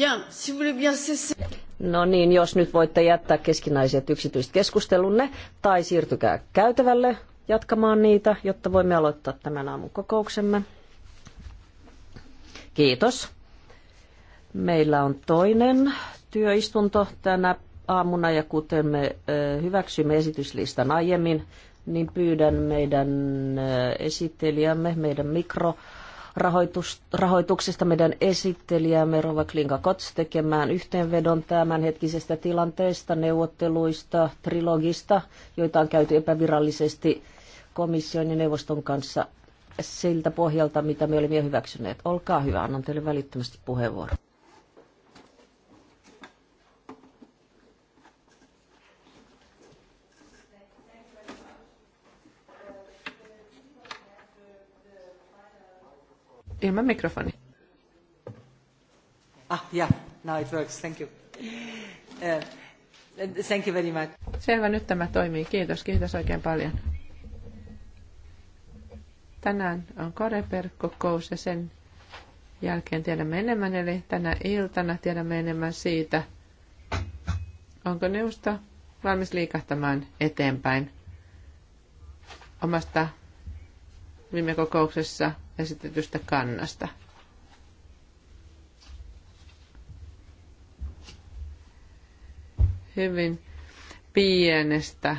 Bien, si vous bien cesser. No niin, jos nyt voitte jättää keskinäiset yksityiset keskustelunne tai siirtykää käytävälle jatkamaan niitä, jotta voimme aloittaa tämän aamun kokouksemme. Kiitos. Meillä on toinen työistunto tänä aamuna ja kuten me hyväksymme esityslistan aiemmin, niin pyydän meidän esittelijämme, meidän mikro rahoitus, rahoituksesta meidän esittelijämme Rova Klinka Kots tekemään yhteenvedon tämänhetkisestä tilanteesta, neuvotteluista, trilogista, joita on käyty epävirallisesti komission ja neuvoston kanssa siltä pohjalta, mitä me olimme hyväksyneet. Olkaa hyvä, annan teille välittömästi puheenvuoron. ilman mikrofoni. Ah, yeah, now it works, thank you. Uh, uh, thank you very much. Selvä, nyt tämä toimii. Kiitos, kiitos oikein paljon. Tänään on Koreper-kokous ja sen jälkeen tiedämme enemmän, eli tänä iltana tiedämme enemmän siitä, onko neuvosto valmis liikahtamaan eteenpäin omasta viime kokouksessa esitetystä kannasta. Hyvin pienestä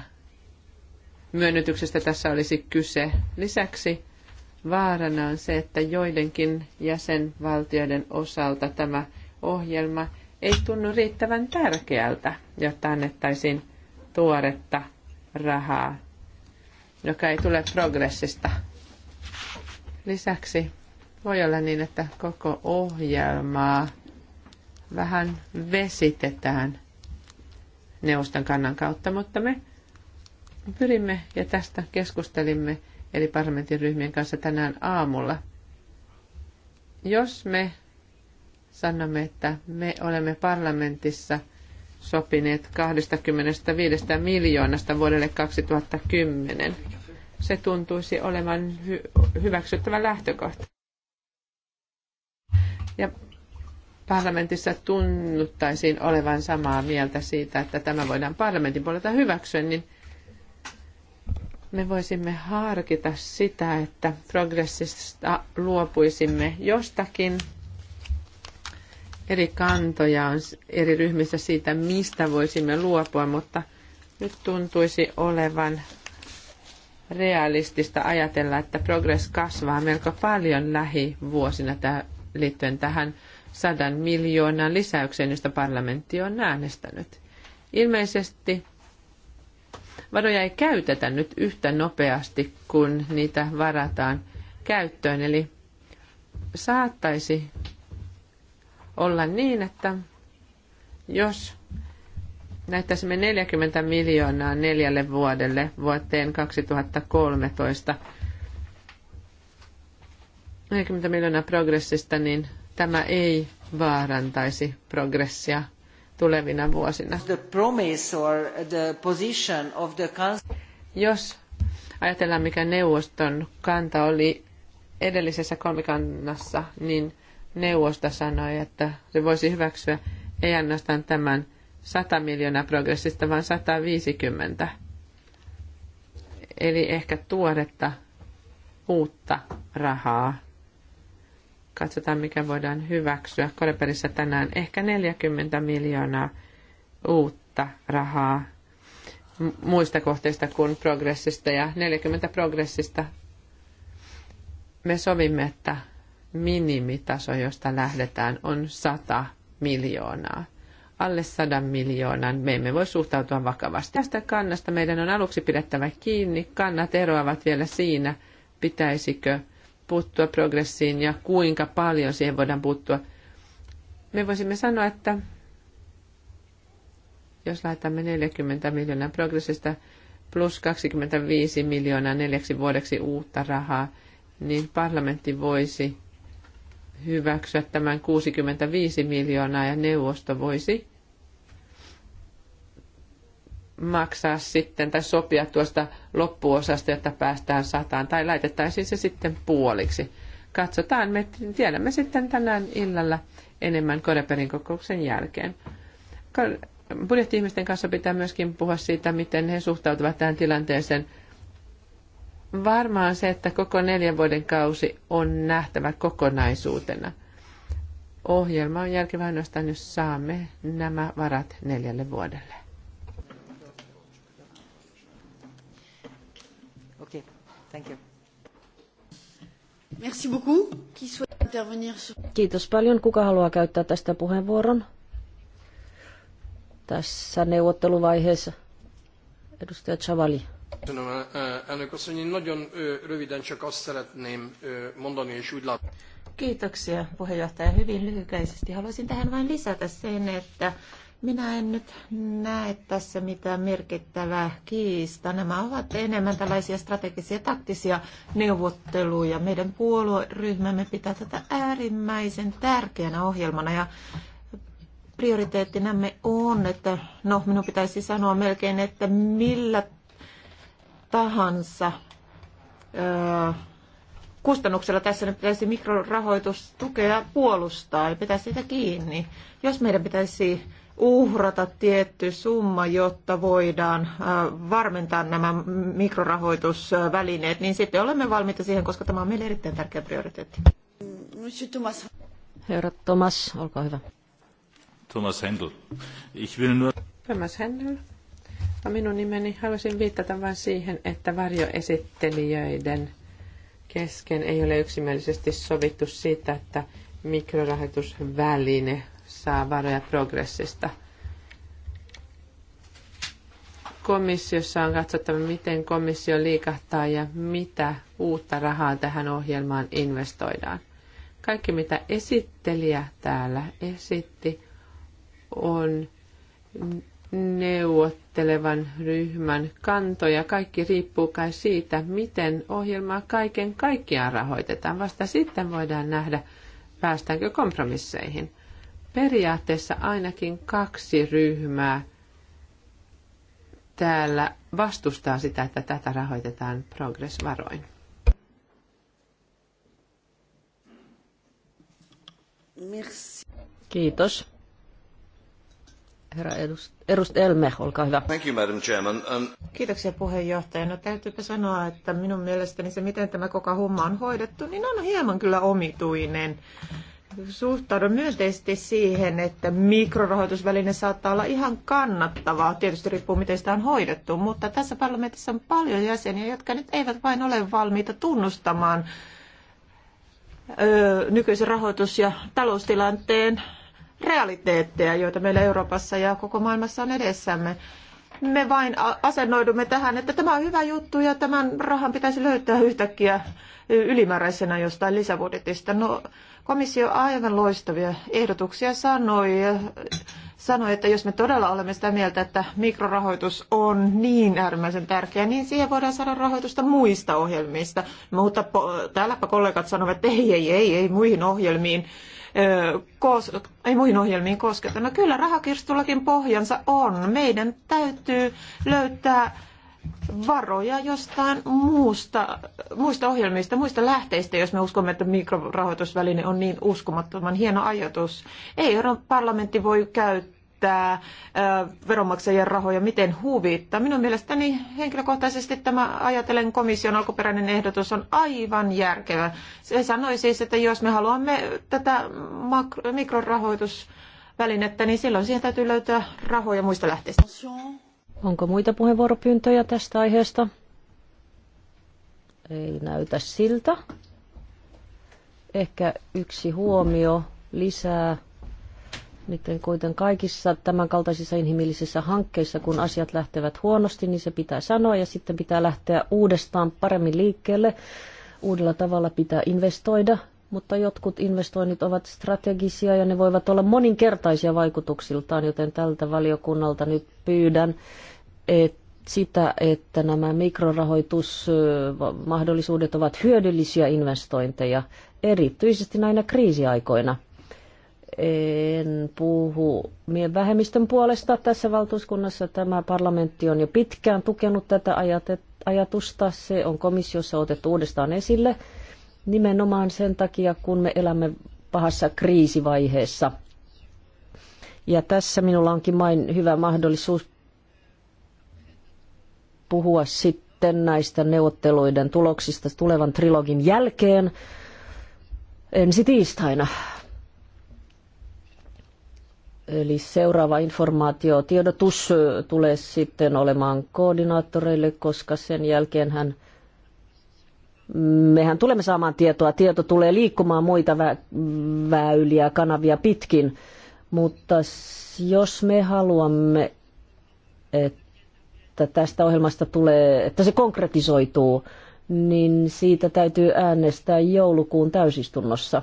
myönnytyksestä tässä olisi kyse. Lisäksi vaarana on se, että joidenkin jäsenvaltioiden osalta tämä ohjelma ei tunnu riittävän tärkeältä, jotta annettaisiin tuoretta rahaa, joka ei tule progressista Lisäksi voi olla niin, että koko ohjelmaa vähän vesitetään neuvoston kannan kautta, mutta me pyrimme ja tästä keskustelimme eli parlamentin ryhmien kanssa tänään aamulla. Jos me sanomme, että me olemme parlamentissa sopineet 25 miljoonasta vuodelle 2010, se tuntuisi olevan hy- hyväksyttävä lähtökohta. Ja parlamentissa tunnuttaisiin olevan samaa mieltä siitä, että tämä voidaan parlamentin puolelta hyväksyä, niin me voisimme harkita sitä, että progressista luopuisimme jostakin. Eri kantoja on eri ryhmissä siitä, mistä voisimme luopua, mutta nyt tuntuisi olevan realistista ajatella, että progress kasvaa melko paljon lähivuosina täh- liittyen tähän sadan miljoonan lisäykseen, josta parlamentti on äänestänyt. Ilmeisesti varoja ei käytetä nyt yhtä nopeasti, kun niitä varataan käyttöön. Eli saattaisi olla niin, että jos näyttäisimme 40 miljoonaa neljälle vuodelle vuoteen 2013. 40 miljoonaa progressista, niin tämä ei vaarantaisi progressia tulevina vuosina. Jos ajatellaan, mikä neuvoston kanta oli edellisessä kolmikannassa, niin neuvosto sanoi, että se voisi hyväksyä ei ainoastaan tämän 100 miljoonaa progressista, vaan 150. Eli ehkä tuoretta uutta rahaa. Katsotaan, mikä voidaan hyväksyä. Koreperissä tänään ehkä 40 miljoonaa uutta rahaa muista kohteista kuin progressista ja 40 progressista me sovimme, että minimitaso, josta lähdetään, on 100 miljoonaa alle sadan miljoonan. Me emme voi suhtautua vakavasti. Tästä kannasta meidän on aluksi pidettävä kiinni. Kannat eroavat vielä siinä, pitäisikö puuttua progressiin ja kuinka paljon siihen voidaan puuttua. Me voisimme sanoa, että jos laitamme 40 miljoonaa progressista plus 25 miljoonaa neljäksi vuodeksi uutta rahaa, niin parlamentti voisi hyväksyä tämän 65 miljoonaa ja neuvosto voisi maksaa sitten tai sopia tuosta loppuosasta, jotta päästään sataan, tai laitettaisiin se sitten puoliksi. Katsotaan, me tiedämme sitten tänään illalla enemmän Koreperin kokouksen jälkeen. Budjetti-ihmisten kanssa pitää myöskin puhua siitä, miten he suhtautuvat tähän tilanteeseen. Varmaan se, että koko neljän vuoden kausi on nähtävä kokonaisuutena. Ohjelma on järkevä ainoastaan, jos saamme nämä varat neljälle vuodelle. Thank you. Merci beaucoup. Kiitos paljon. Kuka haluaa käyttää tästä puheenvuoron? Tässä neuvotteluvaiheessa. Edustaja Chavali. Köszönöm, eh, eh, eh, Kiitoksia puheenjohtaja. Hyvin lyhykäisesti haluaisin tähän vain lisätä sen, että minä en nyt näe tässä mitään merkittävää kiista. Nämä ovat enemmän tällaisia strategisia taktisia neuvotteluja. Meidän puolueryhmämme pitää tätä äärimmäisen tärkeänä ohjelmana ja prioriteettinamme on, että no minun pitäisi sanoa melkein, että millä tahansa öö, kustannuksella tässä nyt pitäisi mikrorahoitustukea puolustaa ja pitää sitä kiinni. Jos meidän pitäisi uhrata tietty summa, jotta voidaan äh, varmentaa nämä mikrorahoitusvälineet, niin sitten olemme valmiita siihen, koska tämä on meille erittäin tärkeä prioriteetti. Herra Thomas, olkaa hyvä. Thomas Händel. Ich will nur... Thomas Händel. Minun nimeni haluaisin viitata vain siihen, että varjoesittelijöiden kesken ei ole yksimielisesti sovittu siitä, että mikrorahoitusväline saa varoja progressista. Komissiossa on katsottava, miten komissio liikahtaa ja mitä uutta rahaa tähän ohjelmaan investoidaan. Kaikki, mitä esittelijä täällä esitti, on neuvottelevan ryhmän kantoja. Kaikki riippuu kai siitä, miten ohjelmaa kaiken kaikkiaan rahoitetaan. Vasta sitten voidaan nähdä, päästäänkö kompromisseihin periaatteessa ainakin kaksi ryhmää täällä vastustaa sitä, että tätä rahoitetaan progressvaroin. Merci. Kiitos. Herra edust, edust Elme, olkaa hyvä. Thank you, Madam Chairman. Um... Kiitoksia puheenjohtaja. No täytyypä sanoa, että minun mielestäni se, miten tämä koko homma on hoidettu, niin on hieman kyllä omituinen suhtaudun myönteisesti siihen, että mikrorahoitusväline saattaa olla ihan kannattavaa. Tietysti riippuu, miten sitä on hoidettu, mutta tässä parlamentissa on paljon jäseniä, jotka nyt eivät vain ole valmiita tunnustamaan ö, nykyisen rahoitus- ja taloustilanteen realiteetteja, joita meillä Euroopassa ja koko maailmassa on edessämme. Me vain asennoidumme tähän, että tämä on hyvä juttu ja tämän rahan pitäisi löytää yhtäkkiä ylimääräisenä jostain lisäbudjetista. No, Komissio aivan loistavia ehdotuksia sanoi, sanoi, että jos me todella olemme sitä mieltä, että mikrorahoitus on niin äärimmäisen tärkeä, niin siihen voidaan saada rahoitusta muista ohjelmista. Mutta täälläpä kollegat sanovat, että ei, ei, ei, ei muihin ohjelmiin kos, ei muihin ohjelmiin kosketa. No kyllä rahakirstullakin pohjansa on. Meidän täytyy löytää varoja jostain muusta, muista ohjelmista, muista lähteistä, jos me uskomme, että mikrorahoitusväline on niin uskomattoman hieno ajatus. Ei Euroopan parlamentti voi käyttää veronmaksajien rahoja miten huvittaa. Minun mielestäni henkilökohtaisesti tämä ajatellen komission alkuperäinen ehdotus on aivan järkevä. Se sanoi siis, että jos me haluamme tätä mikrorahoitusvälinettä, niin silloin siihen täytyy löytää rahoja muista lähteistä. Onko muita puheenvuoropyyntöjä tästä aiheesta? Ei näytä siltä. Ehkä yksi huomio lisää, miten kuitenkin kaikissa tämänkaltaisissa inhimillisissä hankkeissa, kun asiat lähtevät huonosti, niin se pitää sanoa ja sitten pitää lähteä uudestaan paremmin liikkeelle. Uudella tavalla pitää investoida, mutta jotkut investoinnit ovat strategisia ja ne voivat olla moninkertaisia vaikutuksiltaan, joten tältä valiokunnalta nyt pyydän et sitä, että nämä mikrorahoitusmahdollisuudet ovat hyödyllisiä investointeja, erityisesti näinä kriisiaikoina. En puhu mien vähemmistön puolesta tässä valtuuskunnassa. Tämä parlamentti on jo pitkään tukenut tätä ajatusta. Se on komissiossa otettu uudestaan esille nimenomaan sen takia, kun me elämme pahassa kriisivaiheessa. Ja tässä minulla onkin main hyvä mahdollisuus puhua sitten näistä neuvotteluiden tuloksista tulevan trilogin jälkeen ensi tiistaina. Eli seuraava informaatio, tiedotus tulee sitten olemaan koordinaattoreille, koska sen jälkeen hän mehän tulemme saamaan tietoa. Tieto tulee liikkumaan muita väyliä, kanavia pitkin. Mutta jos me haluamme, että että tästä ohjelmasta tulee, että se konkretisoituu, niin siitä täytyy äänestää joulukuun täysistunnossa.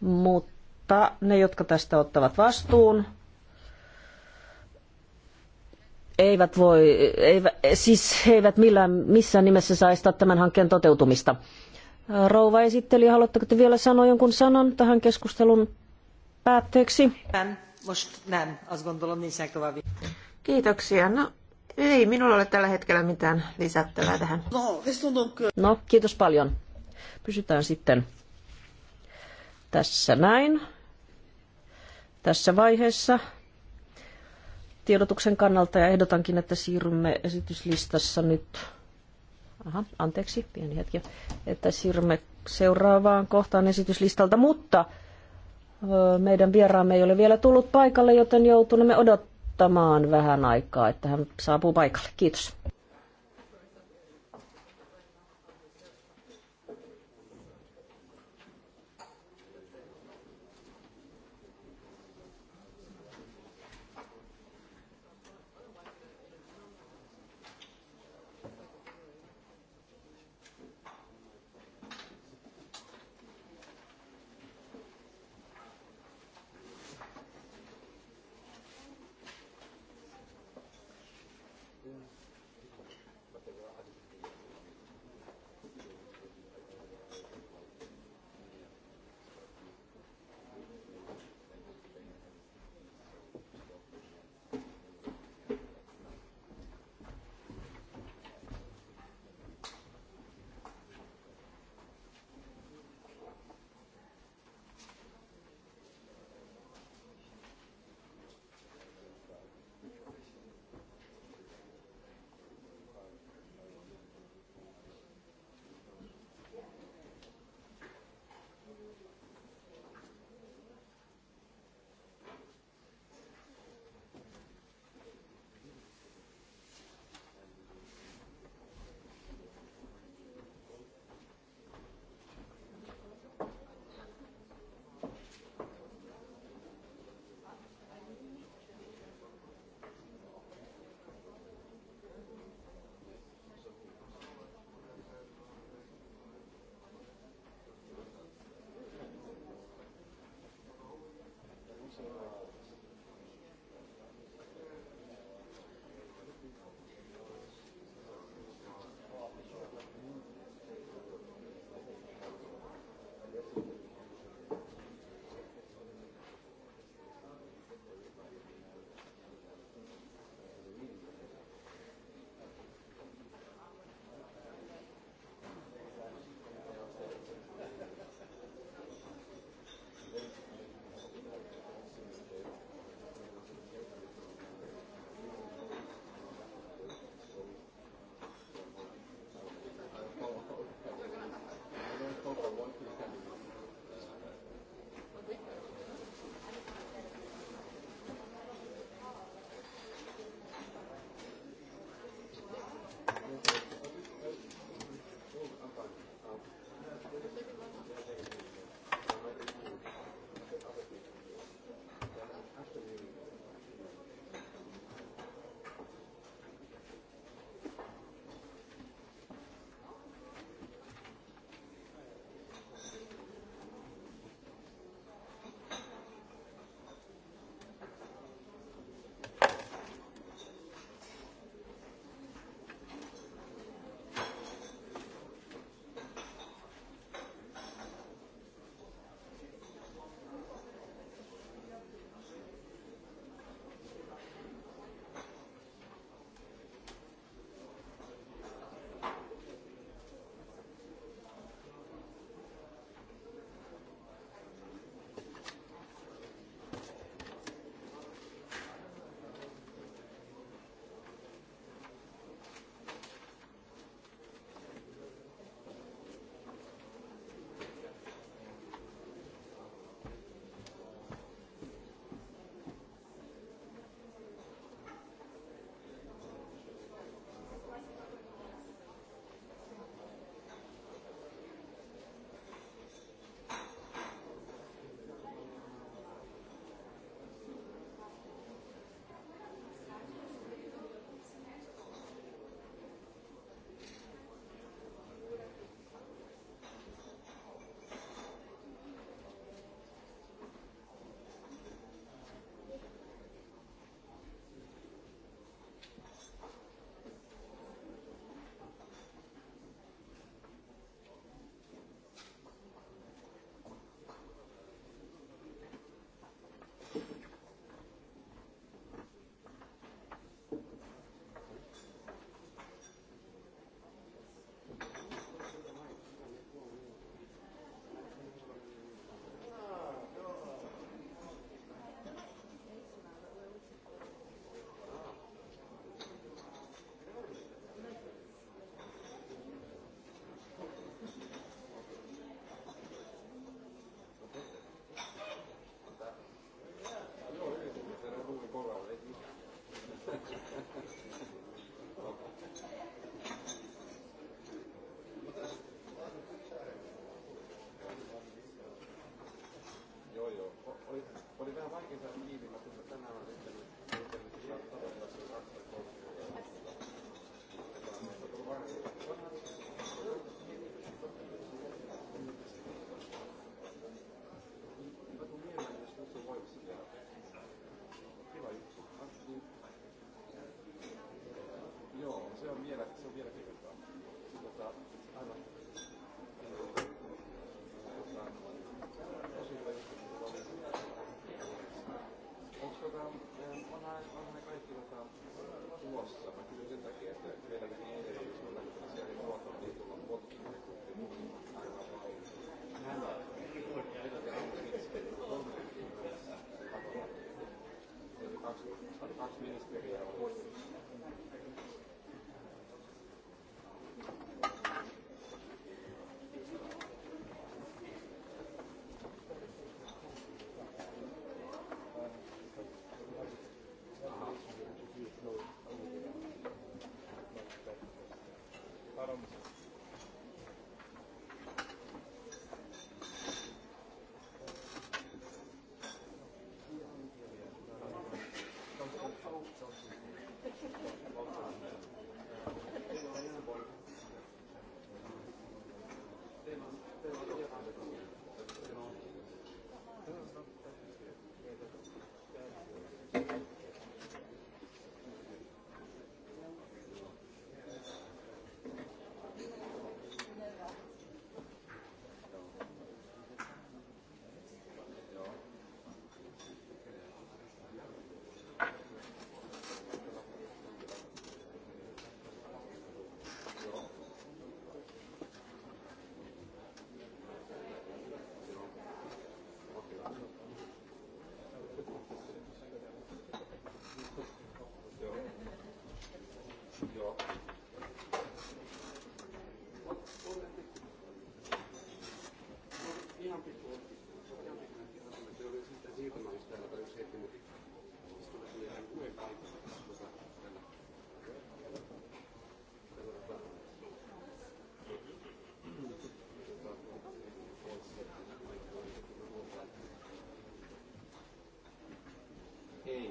Mutta ne, jotka tästä ottavat vastuun, eivät voi, eivät, siis he eivät millään, missään nimessä saa estää tämän hankkeen toteutumista. Rouva esitteli, haluatteko te vielä sanoa jonkun sanan tähän keskustelun päätteeksi? Kiitoksia. No, ei minulla ole tällä hetkellä mitään lisättävää tähän. Euh, no, kiitos paljon. Pysytään sitten tässä näin. Tässä vaiheessa tiedotuksen kannalta ja ehdotankin, että siirrymme esityslistassa nyt, aha, anteeksi, pieni hetki, että siirrymme seuraavaan kohtaan esityslistalta, mutta meidän vieraamme ei ole vielä tullut paikalle, joten joutunemme odottamaan odottamaan vähän aikaa, että hän saapuu paikalle. Kiitos. nostra, ma chi lo senta che è quella che viene sulla finanziaria nuova, ho detto con molti contenuti, allora, quella che abbiamo visto,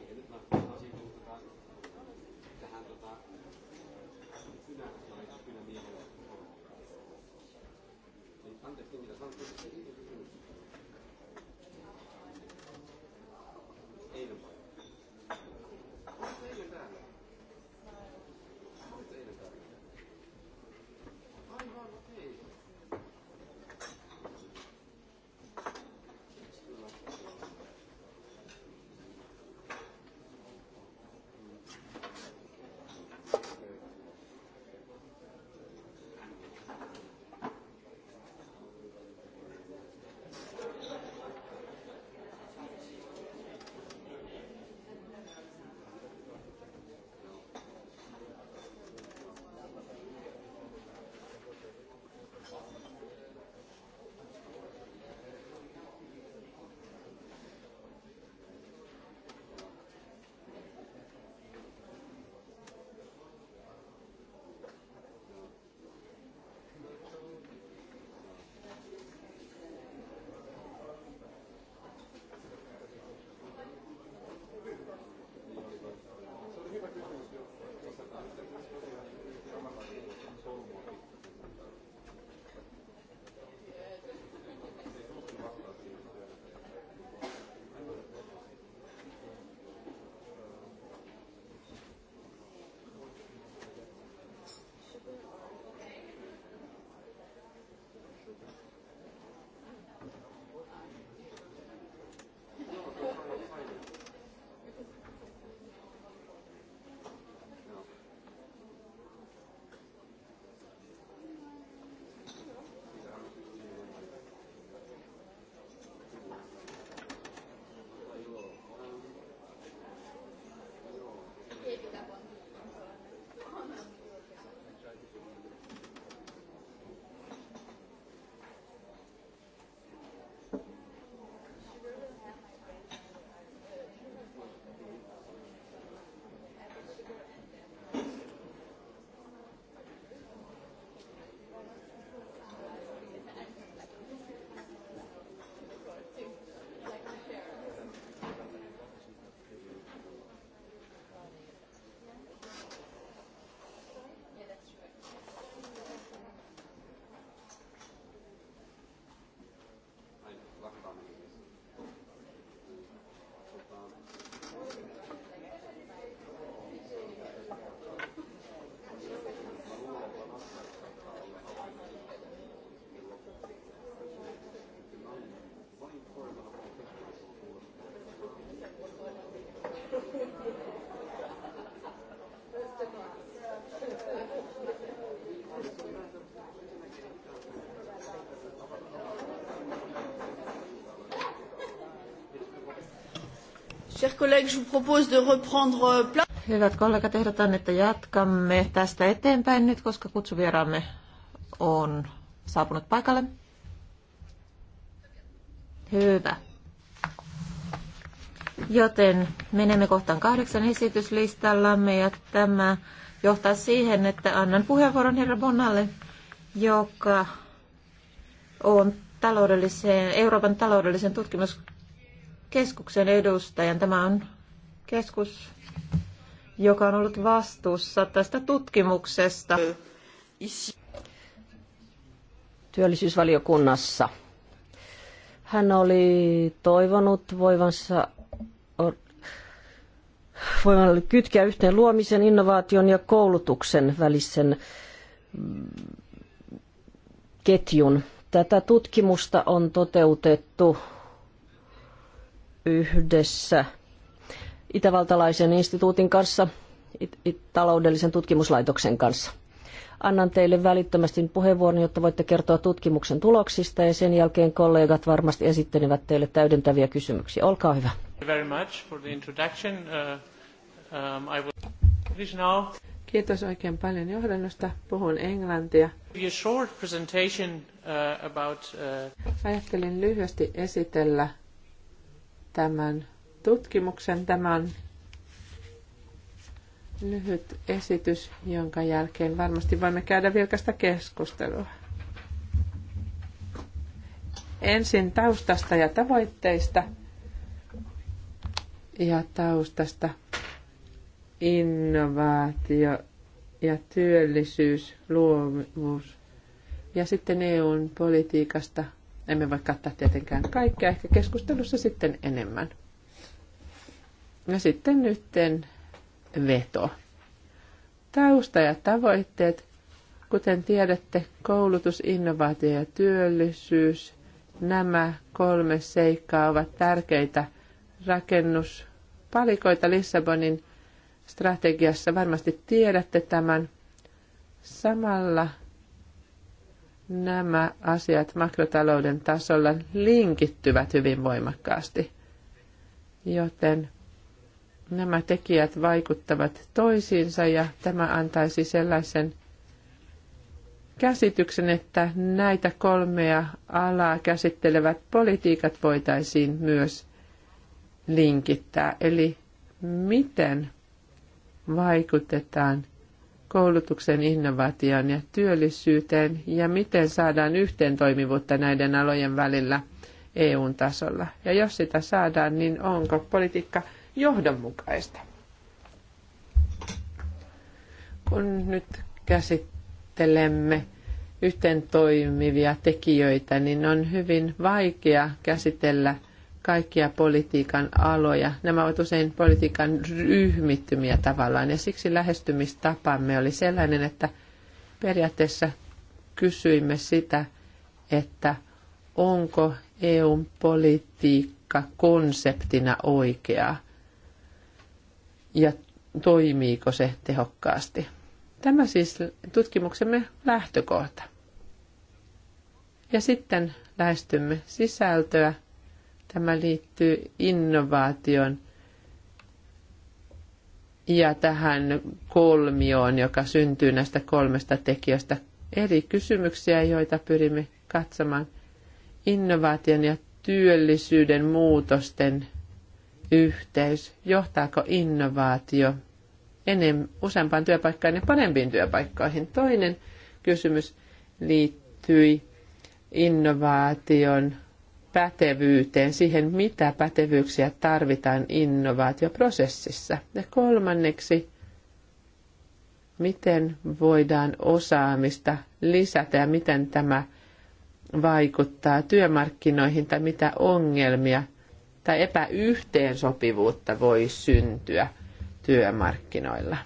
Tota, niin, anteeksi, mitä Chers collègues, je vous propose de reprendre euh, place. Hyvät kollegat, ehdotan, että jatkamme tästä eteenpäin nyt, koska kutsuvieraamme on saapunut paikalle. Hyvä. Joten menemme kohtaan kahdeksan esityslistallamme ja tämä johtaa siihen, että annan puheenvuoron herra Bonnalle, joka on taloudellisen, Euroopan taloudellisen tutkimus keskuksen edustajan. Tämä on keskus, joka on ollut vastuussa tästä tutkimuksesta työllisyysvaliokunnassa. Hän oli toivonut voivansa voivan kytkeä yhteen luomisen, innovaation ja koulutuksen välisen mm, ketjun. Tätä tutkimusta on toteutettu yhdessä itävaltalaisen instituutin kanssa, it- it- taloudellisen tutkimuslaitoksen kanssa. Annan teille välittömästi puheenvuoron, jotta voitte kertoa tutkimuksen tuloksista ja sen jälkeen kollegat varmasti esittelevät teille täydentäviä kysymyksiä. Olkaa hyvä. Kiitos oikein paljon johdannosta. Puhun englantia. Uh, uh- Ajattelin lyhyesti esitellä tämän tutkimuksen. tämän lyhyt esitys, jonka jälkeen varmasti voimme käydä vilkasta keskustelua. Ensin taustasta ja tavoitteista ja taustasta innovaatio ja työllisyys, luovuus ja sitten EUn politiikasta – emme voi kattaa tietenkään kaikkea, ehkä keskustelussa sitten enemmän. Ja sitten nytten veto. Tausta ja tavoitteet, kuten tiedätte, koulutus, innovaatio ja työllisyys, nämä kolme seikkaa ovat tärkeitä rakennuspalikoita Lissabonin strategiassa. Varmasti tiedätte tämän. Samalla nämä asiat makrotalouden tasolla linkittyvät hyvin voimakkaasti. Joten nämä tekijät vaikuttavat toisiinsa ja tämä antaisi sellaisen käsityksen, että näitä kolmea alaa käsittelevät politiikat voitaisiin myös linkittää. Eli miten vaikutetaan koulutuksen, innovaatioon ja työllisyyteen ja miten saadaan yhteen toimivuutta näiden alojen välillä eu tasolla. Ja jos sitä saadaan, niin onko politiikka johdonmukaista? Kun nyt käsittelemme yhteen toimivia tekijöitä, niin on hyvin vaikea käsitellä – kaikkia politiikan aloja. Nämä ovat usein politiikan ryhmittymiä tavallaan ja siksi lähestymistapamme oli sellainen, että periaatteessa kysyimme sitä, että onko EUn politiikka konseptina oikeaa ja toimiiko se tehokkaasti. Tämä siis tutkimuksemme lähtökohta. Ja sitten lähestymme sisältöä Tämä liittyy innovaation ja tähän kolmioon, joka syntyy näistä kolmesta tekijästä. Eri kysymyksiä, joita pyrimme katsomaan innovaation ja työllisyyden muutosten yhteys. Johtaako innovaatio enemmän useampaan työpaikkaan ja parempiin työpaikkoihin? Toinen kysymys liittyi innovaation pätevyyteen, siihen mitä pätevyyksiä tarvitaan innovaatioprosessissa. Ja kolmanneksi, miten voidaan osaamista lisätä ja miten tämä vaikuttaa työmarkkinoihin tai mitä ongelmia tai epäyhteensopivuutta voi syntyä työmarkkinoilla.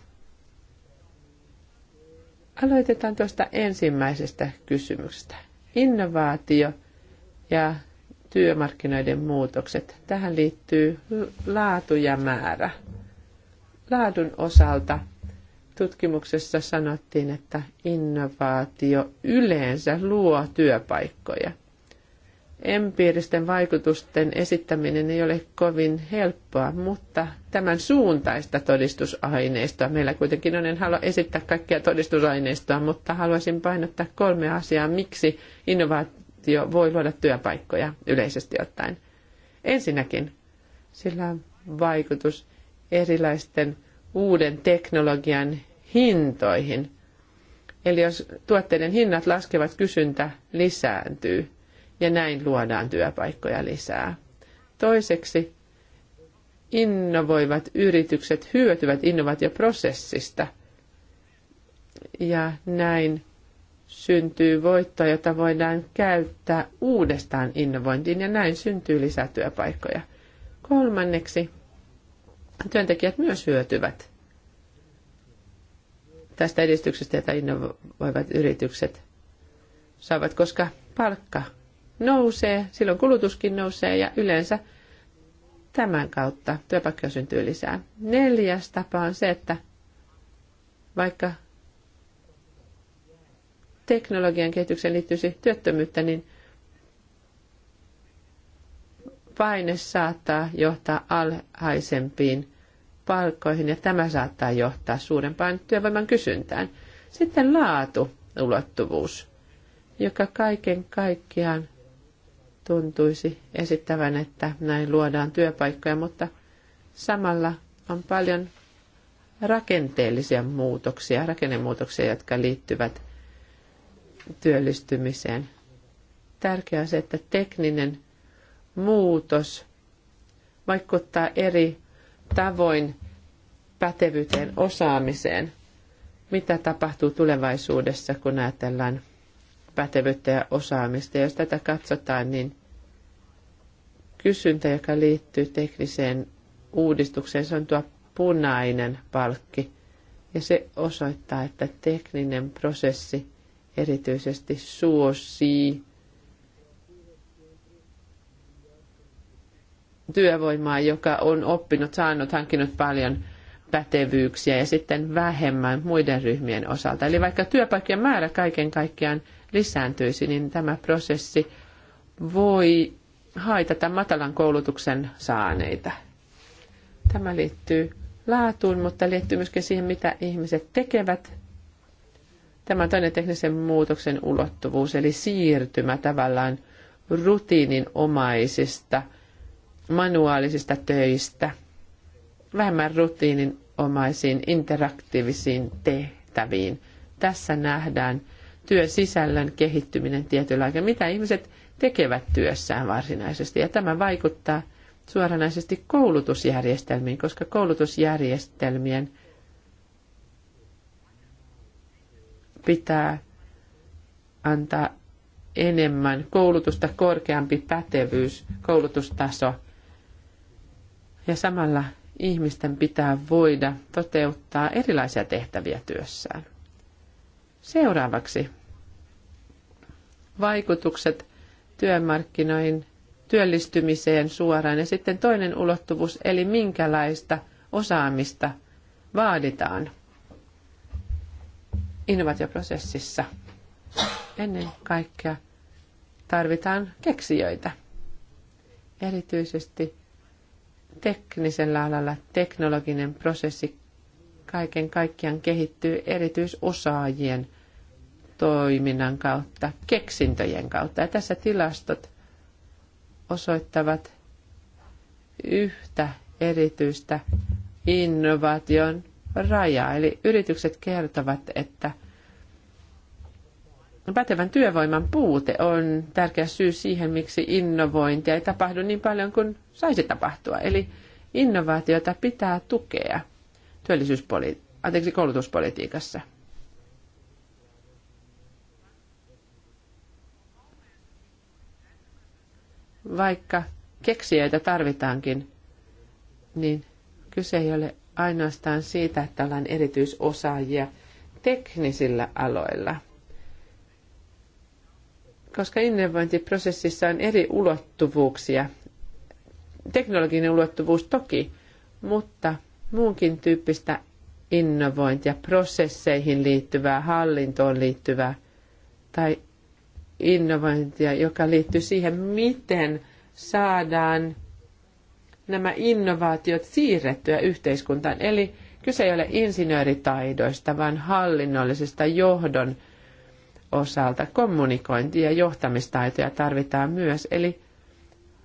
Aloitetaan tuosta ensimmäisestä kysymyksestä. Innovaatio ja työmarkkinoiden muutokset. Tähän liittyy laatu ja määrä. Laadun osalta tutkimuksessa sanottiin, että innovaatio yleensä luo työpaikkoja. Empiiristen vaikutusten esittäminen ei ole kovin helppoa, mutta tämän suuntaista todistusaineistoa, meillä kuitenkin on, en halua esittää kaikkia todistusaineistoa, mutta haluaisin painottaa kolme asiaa, miksi innovaatio jo voi luoda työpaikkoja yleisesti ottaen? Ensinnäkin sillä on vaikutus erilaisten uuden teknologian hintoihin. Eli jos tuotteiden hinnat laskevat, kysyntä lisääntyy ja näin luodaan työpaikkoja lisää. Toiseksi innovoivat yritykset hyötyvät innovaatioprosessista ja näin syntyy voittoa, jota voidaan käyttää uudestaan innovointiin ja näin syntyy lisää työpaikkoja. Kolmanneksi, työntekijät myös hyötyvät tästä edistyksestä, jota innovoivat yritykset saavat, koska palkka nousee, silloin kulutuskin nousee ja yleensä tämän kautta työpaikkoja syntyy lisää. Neljäs tapa on se, että vaikka teknologian kehitykseen liittyisi työttömyyttä, niin paine saattaa johtaa alhaisempiin palkkoihin ja tämä saattaa johtaa suurempaan työvoiman kysyntään. Sitten laatu, ulottuvuus, joka kaiken kaikkiaan tuntuisi esittävän, että näin luodaan työpaikkoja, mutta samalla on paljon rakenteellisia muutoksia, rakennemuutoksia, jotka liittyvät työllistymiseen. Tärkeää on se, että tekninen muutos vaikuttaa eri tavoin pätevyyteen, osaamiseen. Mitä tapahtuu tulevaisuudessa, kun ajatellaan pätevyyttä ja osaamista? Jos tätä katsotaan, niin kysyntä, joka liittyy tekniseen uudistukseen, se on tuo punainen palkki. Ja se osoittaa, että tekninen prosessi erityisesti suosii työvoimaa, joka on oppinut, saanut, hankkinut paljon pätevyyksiä ja sitten vähemmän muiden ryhmien osalta. Eli vaikka työpaikkojen määrä kaiken kaikkiaan lisääntyisi, niin tämä prosessi voi haitata matalan koulutuksen saaneita. Tämä liittyy laatuun, mutta liittyy myöskin siihen, mitä ihmiset tekevät Tämä on teknisen muutoksen ulottuvuus, eli siirtymä tavallaan rutiininomaisista, manuaalisista töistä, vähemmän rutiininomaisiin, interaktiivisiin tehtäviin. Tässä nähdään työn sisällön kehittyminen tietyllä aikaa, mitä ihmiset tekevät työssään varsinaisesti. Ja tämä vaikuttaa suoranaisesti koulutusjärjestelmiin, koska koulutusjärjestelmien – pitää antaa enemmän koulutusta, korkeampi pätevyys, koulutustaso. Ja samalla ihmisten pitää voida toteuttaa erilaisia tehtäviä työssään. Seuraavaksi vaikutukset työmarkkinoihin, työllistymiseen suoraan ja sitten toinen ulottuvuus, eli minkälaista osaamista vaaditaan innovaatioprosessissa ennen kaikkea tarvitaan keksijöitä. Erityisesti teknisellä alalla teknologinen prosessi kaiken kaikkiaan kehittyy erityisosaajien toiminnan kautta, keksintöjen kautta. Ja tässä tilastot osoittavat yhtä erityistä innovaation raja. Eli yritykset kertovat, että pätevän työvoiman puute on tärkeä syy siihen, miksi innovointia ei tapahdu niin paljon kuin saisi tapahtua. Eli innovaatiota pitää tukea työllisyyspoli- anteeksi, koulutuspolitiikassa. Vaikka keksijöitä tarvitaankin, niin kyse ei ole ainoastaan siitä, että ollaan erityisosaajia teknisillä aloilla, koska innovointiprosessissa on eri ulottuvuuksia. Teknologinen ulottuvuus toki, mutta muunkin tyyppistä innovointia, prosesseihin liittyvää, hallintoon liittyvää tai innovointia, joka liittyy siihen, miten saadaan nämä innovaatiot siirrettyä yhteiskuntaan. Eli kyse ei ole insinööritaidoista, vaan hallinnollisesta johdon osalta. Kommunikointia ja johtamistaitoja tarvitaan myös. Eli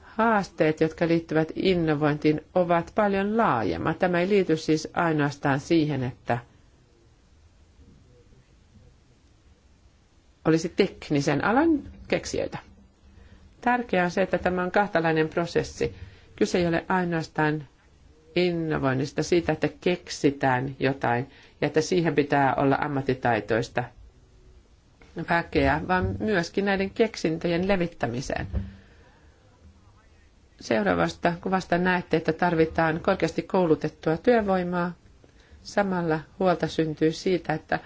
haasteet, jotka liittyvät innovointiin, ovat paljon laajemmat. Tämä ei liity siis ainoastaan siihen, että olisi teknisen alan keksijöitä. Tärkeää on se, että tämä on kahtalainen prosessi Kyse ei ole ainoastaan innovoinnista, siitä, että keksitään jotain ja että siihen pitää olla ammattitaitoista väkeä, vaan myöskin näiden keksintöjen levittämiseen. Seuraavasta kuvasta näette, että tarvitaan korkeasti koulutettua työvoimaa. Samalla huolta syntyy siitä, että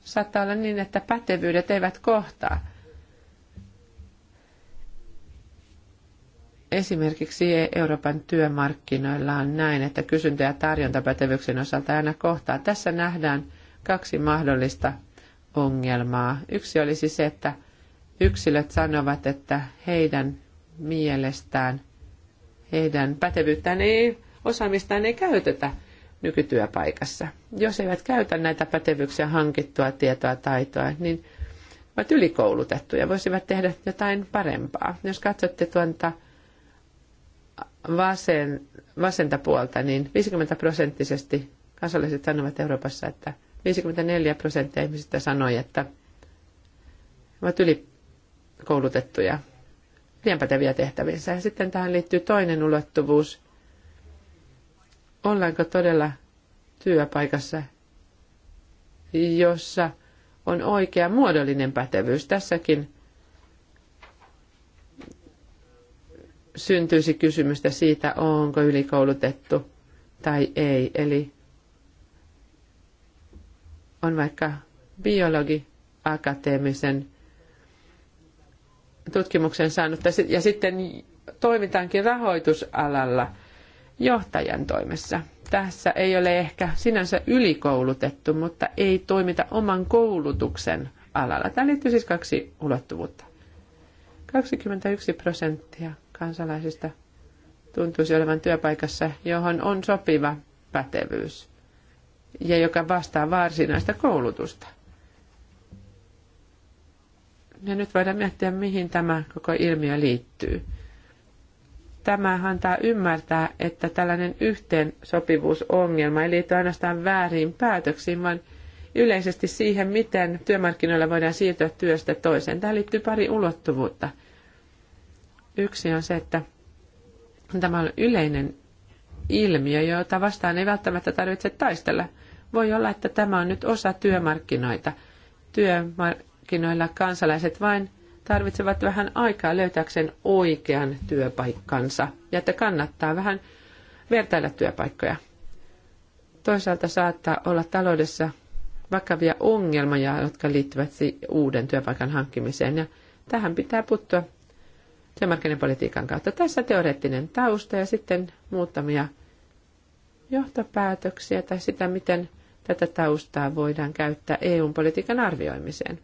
saattaa olla niin, että pätevyydet eivät kohtaa. Esimerkiksi Euroopan työmarkkinoilla on näin, että kysyntä ja tarjonta pätevyyksien osalta aina kohtaa. Tässä nähdään kaksi mahdollista ongelmaa. Yksi olisi se, että yksilöt sanovat, että heidän mielestään, heidän pätevyyttään ei, osaamistaan ei käytetä nykytyöpaikassa. Jos eivät käytä näitä pätevyyksiä, hankittua tietoa, taitoa, niin ovat ylikoulutettuja, voisivat tehdä jotain parempaa. Jos katsotte tuota vasen, vasenta puolta, niin 50 prosenttisesti kansalaiset sanovat Euroopassa, että 54 prosenttia ihmisistä sanoi, että ovat ylikoulutettuja, liian päteviä tehtäviinsä. Ja sitten tähän liittyy toinen ulottuvuus. Ollaanko todella työpaikassa, jossa on oikea muodollinen pätevyys? Tässäkin syntyisi kysymystä siitä, onko ylikoulutettu tai ei. Eli on vaikka biologi akateemisen tutkimuksen saanut, ja sitten toimitaankin rahoitusalalla johtajan toimessa. Tässä ei ole ehkä sinänsä ylikoulutettu, mutta ei toimita oman koulutuksen alalla. Tämä liittyy siis kaksi ulottuvuutta. 21 prosenttia kansalaisista tuntuisi olevan työpaikassa, johon on sopiva pätevyys ja joka vastaa varsinaista koulutusta. Ja nyt voidaan miettiä, mihin tämä koko ilmiö liittyy. Tämä antaa ymmärtää, että tällainen yhteensopivuusongelma ei liity ainoastaan väärin päätöksiin, vaan yleisesti siihen, miten työmarkkinoilla voidaan siirtyä työstä toiseen. Tähän liittyy pari ulottuvuutta – Yksi on se, että tämä on yleinen ilmiö, jota vastaan ei välttämättä tarvitse taistella. Voi olla, että tämä on nyt osa työmarkkinoita. Työmarkkinoilla kansalaiset vain tarvitsevat vähän aikaa löytääkseen oikean työpaikkansa ja että kannattaa vähän vertailla työpaikkoja. Toisaalta saattaa olla taloudessa vakavia ongelmia, jotka liittyvät uuden työpaikan hankkimiseen ja tähän pitää puuttua työmarkkinapolitiikan kautta. Tässä teoreettinen tausta ja sitten muutamia johtopäätöksiä tai sitä, miten tätä taustaa voidaan käyttää EU-politiikan arvioimiseen.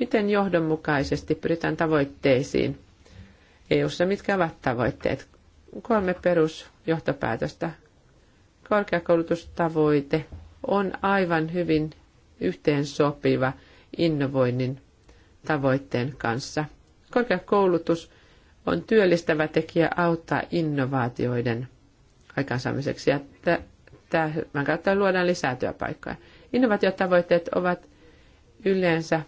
Miten johdonmukaisesti pyritään tavoitteisiin EU-ssa, mitkä ovat tavoitteet? Kolme perusjohtopäätöstä. Korkeakoulutustavoite on aivan hyvin yhteensopiva innovoinnin tavoitteen kanssa. Korkeakoulutus on työllistävä tekijä auttaa innovaatioiden aikaansaamiseksi ja tämän kautta luodaan lisää työpaikkoja. Innovaatiotavoitteet ovat yleensä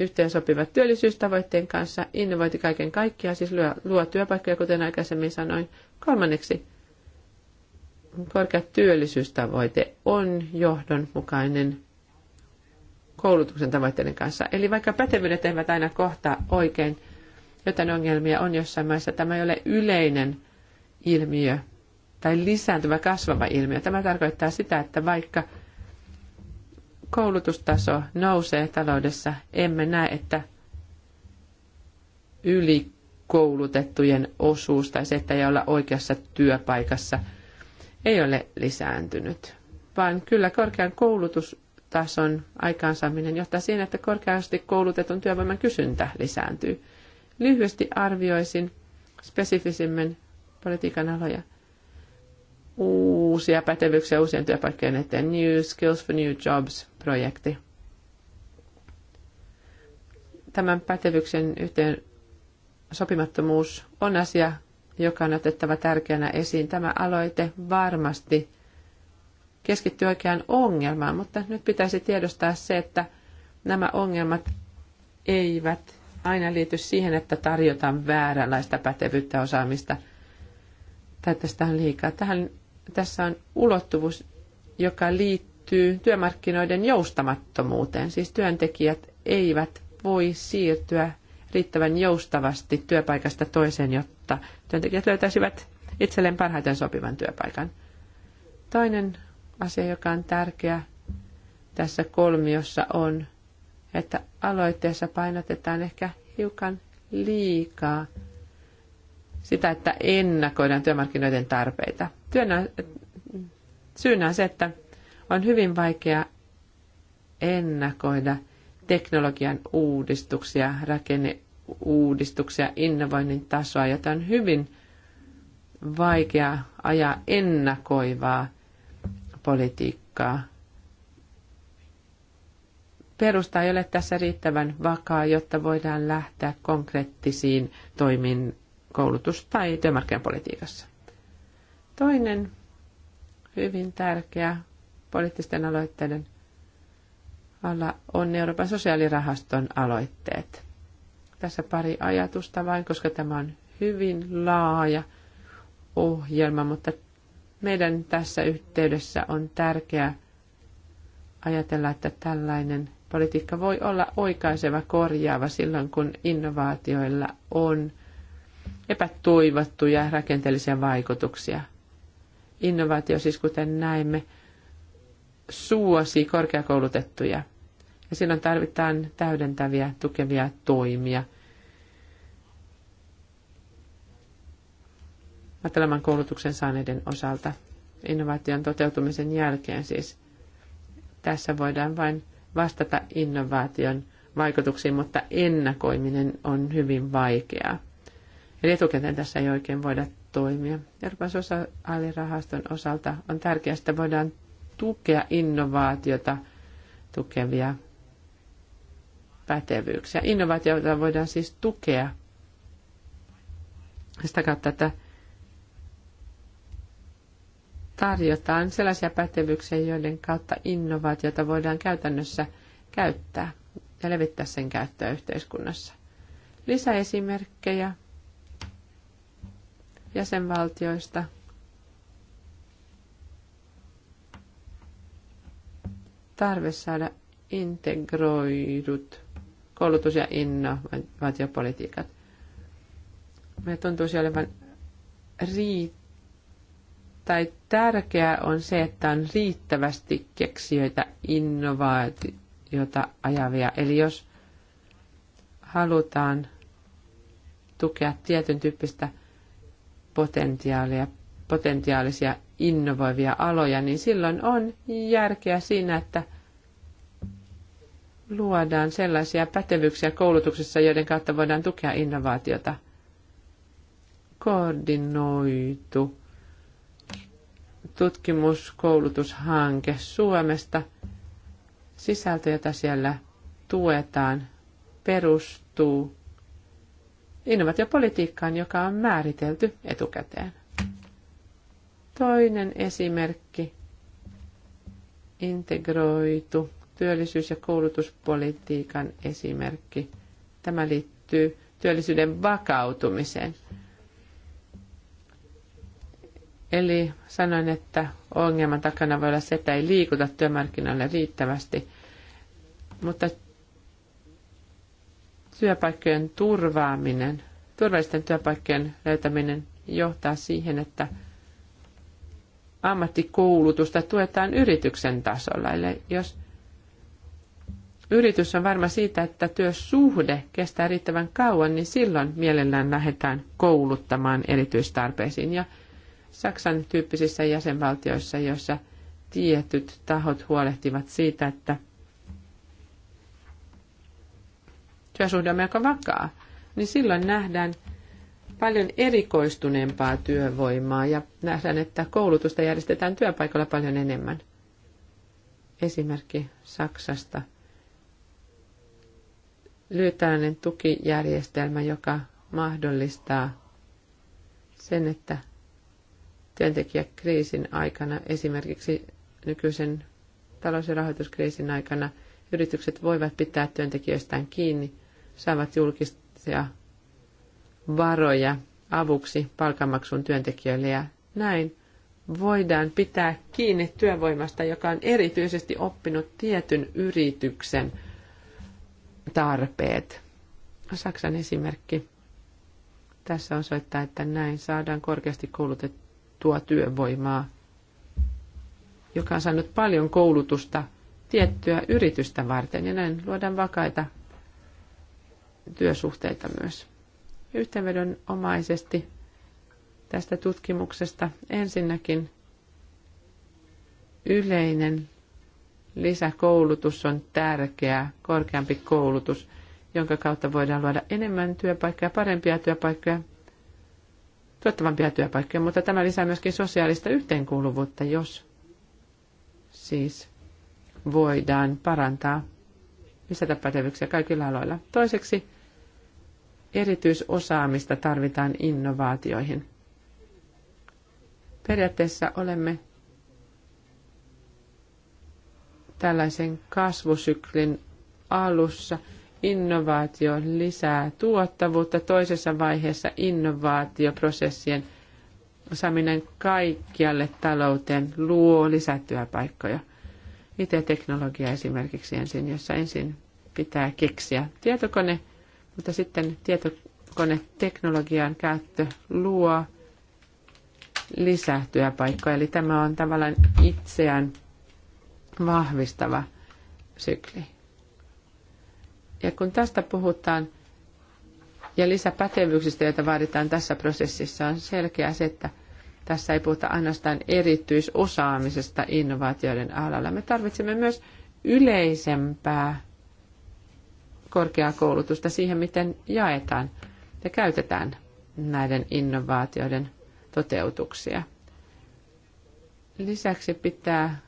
yhteensopivat työllisyystavoitteen kanssa. Innovointi kaiken kaikkiaan siis luo, luo työpaikkoja, kuten aikaisemmin sanoin. Kolmanneksi korkea työllisyystavoite on johdonmukainen koulutuksen tavoitteiden kanssa. Eli vaikka pätevyydet eivät aina kohtaa oikein, joten ongelmia on jossain maissa. Tämä ei ole yleinen ilmiö tai lisääntyvä kasvava ilmiö. Tämä tarkoittaa sitä, että vaikka koulutustaso nousee taloudessa, emme näe, että ylikoulutettujen osuus tai se, että ei olla oikeassa työpaikassa, ei ole lisääntynyt. Vaan kyllä korkean koulutustason aikaansaaminen johtaa siihen, että korkeasti koulutetun työvoiman kysyntä lisääntyy – lyhyesti arvioisin spesifisimmin politiikan aloja uusia pätevyyksiä uusien työpaikkojen eteen. New Skills for New Jobs-projekti. Tämän pätevyyksen yhteen sopimattomuus on asia, joka on otettava tärkeänä esiin. Tämä aloite varmasti keskittyy oikeaan ongelmaan, mutta nyt pitäisi tiedostaa se, että nämä ongelmat eivät aina liity siihen, että tarjotaan vääränlaista pätevyyttä osaamista. Tai tästä on liikaa. Tähän, tässä on ulottuvuus, joka liittyy työmarkkinoiden joustamattomuuteen. Siis työntekijät eivät voi siirtyä riittävän joustavasti työpaikasta toiseen, jotta työntekijät löytäisivät itselleen parhaiten sopivan työpaikan. Toinen asia, joka on tärkeä tässä kolmiossa, on että aloitteessa painotetaan ehkä hiukan liikaa sitä, että ennakoidaan työmarkkinoiden tarpeita. Työnä, syynä on se, että on hyvin vaikea ennakoida teknologian uudistuksia, rakenneuudistuksia, innovoinnin tasoa, jota on hyvin vaikea ajaa ennakoivaa politiikkaa perusta ei ole tässä riittävän vakaa, jotta voidaan lähteä konkreettisiin toimiin koulutus- tai työmarkkinapolitiikassa. Toinen hyvin tärkeä poliittisten aloitteiden alla on Euroopan sosiaalirahaston aloitteet. Tässä pari ajatusta vain, koska tämä on hyvin laaja ohjelma, mutta meidän tässä yhteydessä on tärkeää ajatella, että tällainen Politiikka voi olla oikaiseva, korjaava silloin, kun innovaatioilla on epätoivottuja rakenteellisia vaikutuksia. Innovaatio siis, kuten näimme, suosii korkeakoulutettuja. Ja silloin tarvitaan täydentäviä, tukevia toimia. Matalaman koulutuksen saaneiden osalta innovaation toteutumisen jälkeen siis. Tässä voidaan vain vastata innovaation vaikutuksiin, mutta ennakoiminen on hyvin vaikeaa. Eli etukäteen tässä ei oikein voida toimia. Euroopan sosiaalirahaston osalta on tärkeää, että voidaan tukea innovaatiota tukevia pätevyyksiä. Innovaatiota voidaan siis tukea sitä kautta, että tarjotaan sellaisia pätevyyksiä, joiden kautta innovaatiota voidaan käytännössä käyttää ja levittää sen käyttöä yhteiskunnassa. Lisäesimerkkejä jäsenvaltioista. Tarve saada integroidut koulutus- ja innovaatiopolitiikat. Me tuntuisi olevan riit tai tärkeää on se, että on riittävästi keksijöitä, innovaatiota ajavia. Eli jos halutaan tukea tietyn tyyppistä potentiaalia, potentiaalisia innovoivia aloja, niin silloin on järkeä siinä, että luodaan sellaisia pätevyyksiä koulutuksessa, joiden kautta voidaan tukea innovaatiota. Koordinoitu tutkimuskoulutushanke Suomesta. Sisältö, jota siellä tuetaan, perustuu innovaatiopolitiikkaan, joka on määritelty etukäteen. Toinen esimerkki, integroitu työllisyys- ja koulutuspolitiikan esimerkki. Tämä liittyy työllisyyden vakautumiseen. Eli sanoin, että ongelman takana voi olla se, että ei liikuta työmarkkinoille riittävästi, mutta työpaikkojen turvaaminen, turvallisten työpaikkojen löytäminen johtaa siihen, että ammattikoulutusta tuetaan yrityksen tasolla. Eli jos yritys on varma siitä, että työsuhde kestää riittävän kauan, niin silloin mielellään lähdetään kouluttamaan erityistarpeisiin. Ja Saksan tyyppisissä jäsenvaltioissa, joissa tietyt tahot huolehtivat siitä, että työsuhde on melko vakaa, niin silloin nähdään paljon erikoistuneempaa työvoimaa ja nähdään, että koulutusta järjestetään työpaikalla paljon enemmän. Esimerkki Saksasta. Lyhytäinen tukijärjestelmä, joka mahdollistaa sen, että työntekijäkriisin aikana, esimerkiksi nykyisen talous- ja rahoituskriisin aikana, yritykset voivat pitää työntekijöistään kiinni, saavat julkisia varoja avuksi palkanmaksun työntekijöille ja näin voidaan pitää kiinni työvoimasta, joka on erityisesti oppinut tietyn yrityksen tarpeet. Saksan esimerkki tässä osoittaa, että näin saadaan korkeasti koulutettu koulutettua työvoimaa, joka on saanut paljon koulutusta tiettyä yritystä varten ja näin luodaan vakaita työsuhteita myös. Yhteenvedonomaisesti tästä tutkimuksesta ensinnäkin yleinen lisäkoulutus on tärkeää, korkeampi koulutus, jonka kautta voidaan luoda enemmän työpaikkoja, parempia työpaikkoja, tuottavampia työpaikkoja, mutta tämä lisää myöskin sosiaalista yhteenkuuluvuutta, jos siis voidaan parantaa, lisätä pätevyyksiä kaikilla aloilla. Toiseksi erityisosaamista tarvitaan innovaatioihin. Periaatteessa olemme tällaisen kasvusyklin alussa – innovaatio lisää tuottavuutta. Toisessa vaiheessa innovaatioprosessien osaaminen kaikkialle talouteen luo lisätyöpaikkoja. Miten teknologia esimerkiksi ensin, jossa ensin pitää keksiä tietokone, mutta sitten tietokoneteknologian käyttö luo lisätyöpaikkoja. Eli tämä on tavallaan itseään vahvistava sykli. Ja kun tästä puhutaan ja lisäpätevyyksistä, joita vaaditaan tässä prosessissa, on selkeää se, että tässä ei puhuta ainoastaan erityisosaamisesta innovaatioiden alalla. Me tarvitsemme myös yleisempää korkeakoulutusta siihen, miten jaetaan ja käytetään näiden innovaatioiden toteutuksia. Lisäksi pitää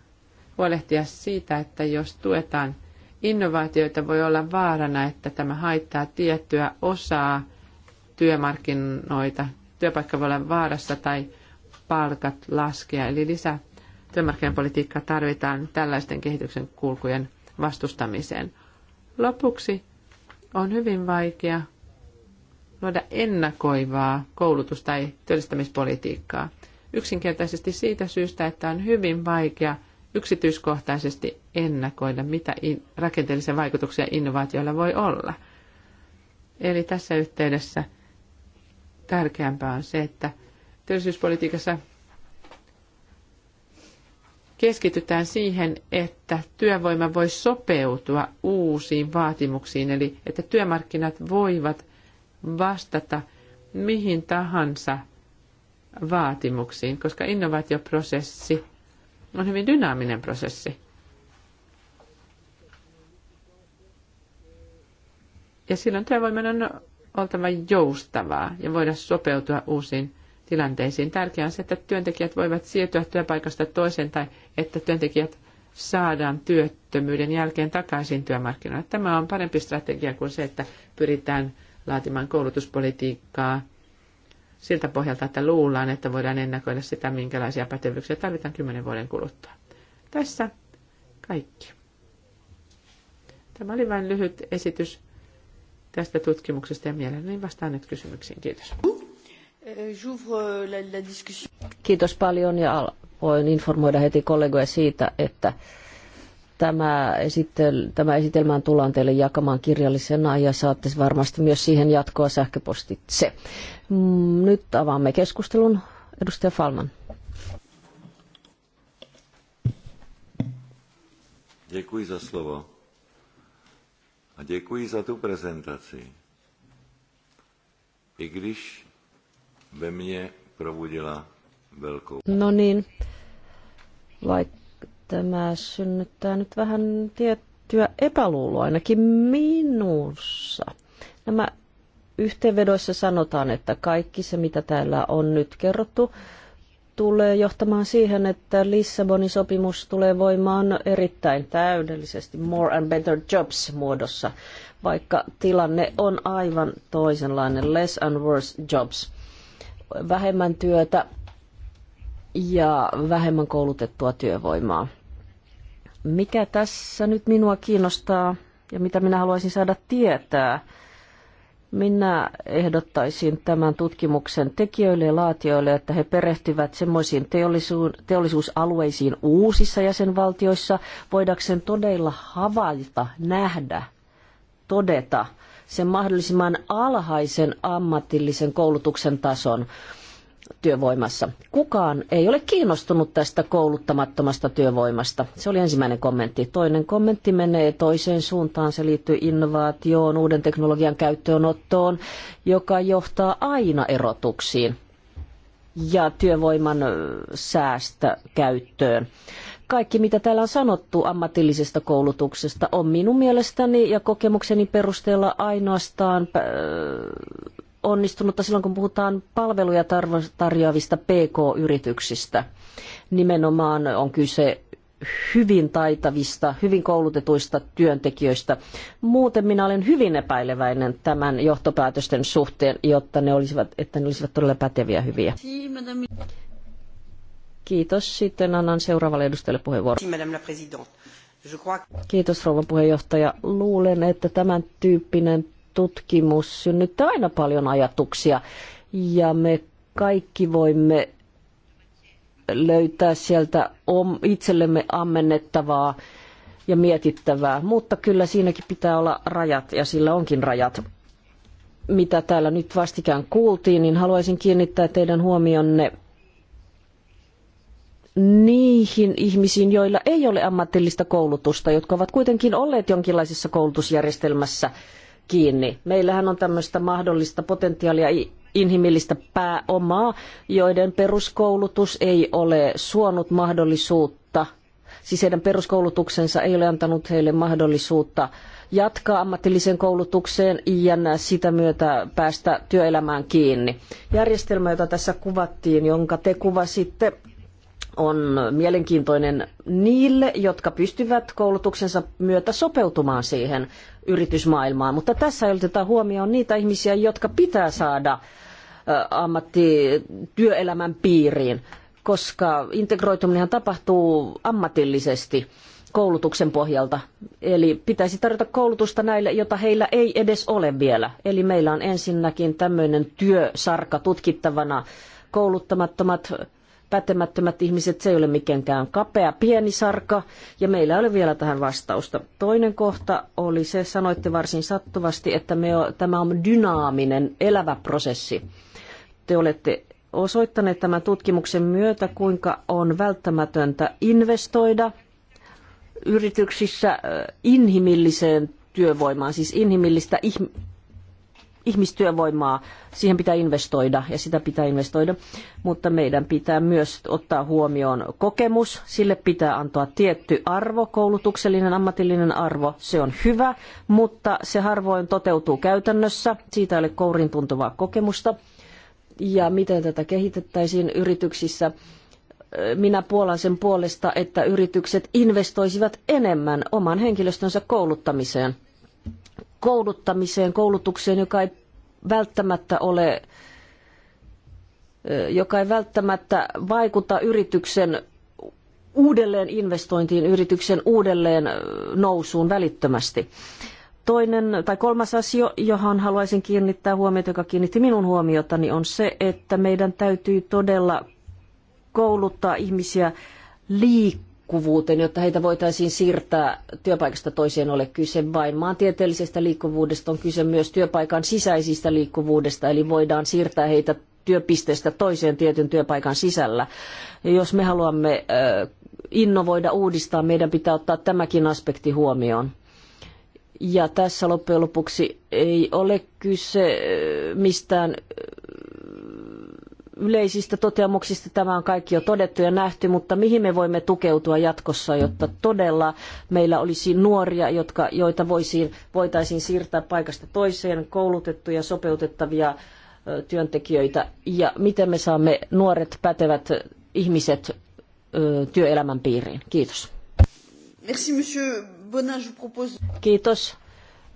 huolehtia siitä, että jos tuetaan innovaatioita voi olla vaarana, että tämä haittaa tiettyä osaa työmarkkinoita. Työpaikka voi olla vaarassa tai palkat laskea. Eli lisää työmarkkinapolitiikkaa tarvitaan tällaisten kehityksen kulkujen vastustamiseen. Lopuksi on hyvin vaikea luoda ennakoivaa koulutus- tai työllistämispolitiikkaa. Yksinkertaisesti siitä syystä, että on hyvin vaikea – yksityiskohtaisesti ennakoida, mitä rakenteellisia vaikutuksia innovaatioilla voi olla. Eli tässä yhteydessä tärkeämpää on se, että työllisyyspolitiikassa keskitytään siihen, että työvoima voi sopeutua uusiin vaatimuksiin, eli että työmarkkinat voivat vastata mihin tahansa vaatimuksiin, koska innovaatioprosessi – on hyvin dynaaminen prosessi. Ja silloin työvoiman on oltava joustavaa ja voida sopeutua uusiin tilanteisiin. Tärkeää on se, että työntekijät voivat siirtyä työpaikasta toiseen tai että työntekijät saadaan työttömyyden jälkeen takaisin työmarkkinoille. Tämä on parempi strategia kuin se, että pyritään laatimaan koulutuspolitiikkaa siltä pohjalta, että luullaan, että voidaan ennakoida sitä, minkälaisia pätevyyksiä tarvitaan kymmenen vuoden kuluttua. Tässä kaikki. Tämä oli vain lyhyt esitys tästä tutkimuksesta ja mielelläni vastaan nyt kysymyksiin. Kiitos. Kiitos paljon ja voin informoida heti kollegoja siitä, että Tämä, esitel, tämä esitelmään tullaan teille jakamaan kirjallisena ja saatte varmasti myös siihen jatkoa sähköpostitse. Mm, nyt avaamme keskustelun. Edustaja Falman. Děkuji za slovo. A děkuji za tu prezentaci. I když ve mně probudila velkou... No niin, vaikka Tämä synnyttää nyt vähän tiettyä epäluuloa, ainakin minussa. Nämä yhteenvedoissa sanotaan, että kaikki se, mitä täällä on nyt kerrottu, tulee johtamaan siihen, että Lissabonin sopimus tulee voimaan erittäin täydellisesti More and Better Jobs muodossa, vaikka tilanne on aivan toisenlainen, Less and Worse Jobs. Vähemmän työtä ja vähemmän koulutettua työvoimaa. Mikä tässä nyt minua kiinnostaa ja mitä minä haluaisin saada tietää? Minä ehdottaisin tämän tutkimuksen tekijöille ja laatijoille, että he perehtyvät semmoisiin teollisuusalueisiin uusissa jäsenvaltioissa, voidakseen todella havaita, nähdä, todeta sen mahdollisimman alhaisen ammatillisen koulutuksen tason työvoimassa. Kukaan ei ole kiinnostunut tästä kouluttamattomasta työvoimasta. Se oli ensimmäinen kommentti. Toinen kommentti menee toiseen suuntaan. Se liittyy innovaatioon, uuden teknologian käyttöönottoon, joka johtaa aina erotuksiin ja työvoiman säästä käyttöön kaikki, mitä täällä on sanottu ammatillisesta koulutuksesta, on minun mielestäni ja kokemukseni perusteella ainoastaan onnistunutta silloin, kun puhutaan palveluja tarjoavista PK-yrityksistä. Nimenomaan on kyse hyvin taitavista, hyvin koulutetuista työntekijöistä. Muuten minä olen hyvin epäileväinen tämän johtopäätösten suhteen, jotta ne olisivat, että ne olisivat todella päteviä hyviä. Kiitos. Sitten annan seuraavalle edustajalle puheenvuoron. Kiitos rouva puheenjohtaja. Luulen, että tämän tyyppinen tutkimus synnyttää aina paljon ajatuksia ja me kaikki voimme löytää sieltä itsellemme ammennettavaa ja mietittävää, mutta kyllä siinäkin pitää olla rajat ja sillä onkin rajat. Mitä täällä nyt vastikään kuultiin, niin haluaisin kiinnittää teidän huomionne niihin ihmisiin, joilla ei ole ammatillista koulutusta, jotka ovat kuitenkin olleet jonkinlaisessa koulutusjärjestelmässä – kiinni. Meillähän on tämmöistä mahdollista potentiaalia inhimillistä pääomaa, joiden peruskoulutus ei ole suonut mahdollisuutta, siis heidän peruskoulutuksensa ei ole antanut heille mahdollisuutta jatkaa ammatilliseen koulutukseen ja sitä myötä päästä työelämään kiinni. Järjestelmä, jota tässä kuvattiin, jonka te kuvasitte, on mielenkiintoinen niille, jotka pystyvät koulutuksensa myötä sopeutumaan siihen yritysmaailmaan. Mutta tässä ei oteta huomioon niitä ihmisiä, jotka pitää saada ammattityöelämän piiriin, koska integroituminen tapahtuu ammatillisesti koulutuksen pohjalta. Eli pitäisi tarjota koulutusta näille, jota heillä ei edes ole vielä. Eli meillä on ensinnäkin tämmöinen työsarka tutkittavana kouluttamattomat pätemättömät ihmiset, se ei ole mikään kapea pieni sarka, ja meillä ei ole vielä tähän vastausta. Toinen kohta oli se, sanoitte varsin sattuvasti, että me, tämä on dynaaminen, elävä prosessi. Te olette osoittaneet tämän tutkimuksen myötä, kuinka on välttämätöntä investoida yrityksissä äh, inhimilliseen työvoimaan, siis inhimillistä ihmistyövoimaa. Siihen pitää investoida ja sitä pitää investoida, mutta meidän pitää myös ottaa huomioon kokemus. Sille pitää antaa tietty arvo, koulutuksellinen, ammatillinen arvo. Se on hyvä, mutta se harvoin toteutuu käytännössä. Siitä ei ole kourin tuntuvaa kokemusta. Ja miten tätä kehitettäisiin yrityksissä? minä puolan sen puolesta, että yritykset investoisivat enemmän oman henkilöstönsä kouluttamiseen. Kouluttamiseen, koulutukseen, joka ei välttämättä ole joka ei välttämättä vaikuta yrityksen uudelleen investointiin, yrityksen uudelleen nousuun välittömästi. Toinen tai kolmas asia, johon haluaisin kiinnittää huomiota, joka kiinnitti minun huomiotani, on se, että meidän täytyy todella kouluttaa ihmisiä liikkeelle liikkuvuuteen, jotta heitä voitaisiin siirtää työpaikasta toiseen ole kyse vain maantieteellisestä liikkuvuudesta, on kyse myös työpaikan sisäisistä liikkuvuudesta, eli voidaan siirtää heitä työpisteestä toiseen tietyn työpaikan sisällä. Jos me haluamme innovoida, uudistaa, meidän pitää ottaa tämäkin aspekti huomioon. Ja tässä loppujen lopuksi ei ole kyse mistään yleisistä toteamuksista tämä on kaikki jo todettu ja nähty, mutta mihin me voimme tukeutua jatkossa, jotta todella meillä olisi nuoria, jotka, joita voitaisiin siirtää paikasta toiseen, koulutettuja, sopeutettavia työntekijöitä ja miten me saamme nuoret pätevät ihmiset työelämän piiriin. Kiitos. Kiitos.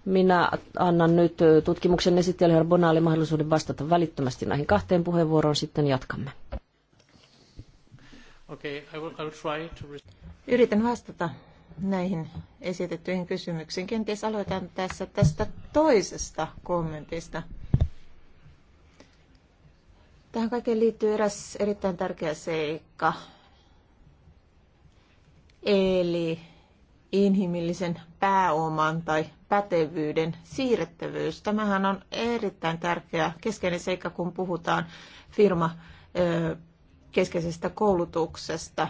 Minä annan nyt tutkimuksen esittelijä Bonaali mahdollisuuden vastata välittömästi näihin kahteen puheenvuoroon, sitten jatkamme. Okay, I will, I will try to... Yritän vastata näihin esitettyihin kysymyksiin. Kenties aloitan tässä tästä toisesta kommentista. Tähän kaikkeen liittyy eräs erittäin tärkeä seikka, eli inhimillisen pääoman tai pätevyyden siirrettävyys. Tämähän on erittäin tärkeä keskeinen seikka, kun puhutaan firma keskeisestä koulutuksesta.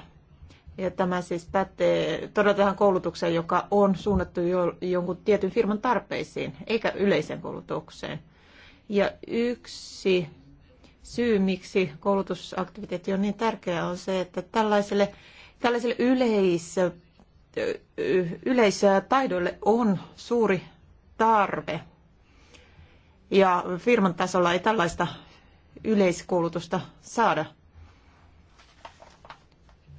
Ja tämä siis pätee todella tähän koulutukseen, joka on suunnattu jo, jonkun tietyn firman tarpeisiin, eikä yleiseen koulutukseen. Ja yksi syy, miksi koulutusaktiviteetti on niin tärkeä, on se, että tällaiselle, tällaiselle yleis- yleisöä taidoille on suuri tarve. Ja firman tasolla ei tällaista yleiskoulutusta saada.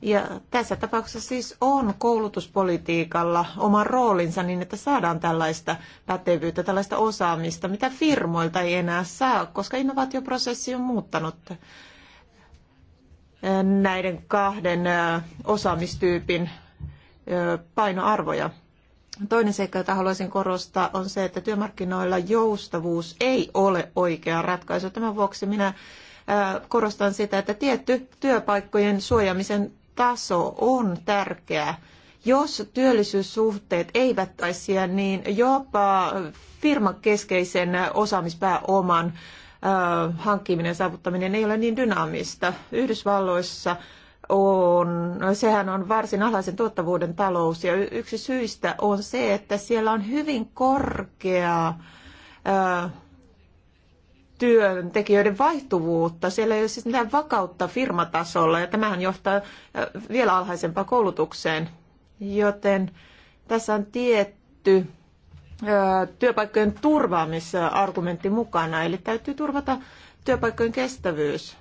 Ja tässä tapauksessa siis on koulutuspolitiikalla oma roolinsa niin, että saadaan tällaista pätevyyttä, tällaista osaamista, mitä firmoilta ei enää saa, koska innovaatioprosessi on muuttanut näiden kahden osaamistyypin painoarvoja. Toinen seikka, jota haluaisin korostaa, on se, että työmarkkinoilla joustavuus ei ole oikea ratkaisu. Tämän vuoksi minä korostan sitä, että tietty työpaikkojen suojaamisen taso on tärkeä. Jos työllisyyssuhteet eivät taisia, niin jopa firmakeskeisen osaamispääoman hankkiminen ja saavuttaminen ei ole niin dynaamista. Yhdysvalloissa on, no sehän on varsin alhaisen tuottavuuden talous ja yksi syistä on se, että siellä on hyvin korkea ää, työntekijöiden vaihtuvuutta. Siellä ei ole siis mitään vakautta firmatasolla ja tämähän johtaa vielä alhaisempaan koulutukseen. Joten tässä on tietty ää, työpaikkojen turvaamisargumentti mukana, eli täytyy turvata työpaikkojen kestävyys.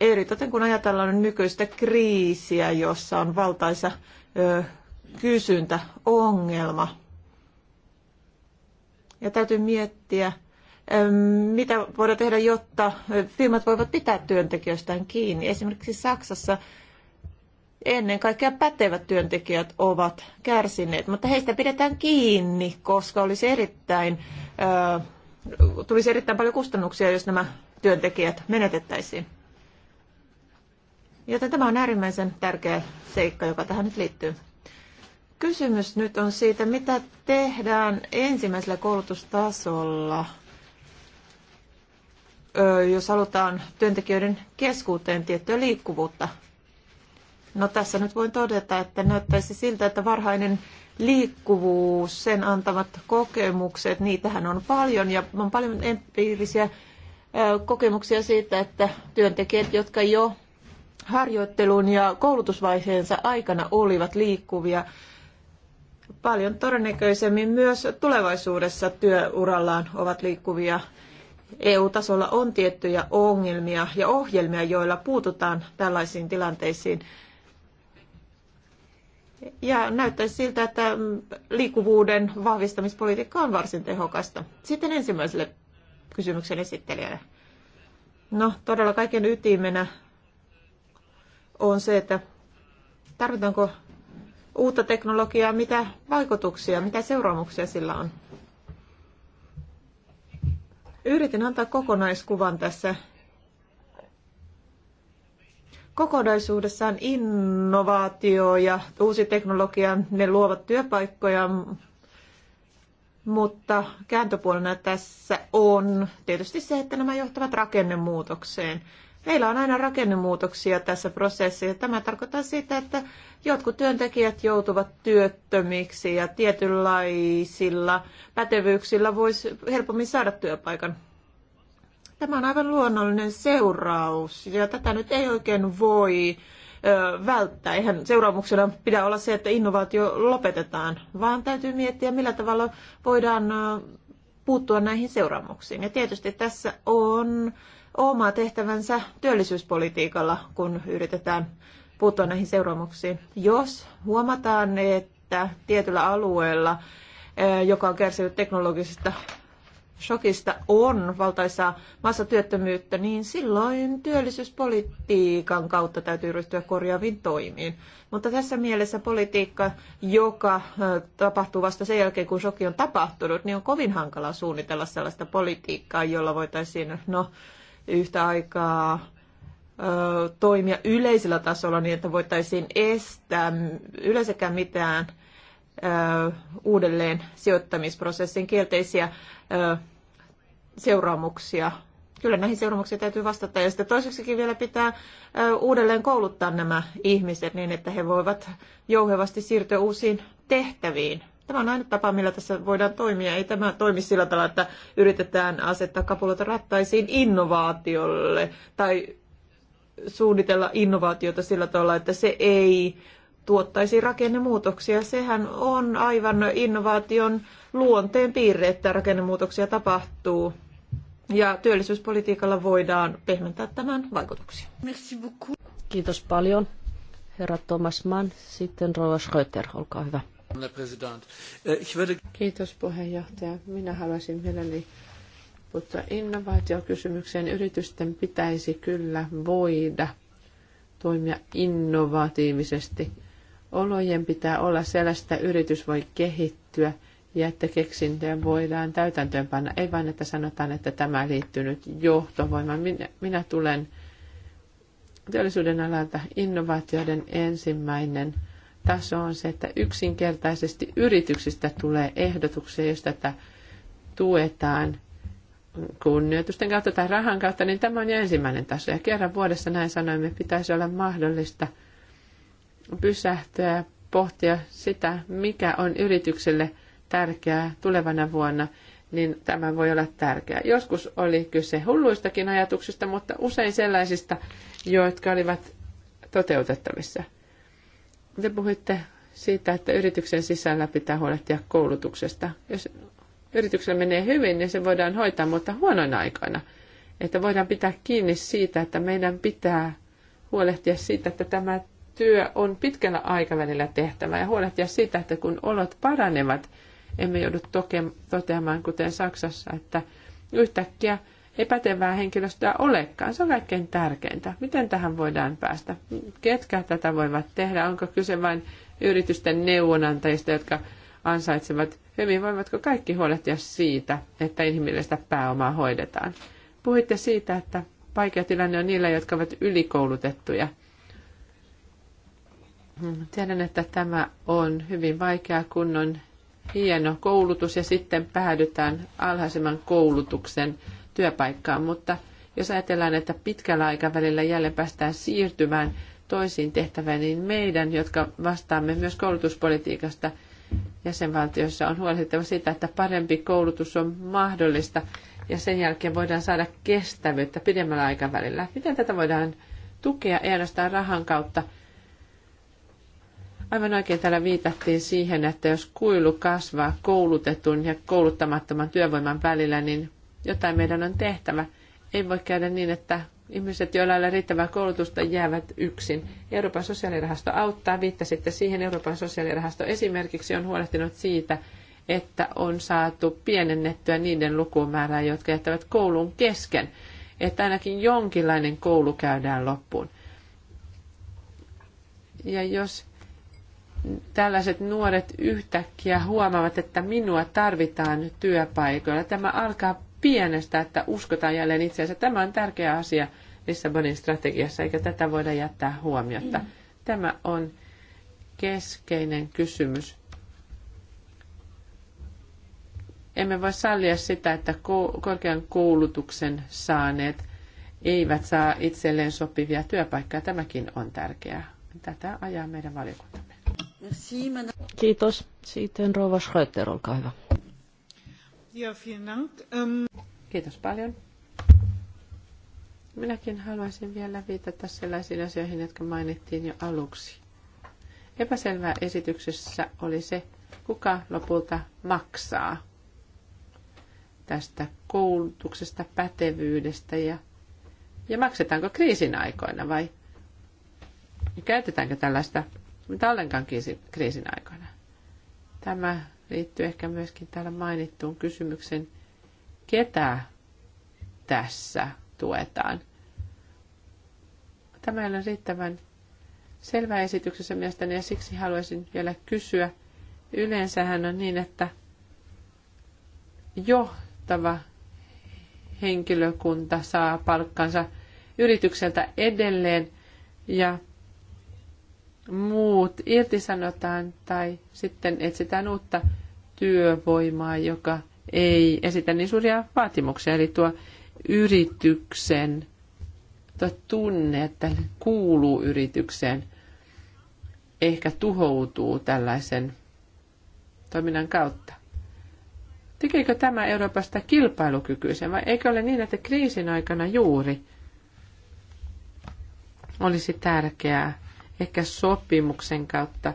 Eritoten kun ajatellaan nykyistä kriisiä, jossa on valtaisa kysyntäongelma. Ja täytyy miettiä, mitä voidaan tehdä, jotta firmat voivat pitää työntekijöistään kiinni. Esimerkiksi Saksassa ennen kaikkea pätevät työntekijät ovat kärsineet, mutta heistä pidetään kiinni, koska olisi erittäin, tulisi erittäin paljon kustannuksia, jos nämä työntekijät menetettäisiin. Joten tämä on äärimmäisen tärkeä seikka, joka tähän nyt liittyy. Kysymys nyt on siitä, mitä tehdään ensimmäisellä koulutustasolla, jos halutaan työntekijöiden keskuuteen tiettyä liikkuvuutta. No tässä nyt voin todeta, että näyttäisi siltä, että varhainen liikkuvuus, sen antamat kokemukset, niitähän on paljon ja on paljon empiirisiä kokemuksia siitä, että työntekijät, jotka jo harjoittelun ja koulutusvaiheensa aikana olivat liikkuvia paljon todennäköisemmin myös tulevaisuudessa työurallaan ovat liikkuvia. EU-tasolla on tiettyjä ongelmia ja ohjelmia, joilla puututaan tällaisiin tilanteisiin. Ja näyttäisi siltä, että liikkuvuuden vahvistamispolitiikka on varsin tehokasta. Sitten ensimmäiselle kysymyksen esittelijälle. No, todella kaiken ytimenä on se, että tarvitaanko uutta teknologiaa, mitä vaikutuksia, mitä seuraamuksia sillä on. Yritin antaa kokonaiskuvan tässä. Kokonaisuudessaan innovaatio ja uusi teknologia, ne luovat työpaikkoja, mutta kääntöpuolena tässä on tietysti se, että nämä johtavat rakennemuutokseen. Meillä on aina rakennemuutoksia tässä prosessissa. Tämä tarkoittaa sitä, että jotkut työntekijät joutuvat työttömiksi ja tietynlaisilla pätevyyksillä voisi helpommin saada työpaikan. Tämä on aivan luonnollinen seuraus ja tätä nyt ei oikein voi ö, välttää. Eihän seuraamuksena pidä olla se, että innovaatio lopetetaan, vaan täytyy miettiä, millä tavalla voidaan puuttua näihin seuraamuksiin. Ja tietysti tässä on oma tehtävänsä työllisyyspolitiikalla, kun yritetään puuttua näihin seuraamuksiin. Jos huomataan, että tietyllä alueella, joka on kärsinyt teknologisesta shokista, on valtaisaa massatyöttömyyttä, niin silloin työllisyyspolitiikan kautta täytyy ryhtyä korjaaviin toimiin. Mutta tässä mielessä politiikka, joka tapahtuu vasta sen jälkeen, kun shoki on tapahtunut, niin on kovin hankala suunnitella sellaista politiikkaa, jolla voitaisiin no, yhtä aikaa toimia yleisellä tasolla niin, että voitaisiin estää yleensäkään mitään uudelleen sijoittamisprosessin kielteisiä seuraamuksia. Kyllä näihin seuraamuksiin täytyy vastata. Ja sitten toiseksikin vielä pitää uudelleen kouluttaa nämä ihmiset niin, että he voivat jouhevasti siirtyä uusiin tehtäviin. Tämä on aina tapa, millä tässä voidaan toimia. Ei tämä toimi sillä tavalla, että yritetään asettaa kapuloita rattaisiin innovaatiolle tai suunnitella innovaatiota sillä tavalla, että se ei tuottaisi rakennemuutoksia. Sehän on aivan innovaation luonteen piirre, että rakennemuutoksia tapahtuu. Ja työllisyyspolitiikalla voidaan pehmentää tämän vaikutuksia. Kiitos paljon, herra Thomas Mann. Sitten Rova Schröter, olkaa hyvä. Äh, Kiitos puheenjohtaja. Minä haluaisin mielelläni puuttua innovaatiokysymykseen. Yritysten pitäisi kyllä voida toimia innovatiivisesti. Olojen pitää olla sellaista, että yritys voi kehittyä ja että keksintöjä voidaan täytäntöönpanna. Ei vain, että sanotaan, että tämä liittyy nyt johtovoimaan. Minä, minä tulen teollisuuden alalta innovaatioiden ensimmäinen – taso on se, että yksinkertaisesti yrityksistä tulee ehdotuksia, jos tätä tuetaan kunnioitusten kautta tai rahan kautta, niin tämä on jo ensimmäinen taso. Ja kerran vuodessa näin sanoimme, pitäisi olla mahdollista pysähtyä ja pohtia sitä, mikä on yritykselle tärkeää tulevana vuonna, niin tämä voi olla tärkeää. Joskus oli kyse hulluistakin ajatuksista, mutta usein sellaisista, jotka olivat toteutettavissa – te puhuitte siitä, että yrityksen sisällä pitää huolehtia koulutuksesta. Jos yrityksellä menee hyvin, niin se voidaan hoitaa, mutta huonoina aikoina. Että voidaan pitää kiinni siitä, että meidän pitää huolehtia siitä, että tämä työ on pitkällä aikavälillä tehtävä ja huolehtia siitä, että kun olot paranevat, emme joudu toteamaan, kuten Saksassa, että yhtäkkiä ei pätevää henkilöstöä olekaan. Se on kaikkein tärkeintä. Miten tähän voidaan päästä? Ketkä tätä voivat tehdä? Onko kyse vain yritysten neuvonantajista, jotka ansaitsevat hyvin? Voivatko kaikki huolehtia siitä, että inhimillistä pääomaa hoidetaan? Puhuitte siitä, että vaikea tilanne on niillä, jotka ovat ylikoulutettuja. Tiedän, että tämä on hyvin vaikea, kun on hieno koulutus ja sitten päädytään alhaisemman koulutuksen työpaikkaan, mutta jos ajatellaan, että pitkällä aikavälillä jälleen päästään siirtymään toisiin tehtäviin, niin meidän, jotka vastaamme myös koulutuspolitiikasta jäsenvaltioissa, on huolehdittava siitä, että parempi koulutus on mahdollista ja sen jälkeen voidaan saada kestävyyttä pidemmällä aikavälillä. Miten tätä voidaan tukea ei ainoastaan rahan kautta? Aivan oikein täällä viitattiin siihen, että jos kuilu kasvaa koulutetun ja kouluttamattoman työvoiman välillä, niin jotain meidän on tehtävä. Ei voi käydä niin, että ihmiset, joilla ei ole riittävää koulutusta, jäävät yksin. Euroopan sosiaalirahasto auttaa. Viittasitte siihen. Euroopan sosiaalirahasto esimerkiksi on huolehtinut siitä, että on saatu pienennettyä niiden lukumäärää, jotka jättävät koulun kesken. Että ainakin jonkinlainen koulu käydään loppuun. Ja jos tällaiset nuoret yhtäkkiä huomaavat, että minua tarvitaan työpaikoilla, tämä alkaa pienestä, että uskotaan jälleen itseensä. Tämä on tärkeä asia Lissabonin strategiassa, eikä tätä voida jättää huomiotta. Tämä on keskeinen kysymys. Emme voi sallia sitä, että korkean koulutuksen saaneet eivät saa itselleen sopivia työpaikkoja. Tämäkin on tärkeää. Tätä ajaa meidän valiokuntamme. Kiitos. Sitten Rova Schröter, olkaa hyvä. Ja, vielen Dank. Um... Kiitos paljon. Minäkin haluaisin vielä viitata sellaisiin asioihin, jotka mainittiin jo aluksi. Epäselvää esityksessä oli se, kuka lopulta maksaa tästä koulutuksesta, pätevyydestä ja, ja maksetaanko kriisin aikoina vai käytetäänkö tällaista mitä ollenkaan kriisin aikoina. Tämä liittyy ehkä myöskin täällä mainittuun kysymyksen, ketä tässä tuetaan. Tämä on riittävän selvä esityksessä mielestäni ja siksi haluaisin vielä kysyä. Yleensähän on niin, että johtava henkilökunta saa palkkansa yritykseltä edelleen ja muut irtisanotaan tai sitten etsitään uutta työvoimaa, joka ei esitä niin suuria vaatimuksia. Eli tuo yrityksen tuo tunne, että kuuluu yritykseen, ehkä tuhoutuu tällaisen toiminnan kautta. Tekeekö tämä Euroopasta kilpailukykyisen vai eikö ole niin, että kriisin aikana juuri olisi tärkeää ehkä sopimuksen kautta.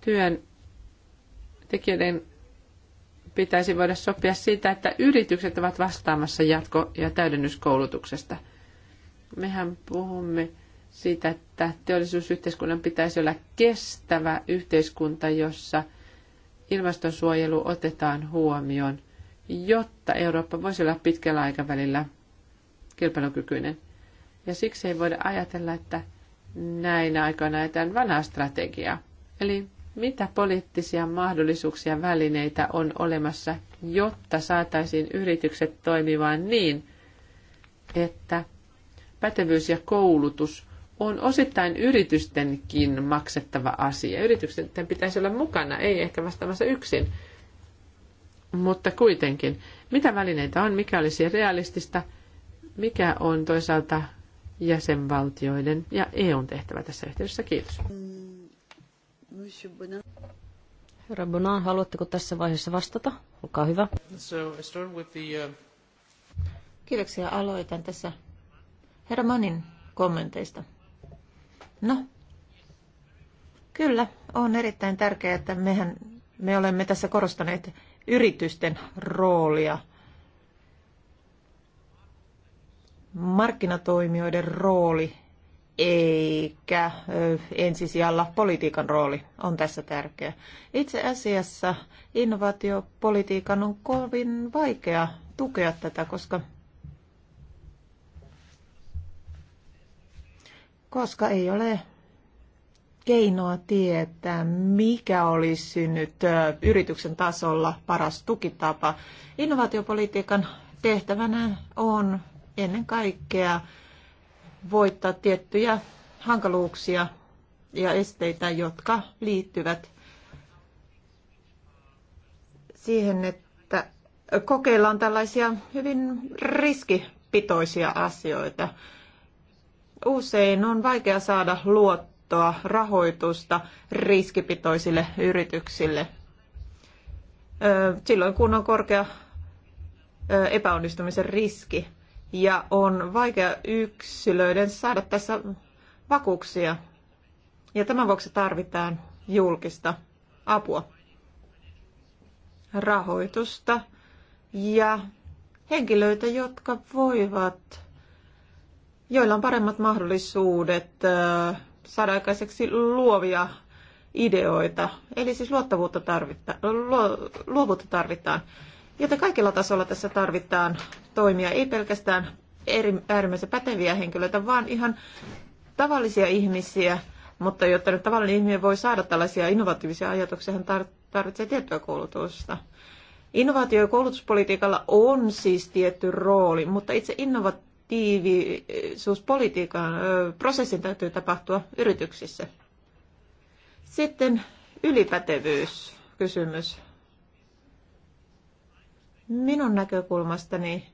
Työn tekijöiden pitäisi voida sopia siitä, että yritykset ovat vastaamassa jatko- ja täydennyskoulutuksesta. Mehän puhumme siitä, että teollisuusyhteiskunnan pitäisi olla kestävä yhteiskunta, jossa ilmastonsuojelu otetaan huomioon, jotta Eurooppa voisi olla pitkällä aikavälillä kilpailukykyinen. Ja siksi ei voida ajatella, että näin aikoina tämän vanha strategia. Eli mitä poliittisia mahdollisuuksia välineitä on olemassa, jotta saataisiin yritykset toimimaan niin, että pätevyys ja koulutus on osittain yritystenkin maksettava asia. Yritysten pitäisi olla mukana, ei ehkä vastaamassa yksin, mutta kuitenkin. Mitä välineitä on, mikä olisi realistista, mikä on toisaalta jäsenvaltioiden ja EUn tehtävä tässä yhteydessä. Kiitos. Herra Bonan, haluatteko tässä vaiheessa vastata? Olkaa hyvä. Uh, Kiitoksia. Aloitan tässä herra Manin kommenteista. No, kyllä, on erittäin tärkeää, että mehän, me olemme tässä korostaneet yritysten roolia – markkinatoimijoiden rooli eikä ensisijalla politiikan rooli on tässä tärkeä. Itse asiassa innovaatiopolitiikan on kovin vaikea tukea tätä, koska, koska ei ole keinoa tietää, mikä olisi nyt yrityksen tasolla paras tukitapa. Innovaatiopolitiikan tehtävänä on ennen kaikkea voittaa tiettyjä hankaluuksia ja esteitä, jotka liittyvät siihen, että kokeillaan tällaisia hyvin riskipitoisia asioita. Usein on vaikea saada luottoa, rahoitusta riskipitoisille yrityksille. Silloin kun on korkea epäonnistumisen riski ja on vaikea yksilöiden saada tässä vakuuksia. Ja tämän vuoksi tarvitaan julkista apua, rahoitusta ja henkilöitä, jotka voivat, joilla on paremmat mahdollisuudet saada aikaiseksi luovia ideoita. Eli siis luottavuutta tarvitaan, luovuutta tarvitaan. Joten kaikilla tasolla tässä tarvitaan toimia, ei pelkästään eri, äärimmäisen päteviä henkilöitä, vaan ihan tavallisia ihmisiä, mutta jotta nyt tavallinen ihminen voi saada tällaisia innovatiivisia ajatuksia, hän tarvitsee tiettyä koulutusta. Innovaatio- ja koulutuspolitiikalla on siis tietty rooli, mutta itse innovatiivisuuspolitiikan prosessin täytyy tapahtua yrityksissä. Sitten ylipätevyyskysymys. Minun näkökulmastani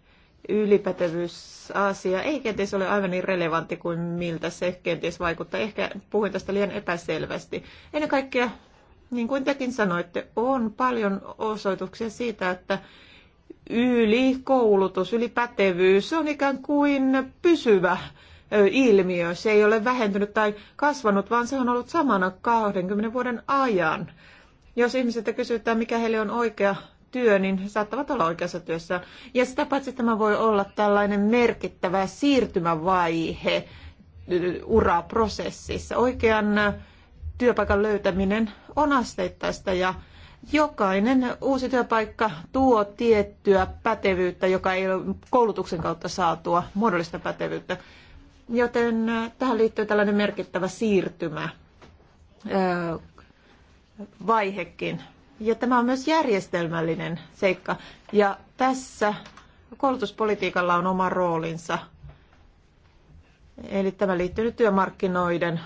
ylipätevyysasia ei kenties ole aivan niin relevantti kuin miltä se kenties vaikuttaa. Ehkä puhuin tästä liian epäselvästi. Ennen kaikkea, niin kuin tekin sanoitte, on paljon osoituksia siitä, että ylikoulutus, ylipätevyys on ikään kuin pysyvä ilmiö. Se ei ole vähentynyt tai kasvanut, vaan se on ollut samana 20 vuoden ajan. Jos ihmisiltä kysytään, mikä heille on oikea työ, niin he saattavat olla oikeassa työssä. Ja sitä paitsi tämä voi olla tällainen merkittävä siirtymävaihe uraprosessissa. Oikean työpaikan löytäminen on asteittaista ja jokainen uusi työpaikka tuo tiettyä pätevyyttä, joka ei ole koulutuksen kautta saatua muodollista pätevyyttä. Joten tähän liittyy tällainen merkittävä siirtymä vaihekin. Ja tämä on myös järjestelmällinen seikka. Ja tässä koulutuspolitiikalla on oma roolinsa. Eli tämä liittyy nyt työmarkkinoiden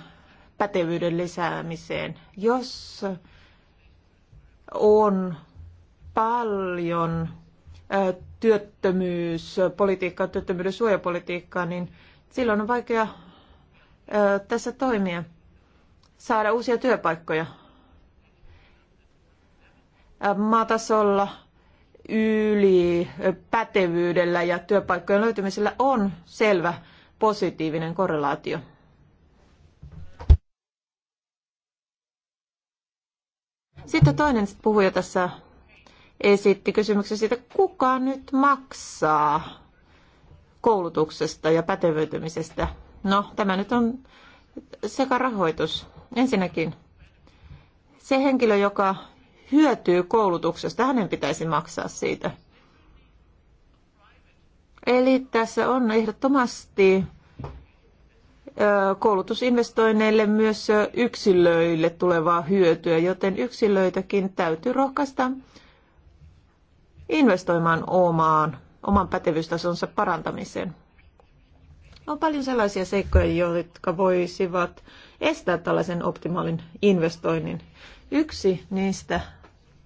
pätevyyden lisäämiseen. Jos on paljon työttömyyspolitiikkaa, työttömyyden suojapolitiikkaa, niin silloin on vaikea tässä toimia, saada uusia työpaikkoja maatasolla yli pätevyydellä ja työpaikkojen löytymisellä on selvä positiivinen korrelaatio. Sitten toinen puhuja tässä esitti kysymyksen siitä, kuka nyt maksaa koulutuksesta ja pätevöitymisestä. No, tämä nyt on sekä rahoitus Ensinnäkin se henkilö, joka hyötyy koulutuksesta, hänen pitäisi maksaa siitä. Eli tässä on ehdottomasti koulutusinvestoinneille myös yksilöille tulevaa hyötyä, joten yksilöitäkin täytyy rohkaista investoimaan omaan, oman pätevyystasonsa parantamiseen. On paljon sellaisia seikkoja, jotka voisivat estää tällaisen optimaalin investoinnin. Yksi niistä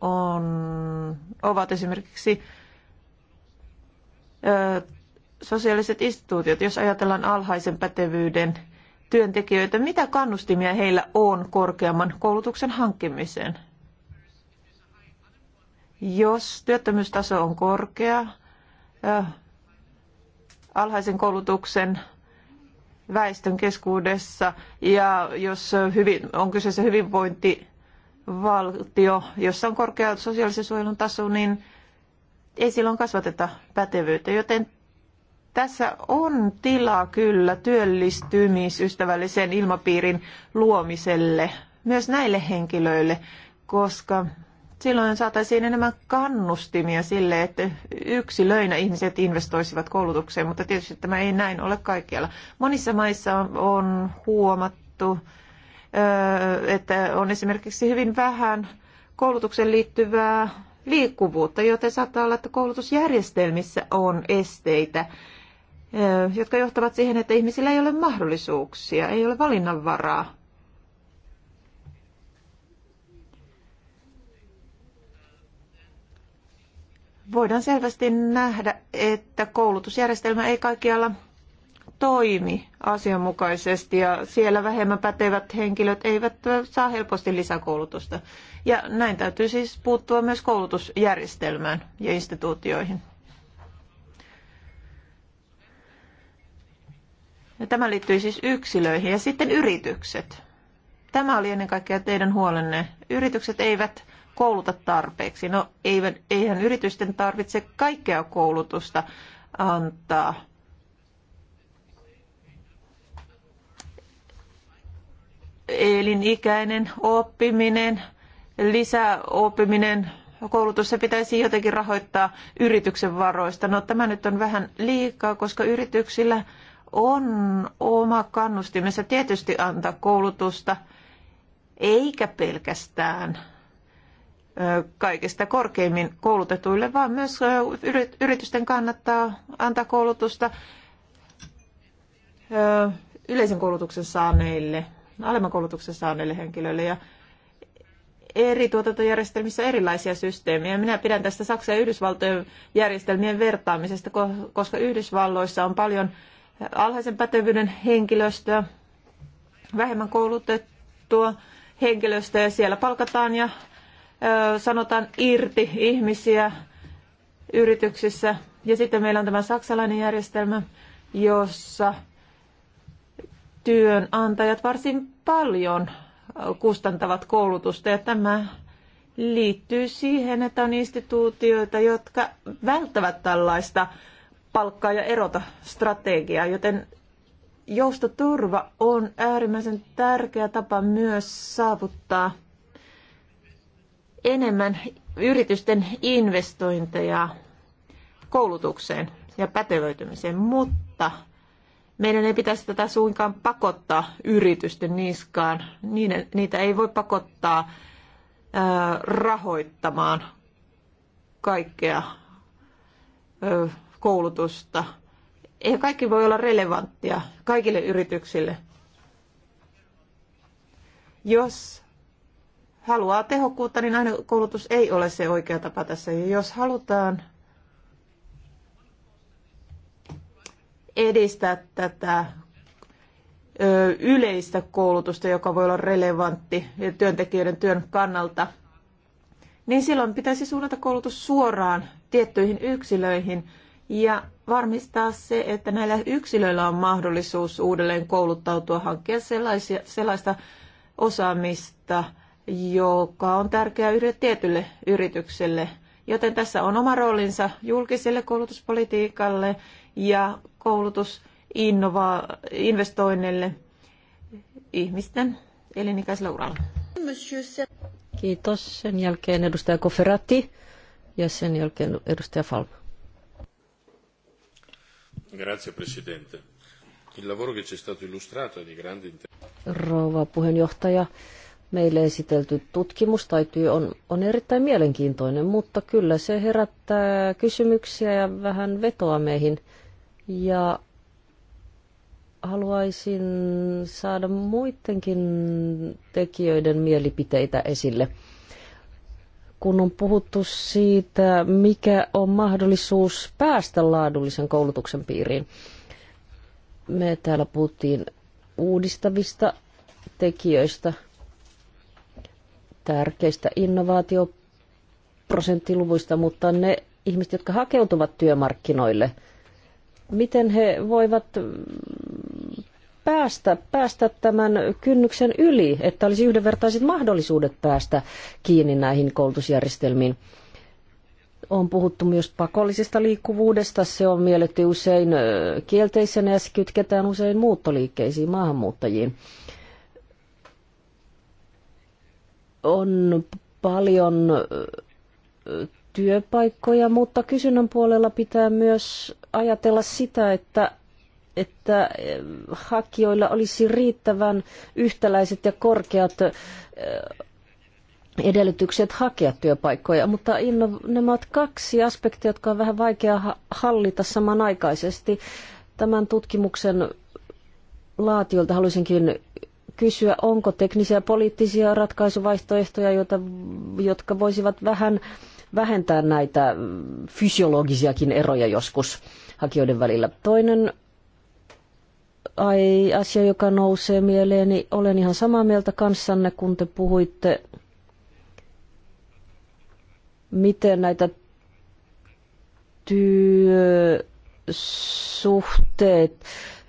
on, ovat esimerkiksi ö, sosiaaliset instituutiot, jos ajatellaan alhaisen pätevyyden työntekijöitä, mitä kannustimia heillä on korkeamman koulutuksen hankkimiseen? Jos työttömyystaso on korkea, ö, alhaisen koulutuksen väestön keskuudessa ja jos hyvin, on kyseessä hyvinvointi valtio, jossa on korkea sosiaalisen suojelun taso, niin ei silloin kasvateta pätevyyttä, joten tässä on tilaa kyllä työllistymisystävällisen ilmapiirin luomiselle myös näille henkilöille, koska silloin saataisiin enemmän kannustimia sille, että yksilöinä ihmiset investoisivat koulutukseen, mutta tietysti tämä ei näin ole kaikkialla. Monissa maissa on huomattu, että on esimerkiksi hyvin vähän koulutukseen liittyvää liikkuvuutta, joten saattaa olla, että koulutusjärjestelmissä on esteitä, jotka johtavat siihen, että ihmisillä ei ole mahdollisuuksia, ei ole valinnanvaraa. Voidaan selvästi nähdä, että koulutusjärjestelmä ei kaikkialla toimi asianmukaisesti ja siellä vähemmän pätevät henkilöt eivät saa helposti lisäkoulutusta. Ja näin täytyy siis puuttua myös koulutusjärjestelmään ja instituutioihin. Ja tämä liittyy siis yksilöihin ja sitten yritykset. Tämä oli ennen kaikkea teidän huolenne. Yritykset eivät kouluta tarpeeksi. No eihän yritysten tarvitse kaikkea koulutusta antaa elinikäinen oppiminen, lisäoppiminen, koulutus se pitäisi jotenkin rahoittaa yrityksen varoista. No tämä nyt on vähän liikaa, koska yrityksillä on oma kannustimensa tietysti antaa koulutusta, eikä pelkästään kaikista korkeimmin koulutetuille, vaan myös yritysten kannattaa antaa koulutusta yleisen koulutuksen saaneille alemman koulutuksen saaneille henkilöille. Ja eri tuotantojärjestelmissä erilaisia systeemejä. Minä pidän tästä Saksan ja Yhdysvaltojen järjestelmien vertaamisesta, koska Yhdysvalloissa on paljon alhaisen pätevyyden henkilöstöä, vähemmän koulutettua henkilöstöä ja siellä palkataan ja sanotaan irti ihmisiä yrityksissä. Ja sitten meillä on tämä saksalainen järjestelmä, jossa työnantajat varsin paljon kustantavat koulutusta ja tämä liittyy siihen, että on instituutioita, jotka välttävät tällaista palkkaa ja erota strategiaa, joten joustoturva on äärimmäisen tärkeä tapa myös saavuttaa enemmän yritysten investointeja koulutukseen ja pätevöitymiseen, mutta meidän ei pitäisi tätä suinkaan pakottaa yritysten niskaan. niitä ei voi pakottaa rahoittamaan kaikkea koulutusta. ei kaikki voi olla relevanttia kaikille yrityksille. Jos haluaa tehokkuutta, niin aina koulutus ei ole se oikea tapa tässä. Ja jos halutaan edistää tätä yleistä koulutusta, joka voi olla relevantti työntekijöiden työn kannalta, niin silloin pitäisi suunnata koulutus suoraan tiettyihin yksilöihin ja varmistaa se, että näillä yksilöillä on mahdollisuus uudelleen kouluttautua, hankkia sellaisia, sellaista osaamista, joka on tärkeää yhdelle tietylle yritykselle – Joten tässä on oma roolinsa julkiselle koulutuspolitiikalle ja koulutusinvestoinneille ihmisten elinikäisellä uralla. Kiitos. Sen jälkeen edustaja Koferati ja sen jälkeen edustaja Falm. Grazie Presidente. Il lavoro che ci stato illustrato è di grande interesse. Rouva puheenjohtaja, meille esitelty tutkimus tai työ on, on erittäin mielenkiintoinen, mutta kyllä se herättää kysymyksiä ja vähän vetoa meihin. Ja haluaisin saada muidenkin tekijöiden mielipiteitä esille. Kun on puhuttu siitä, mikä on mahdollisuus päästä laadullisen koulutuksen piiriin. Me täällä puhuttiin uudistavista tekijöistä, tärkeistä innovaatioprosenttiluvuista, mutta ne ihmiset, jotka hakeutuvat työmarkkinoille, miten he voivat mm, päästä, päästä tämän kynnyksen yli, että olisi yhdenvertaiset mahdollisuudet päästä kiinni näihin koulutusjärjestelmiin. On puhuttu myös pakollisesta liikkuvuudesta. Se on mielletty usein kielteisenä ja se kytketään usein muuttoliikkeisiin maahanmuuttajiin on paljon työpaikkoja, mutta kysynnän puolella pitää myös ajatella sitä, että että hakijoilla olisi riittävän yhtäläiset ja korkeat edellytykset hakea työpaikkoja, mutta inno, nämä ovat kaksi aspektia, jotka on vähän vaikea hallita samanaikaisesti. Tämän tutkimuksen laatiolta haluaisinkin kysyä, onko teknisiä poliittisia ratkaisuvaihtoehtoja, joita, jotka voisivat vähän vähentää näitä fysiologisiakin eroja joskus hakijoiden välillä. Toinen ai, asia, joka nousee mieleeni, niin olen ihan samaa mieltä kanssanne, kun te puhuitte, miten näitä työsuhteet,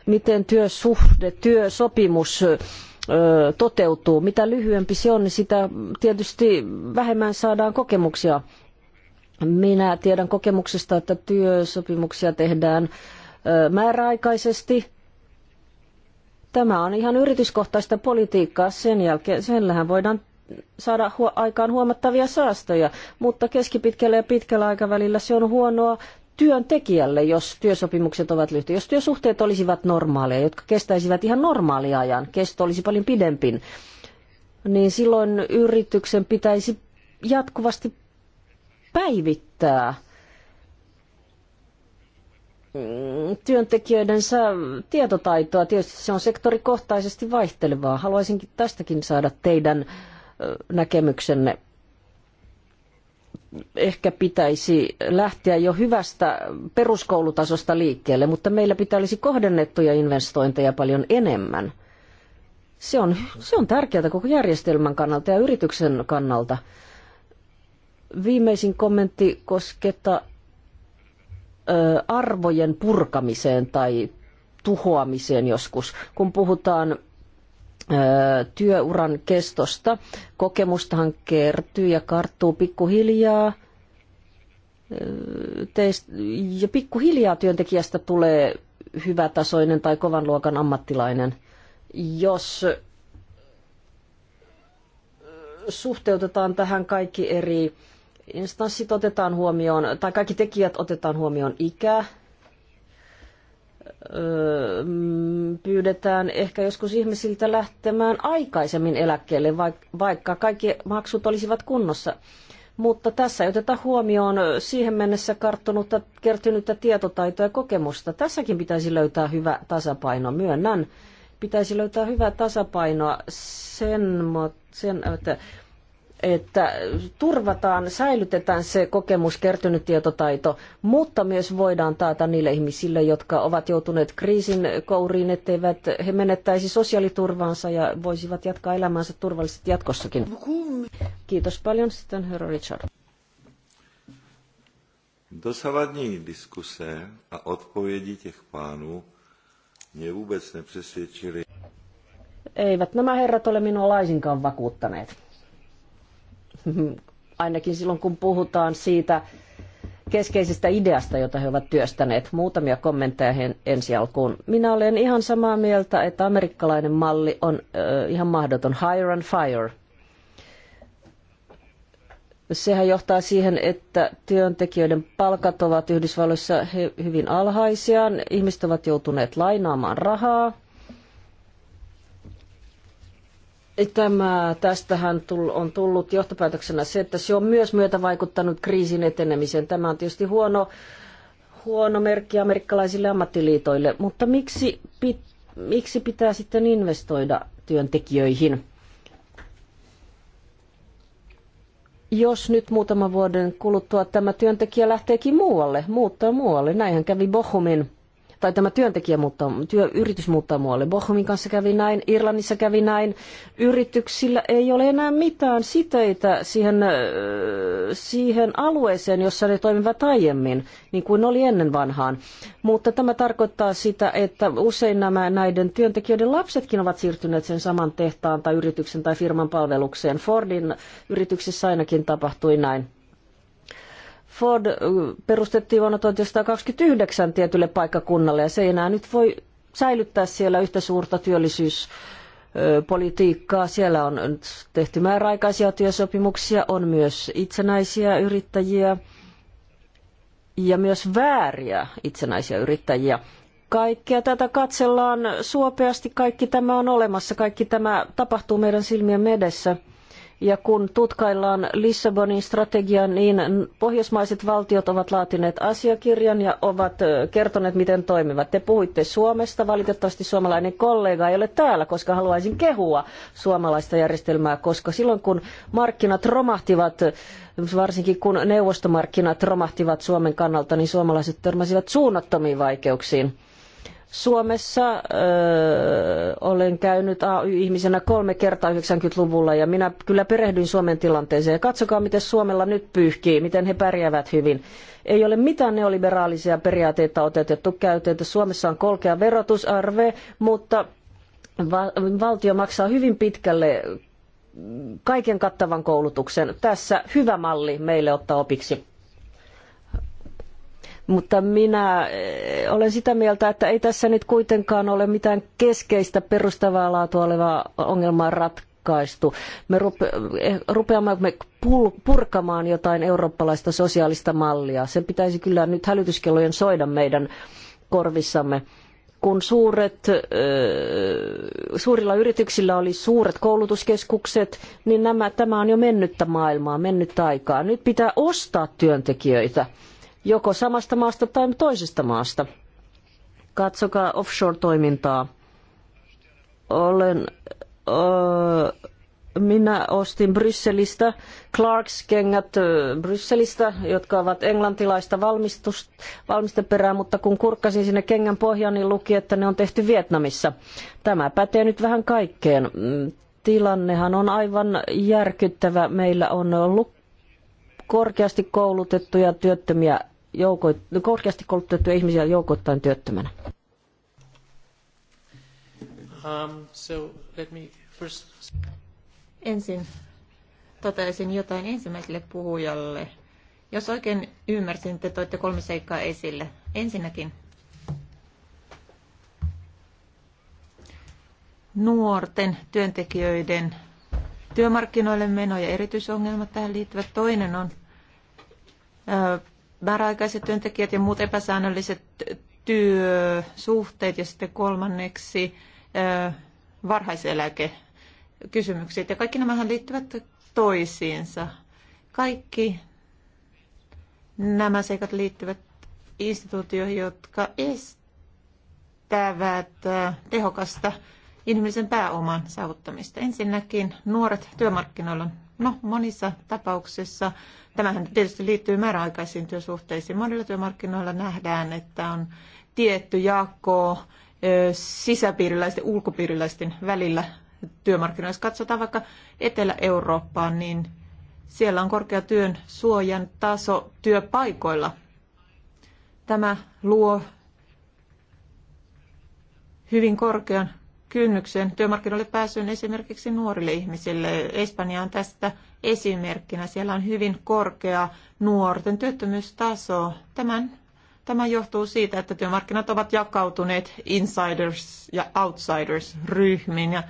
miten työsuhde, työsopimus toteutuu. Mitä lyhyempi se on, niin sitä tietysti vähemmän saadaan kokemuksia. Minä tiedän kokemuksesta, että työsopimuksia tehdään määräaikaisesti. Tämä on ihan yrityskohtaista politiikkaa. Sen jälkeen, senlähän voidaan saada aikaan huomattavia säästöjä, mutta keskipitkällä ja pitkällä aikavälillä se on huonoa työntekijälle, jos työsopimukset ovat lyhyitä. Jos työsuhteet olisivat normaaleja, jotka kestäisivät ihan normaalia ajan, kesto olisi paljon pidempi, niin silloin yrityksen pitäisi jatkuvasti päivittää työntekijöidensä tietotaitoa. Tietysti se on sektorikohtaisesti vaihtelevaa. Haluaisinkin tästäkin saada teidän näkemyksenne ehkä pitäisi lähteä jo hyvästä peruskoulutasosta liikkeelle, mutta meillä pitää kohdennettuja investointeja paljon enemmän. Se on, se on tärkeää koko järjestelmän kannalta ja yrityksen kannalta. Viimeisin kommentti kosketa arvojen purkamiseen tai tuhoamiseen joskus, kun puhutaan työuran kestosta. Kokemustahan kertyy ja karttuu pikkuhiljaa. Teist, ja pikkuhiljaa työntekijästä tulee hyvätasoinen tai kovan luokan ammattilainen, jos suhteutetaan tähän kaikki eri instanssit otetaan huomioon, tai kaikki tekijät otetaan huomioon ikä, Mm, pyydetään ehkä joskus ihmisiltä lähtemään aikaisemmin eläkkeelle, vaikka kaikki maksut olisivat kunnossa. Mutta tässä ei oteta huomioon siihen mennessä karttunutta, kertynyttä tietotaitoa ja kokemusta. Tässäkin pitäisi löytää hyvä tasapaino, myönnän. Pitäisi löytää hyvä tasapaino sen, sen että että turvataan, säilytetään se kokemus, kertynyt tietotaito, mutta myös voidaan taata niille ihmisille, jotka ovat joutuneet kriisin kouriin, etteivät he menettäisi sosiaaliturvaansa ja voisivat jatkaa elämäänsä turvallisesti jatkossakin. Kiitos paljon. Sitten herra Richard. Dosavadní diskuse a odpovědi těch pánů mě vůbec nepřesvědčili. Eivät nämä herrat ole minua laisinkaan vakuuttaneet. Mhm. ainakin silloin kun puhutaan siitä keskeisestä ideasta, jota he ovat työstäneet. Muutamia kommentteja he ensi alkuun. Minä olen ihan samaa mieltä, että amerikkalainen malli on äh, ihan mahdoton. Hire and fire. Sehän johtaa siihen, että työntekijöiden palkat ovat Yhdysvalloissa hyvin alhaisia. Ihmiset ovat joutuneet lainaamaan rahaa Tämä, tästähän on tullut johtopäätöksenä se, että se on myös myötä vaikuttanut kriisin etenemiseen. Tämä on tietysti huono, huono merkki amerikkalaisille ammattiliitoille, mutta miksi, pit, miksi pitää sitten investoida työntekijöihin? Jos nyt muutaman vuoden kuluttua tämä työntekijä lähteekin muualle, muuttaa muualle, näinhän kävi Bochumin tai tämä työntekijä muuttaa, työ, yritys muuttaa muualle. Bochumin kanssa kävi näin, Irlannissa kävi näin. Yrityksillä ei ole enää mitään siteitä siihen, siihen alueeseen, jossa ne toimivat aiemmin, niin kuin oli ennen vanhaan. Mutta tämä tarkoittaa sitä, että usein nämä näiden työntekijöiden lapsetkin ovat siirtyneet sen saman tehtaan tai yrityksen tai firman palvelukseen. Fordin yrityksessä ainakin tapahtui näin. Ford perustettiin vuonna 1929 tietylle paikkakunnalle ja se ei enää nyt voi säilyttää siellä yhtä suurta työllisyys politiikkaa. Siellä on tehty määräaikaisia työsopimuksia, on myös itsenäisiä yrittäjiä ja myös vääriä itsenäisiä yrittäjiä. Kaikkea tätä katsellaan suopeasti, kaikki tämä on olemassa, kaikki tämä tapahtuu meidän silmien edessä. Ja kun tutkaillaan Lissabonin strategiaa, niin pohjoismaiset valtiot ovat laatineet asiakirjan ja ovat kertoneet, miten toimivat. Te puhuitte Suomesta. Valitettavasti suomalainen kollega ei ole täällä, koska haluaisin kehua suomalaista järjestelmää, koska silloin kun markkinat romahtivat, varsinkin kun neuvostomarkkinat romahtivat Suomen kannalta, niin suomalaiset törmäsivät suunnattomiin vaikeuksiin Suomessa olen käynyt AY-ihmisenä kolme kertaa 90-luvulla ja minä kyllä perehdyin Suomen tilanteeseen. katsokaa, miten Suomella nyt pyyhkii, miten he pärjäävät hyvin. Ei ole mitään neoliberaalisia periaatteita otettu käyttöön. Suomessa on kolkea verotusarve, mutta va- valtio maksaa hyvin pitkälle kaiken kattavan koulutuksen. Tässä hyvä malli meille ottaa opiksi. Mutta minä eh, olen sitä mieltä, että ei tässä nyt kuitenkaan ole mitään keskeistä perustavaa laatua olevaa ongelmaa ratkaistu. Me rupe, eh, rupeamme purkamaan jotain eurooppalaista sosiaalista mallia. Sen pitäisi kyllä nyt hälytyskellojen soida meidän korvissamme kun suuret, eh, suurilla yrityksillä oli suuret koulutuskeskukset, niin nämä, tämä on jo mennyttä maailmaa, mennyttä aikaa. Nyt pitää ostaa työntekijöitä joko samasta maasta tai toisesta maasta. Katsokaa offshore-toimintaa. Olen, uh, minä ostin Brysselistä Clarks-kengät Brysselistä, jotka ovat englantilaista valmisteperää, mutta kun kurkkasin sinne kengän pohjaan, niin luki, että ne on tehty Vietnamissa. Tämä pätee nyt vähän kaikkeen. Mm, tilannehan on aivan järkyttävä. Meillä on ollut korkeasti koulutettuja työttömiä jouko, korkeasti koulutettuja ihmisiä joukoittain työttömänä? Um, so let me first... Ensin toteaisin jotain ensimmäiselle puhujalle. Jos oikein ymmärsin, te toitte kolme seikkaa esille. Ensinnäkin nuorten työntekijöiden työmarkkinoille meno ja erityisongelmat tähän liittyvät. Toinen on määräaikaiset työntekijät ja muut epäsäännölliset työsuhteet ja sitten kolmanneksi varhaiseläkekysymykset. Ja kaikki nämähän liittyvät toisiinsa. Kaikki nämä seikat liittyvät instituutioihin, jotka estävät tehokasta inhimillisen pääoman saavuttamista. Ensinnäkin nuoret työmarkkinoilla No, monissa tapauksissa. Tämähän tietysti liittyy määräaikaisiin työsuhteisiin. Monilla työmarkkinoilla nähdään, että on tietty jako sisäpiiriläisten ja ulkopiiriläisten välillä työmarkkinoissa katsotaan vaikka Etelä-Eurooppaan, niin siellä on korkea työn suojan taso työpaikoilla. Tämä luo hyvin korkean kynnyksen työmarkkinoille pääsyyn esimerkiksi nuorille ihmisille. Espanja on tästä esimerkkinä. Siellä on hyvin korkea nuorten työttömyystaso. Tämän, tämä johtuu siitä, että työmarkkinat ovat jakautuneet insiders- ja outsiders-ryhmiin. Ja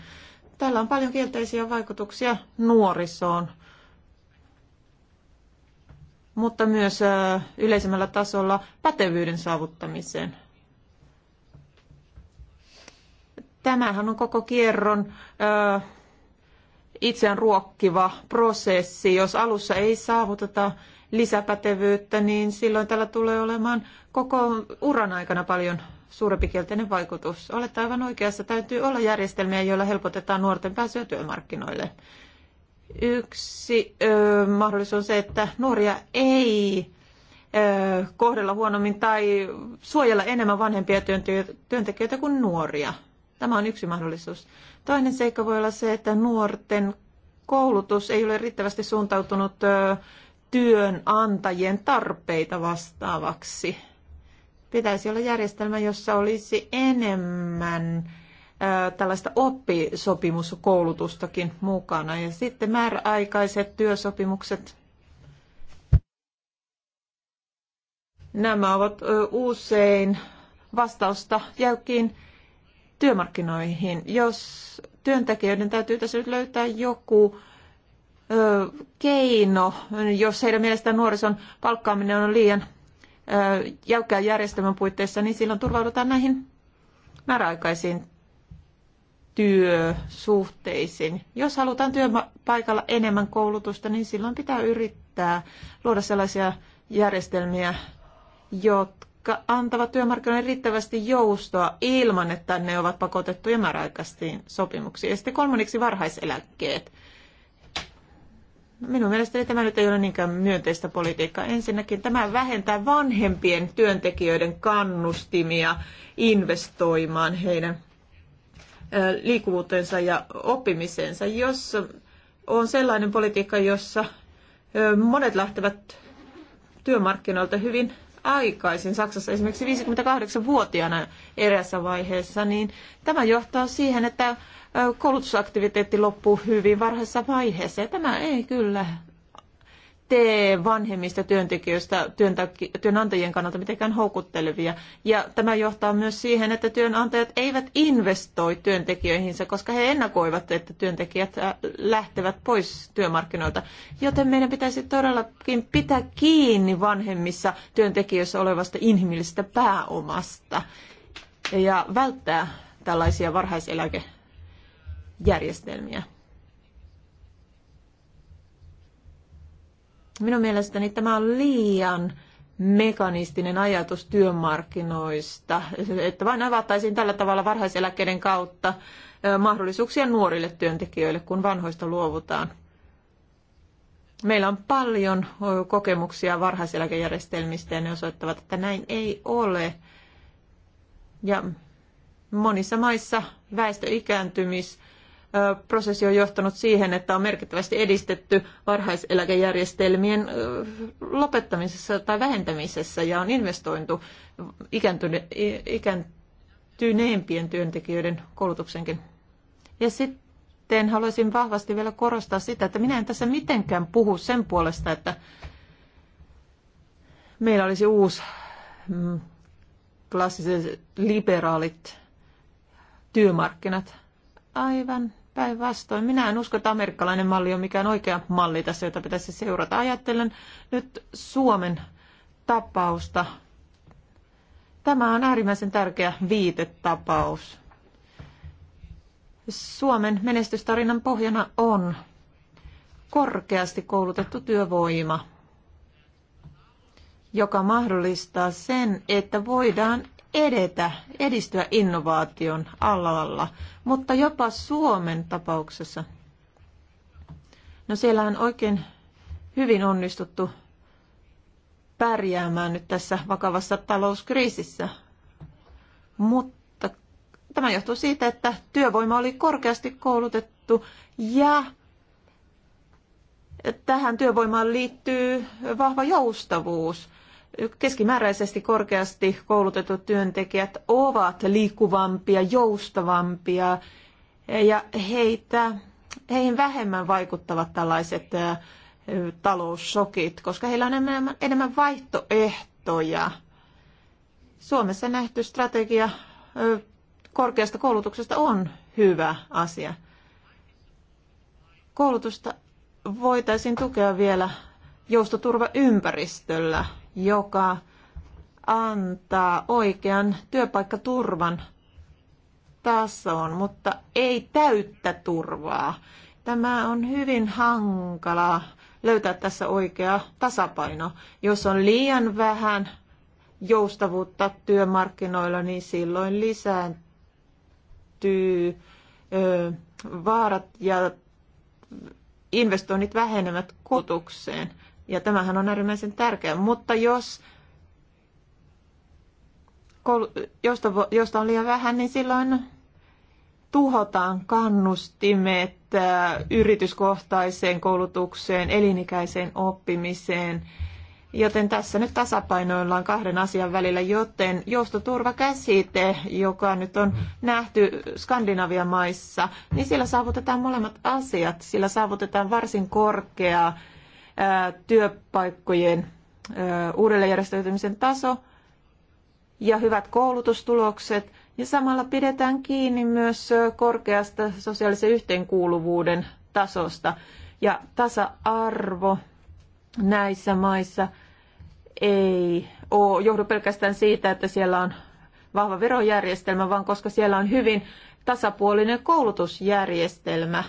tällä on paljon kielteisiä vaikutuksia nuorisoon, mutta myös yleisemmällä tasolla pätevyyden saavuttamiseen Tämähän on koko kierron ö, itseään ruokkiva prosessi. Jos alussa ei saavuteta lisäpätevyyttä, niin silloin tällä tulee olemaan koko uran aikana paljon suurempi kielteinen vaikutus. Olet aivan oikeassa. Täytyy olla järjestelmiä, joilla helpotetaan nuorten pääsyä työmarkkinoille. Yksi ö, mahdollisuus on se, että nuoria ei ö, kohdella huonommin tai suojella enemmän vanhempia työntekijöitä kuin nuoria. Tämä on yksi mahdollisuus. Toinen seikka voi olla se, että nuorten koulutus ei ole riittävästi suuntautunut työnantajien tarpeita vastaavaksi. Pitäisi olla järjestelmä, jossa olisi enemmän tällaista oppisopimuskoulutustakin mukana. Ja sitten määräaikaiset työsopimukset. Nämä ovat usein vastausta jäykkiin työmarkkinoihin. Jos työntekijöiden täytyy tässä nyt löytää joku ö, keino, jos heidän mielestään nuorison palkkaaminen on liian ö, jäykkää järjestelmän puitteissa, niin silloin turvaudutaan näihin määräaikaisiin työsuhteisiin. Jos halutaan työpaikalla enemmän koulutusta, niin silloin pitää yrittää luoda sellaisia järjestelmiä, jotka jotka antavat työmarkkinoille riittävästi joustoa ilman, että ne ovat pakotettuja määräaikaisiin sopimuksiin. Ja sitten kolmanneksi varhaiseläkkeet. Minun mielestäni tämä nyt ei ole niinkään myönteistä politiikkaa. Ensinnäkin tämä vähentää vanhempien työntekijöiden kannustimia investoimaan heidän liikkuvuutensa ja oppimisensa. Jos on sellainen politiikka, jossa monet lähtevät työmarkkinoilta hyvin aikaisin Saksassa esimerkiksi 58-vuotiaana erässä vaiheessa, niin tämä johtaa siihen, että koulutusaktiviteetti loppuu hyvin varhaisessa vaiheessa. Ja tämä ei kyllä tee vanhemmista työntekijöistä työnantajien kannalta mitenkään houkuttelevia. Ja tämä johtaa myös siihen, että työnantajat eivät investoi työntekijöihinsä, koska he ennakoivat, että työntekijät äh, lähtevät pois työmarkkinoilta. Joten meidän pitäisi todellakin pitää kiinni vanhemmissa työntekijöissä olevasta inhimillisestä pääomasta ja välttää tällaisia varhaiseläkejärjestelmiä. Minun mielestäni tämä on liian mekanistinen ajatus työmarkkinoista, että vain avattaisiin tällä tavalla varhaiseläkkeiden kautta mahdollisuuksia nuorille työntekijöille, kun vanhoista luovutaan. Meillä on paljon kokemuksia varhaiseläkejärjestelmistä ja ne osoittavat, että näin ei ole. Ja monissa maissa väestöikääntymis ikääntymis prosessi on johtanut siihen, että on merkittävästi edistetty varhaiseläkejärjestelmien lopettamisessa tai vähentämisessä ja on investointu ikääntyneempien työntekijöiden koulutuksenkin. Ja sitten haluaisin vahvasti vielä korostaa sitä, että minä en tässä mitenkään puhu sen puolesta, että meillä olisi uusi mm, klassiset liberaalit työmarkkinat aivan Päinvastoin, minä en usko, että amerikkalainen malli on mikään oikea malli tässä, jota pitäisi seurata. Ajattelen nyt Suomen tapausta. Tämä on äärimmäisen tärkeä viitetapaus. Suomen menestystarinan pohjana on korkeasti koulutettu työvoima, joka mahdollistaa sen, että voidaan edetä, edistyä innovaation alalla, mutta jopa Suomen tapauksessa. No siellä on oikein hyvin onnistuttu pärjäämään nyt tässä vakavassa talouskriisissä. Mutta tämä johtuu siitä, että työvoima oli korkeasti koulutettu ja tähän työvoimaan liittyy vahva joustavuus keskimääräisesti korkeasti koulutetut työntekijät ovat liikkuvampia, joustavampia ja heitä, heihin vähemmän vaikuttavat tällaiset taloussokit, koska heillä on enemmän, enemmän vaihtoehtoja. Suomessa nähty strategia korkeasta koulutuksesta on hyvä asia. Koulutusta voitaisiin tukea vielä joustoturvaympäristöllä. ympäristöllä joka antaa oikean työpaikkaturvan tasoon, mutta ei täyttä turvaa. Tämä on hyvin hankala löytää tässä oikea tasapaino. Jos on liian vähän joustavuutta työmarkkinoilla, niin silloin lisääntyy ö, vaarat ja investoinnit vähenevät kulutukseen – ja tämähän on äärimmäisen tärkeää. Mutta jos josta, josta on liian vähän, niin silloin tuhotaan kannustimet äh, yrityskohtaiseen koulutukseen, elinikäiseen oppimiseen. Joten tässä nyt tasapainoillaan kahden asian välillä, joten joustoturvakäsite, joka nyt on nähty Skandinavian maissa, niin sillä saavutetaan molemmat asiat. Sillä saavutetaan varsin korkeaa työpaikkojen uudelleenjärjestäytymisen taso ja hyvät koulutustulokset. Ja samalla pidetään kiinni myös korkeasta sosiaalisen yhteenkuuluvuuden tasosta. Ja tasa-arvo näissä maissa ei ole, johdu pelkästään siitä, että siellä on vahva verojärjestelmä, vaan koska siellä on hyvin tasapuolinen koulutusjärjestelmä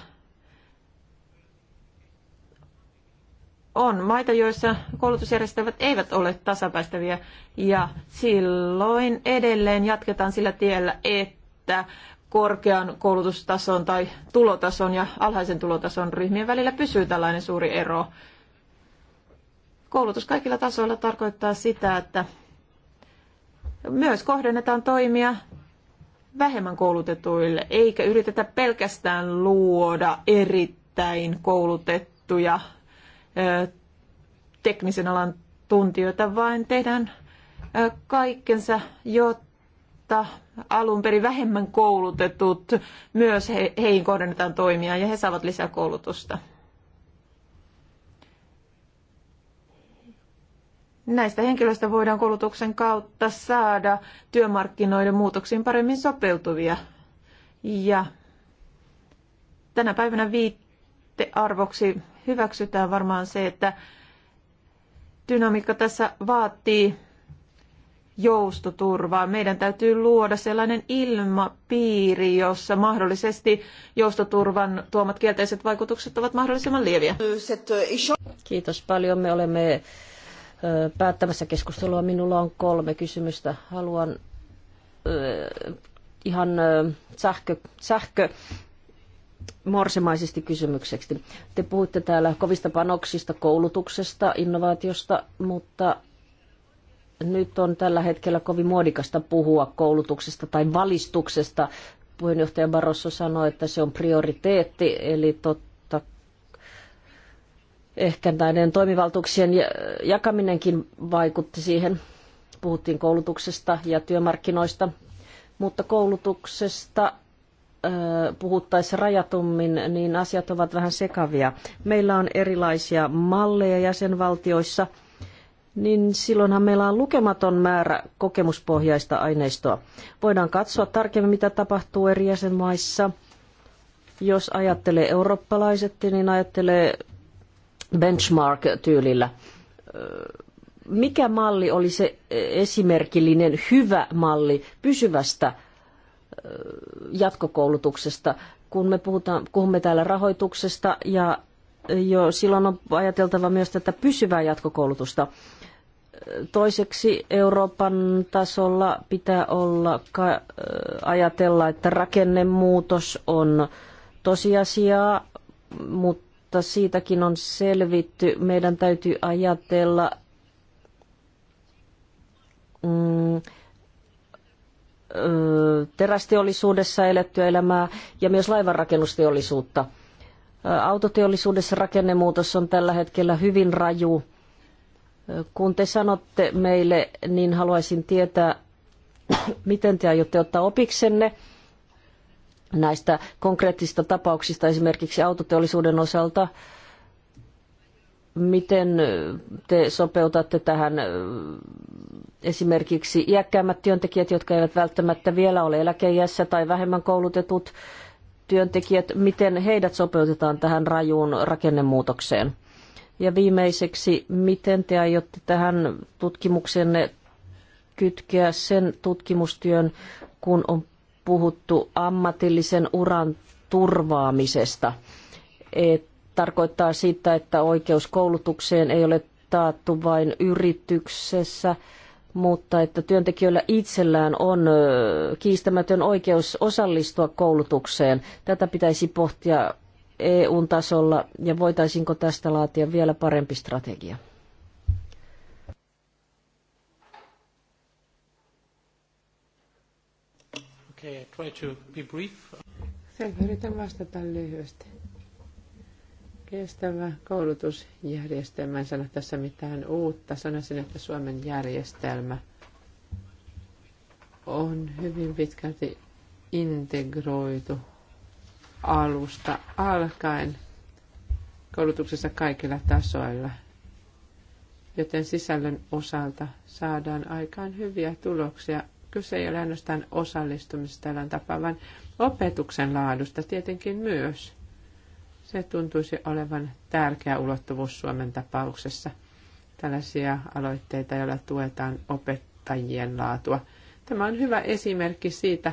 on maita, joissa koulutusjärjestelmät eivät ole tasapäistäviä ja silloin edelleen jatketaan sillä tiellä, että korkean koulutustason tai tulotason ja alhaisen tulotason ryhmien välillä pysyy tällainen suuri ero. Koulutus kaikilla tasoilla tarkoittaa sitä, että myös kohdennetaan toimia vähemmän koulutetuille, eikä yritetä pelkästään luoda erittäin koulutettuja teknisen alan tuntijoita, vaan tehdään kaikkensa, jotta alun perin vähemmän koulutetut myös heihin kohdennetaan toimia ja he saavat lisää koulutusta. Näistä henkilöistä voidaan koulutuksen kautta saada työmarkkinoiden muutoksiin paremmin sopeutuvia. Ja tänä päivänä viittearvoksi hyväksytään varmaan se, että dynamiikka tässä vaatii joustoturvaa. Meidän täytyy luoda sellainen ilmapiiri, jossa mahdollisesti joustoturvan tuomat kielteiset vaikutukset ovat mahdollisimman lieviä. Kiitos paljon. Me olemme päättämässä keskustelua. Minulla on kolme kysymystä. Haluan ihan sähkö, sähkö morsemaisesti kysymykseksi. Te puhutte täällä kovista panoksista, koulutuksesta, innovaatiosta, mutta nyt on tällä hetkellä kovin muodikasta puhua koulutuksesta tai valistuksesta. Puheenjohtaja Barroso sanoi, että se on prioriteetti, eli totta ehkä näiden toimivaltuuksien jakaminenkin vaikutti siihen. Puhuttiin koulutuksesta ja työmarkkinoista, mutta koulutuksesta puhuttaessa rajatummin, niin asiat ovat vähän sekavia. Meillä on erilaisia malleja jäsenvaltioissa, niin silloinhan meillä on lukematon määrä kokemuspohjaista aineistoa. Voidaan katsoa tarkemmin, mitä tapahtuu eri jäsenmaissa. Jos ajattelee eurooppalaiset, niin ajattelee benchmark-tyylillä. Mikä malli oli se e- esimerkillinen hyvä malli pysyvästä jatkokoulutuksesta. Kun me puhutaan, puhumme täällä rahoituksesta ja jo silloin on ajateltava myös tätä pysyvää jatkokoulutusta. Toiseksi Euroopan tasolla pitää olla ka- ajatella, että rakennemuutos on tosiasiaa, mutta siitäkin on selvitty. Meidän täytyy ajatella mm, terästeollisuudessa elettyä elämää ja myös laivanrakennusteollisuutta. Autoteollisuudessa rakennemuutos on tällä hetkellä hyvin raju. Kun te sanotte meille, niin haluaisin tietää, miten te aiotte ottaa opiksenne näistä konkreettisista tapauksista esimerkiksi autoteollisuuden osalta. Miten te sopeutatte tähän esimerkiksi iäkkäämmät työntekijät, jotka eivät välttämättä vielä ole eläkeiässä tai vähemmän koulutetut työntekijät, miten heidät sopeutetaan tähän rajuun rakennemuutokseen. Ja viimeiseksi, miten te aiotte tähän tutkimuksenne kytkeä sen tutkimustyön, kun on puhuttu ammatillisen uran turvaamisesta. Et tarkoittaa sitä, että oikeus koulutukseen ei ole taattu vain yrityksessä, mutta että työntekijöillä itsellään on kiistämätön oikeus osallistua koulutukseen. Tätä pitäisi pohtia EU-tasolla ja voitaisiinko tästä laatia vielä parempi strategia? Okay, try to be brief. yritän vastata lyhyesti. Kestävä koulutusjärjestelmä, en sano tässä mitään uutta. Sanoisin, että Suomen järjestelmä on hyvin pitkälti integroitu alusta alkaen koulutuksessa kaikilla tasoilla, joten sisällön osalta saadaan aikaan hyviä tuloksia. Kyse ei ole ainoastaan osallistumisesta tällä tapaa, vaan opetuksen laadusta tietenkin myös – se tuntuisi olevan tärkeä ulottuvuus Suomen tapauksessa. Tällaisia aloitteita, joilla tuetaan opettajien laatua. Tämä on hyvä esimerkki siitä,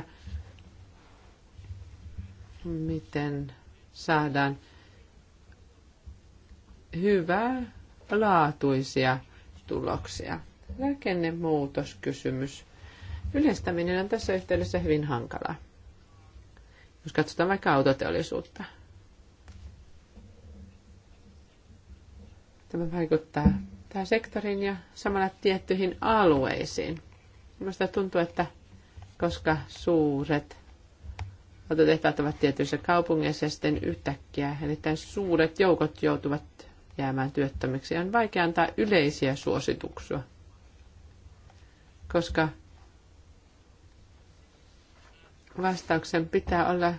miten saadaan hyvää laatuisia tuloksia. Rakennemuutoskysymys. Yleistäminen on tässä yhteydessä hyvin hankalaa. Jos katsotaan vaikka autoteollisuutta. Tämä vaikuttaa tähän sektoriin ja samalla tiettyihin alueisiin. Minusta tuntuu, että koska suuret autotehtaat ovat tietyissä kaupungeissa ja sitten yhtäkkiä erittäin suuret joukot joutuvat jäämään työttömiksi. On vaikea antaa yleisiä suosituksia, koska vastauksen pitää olla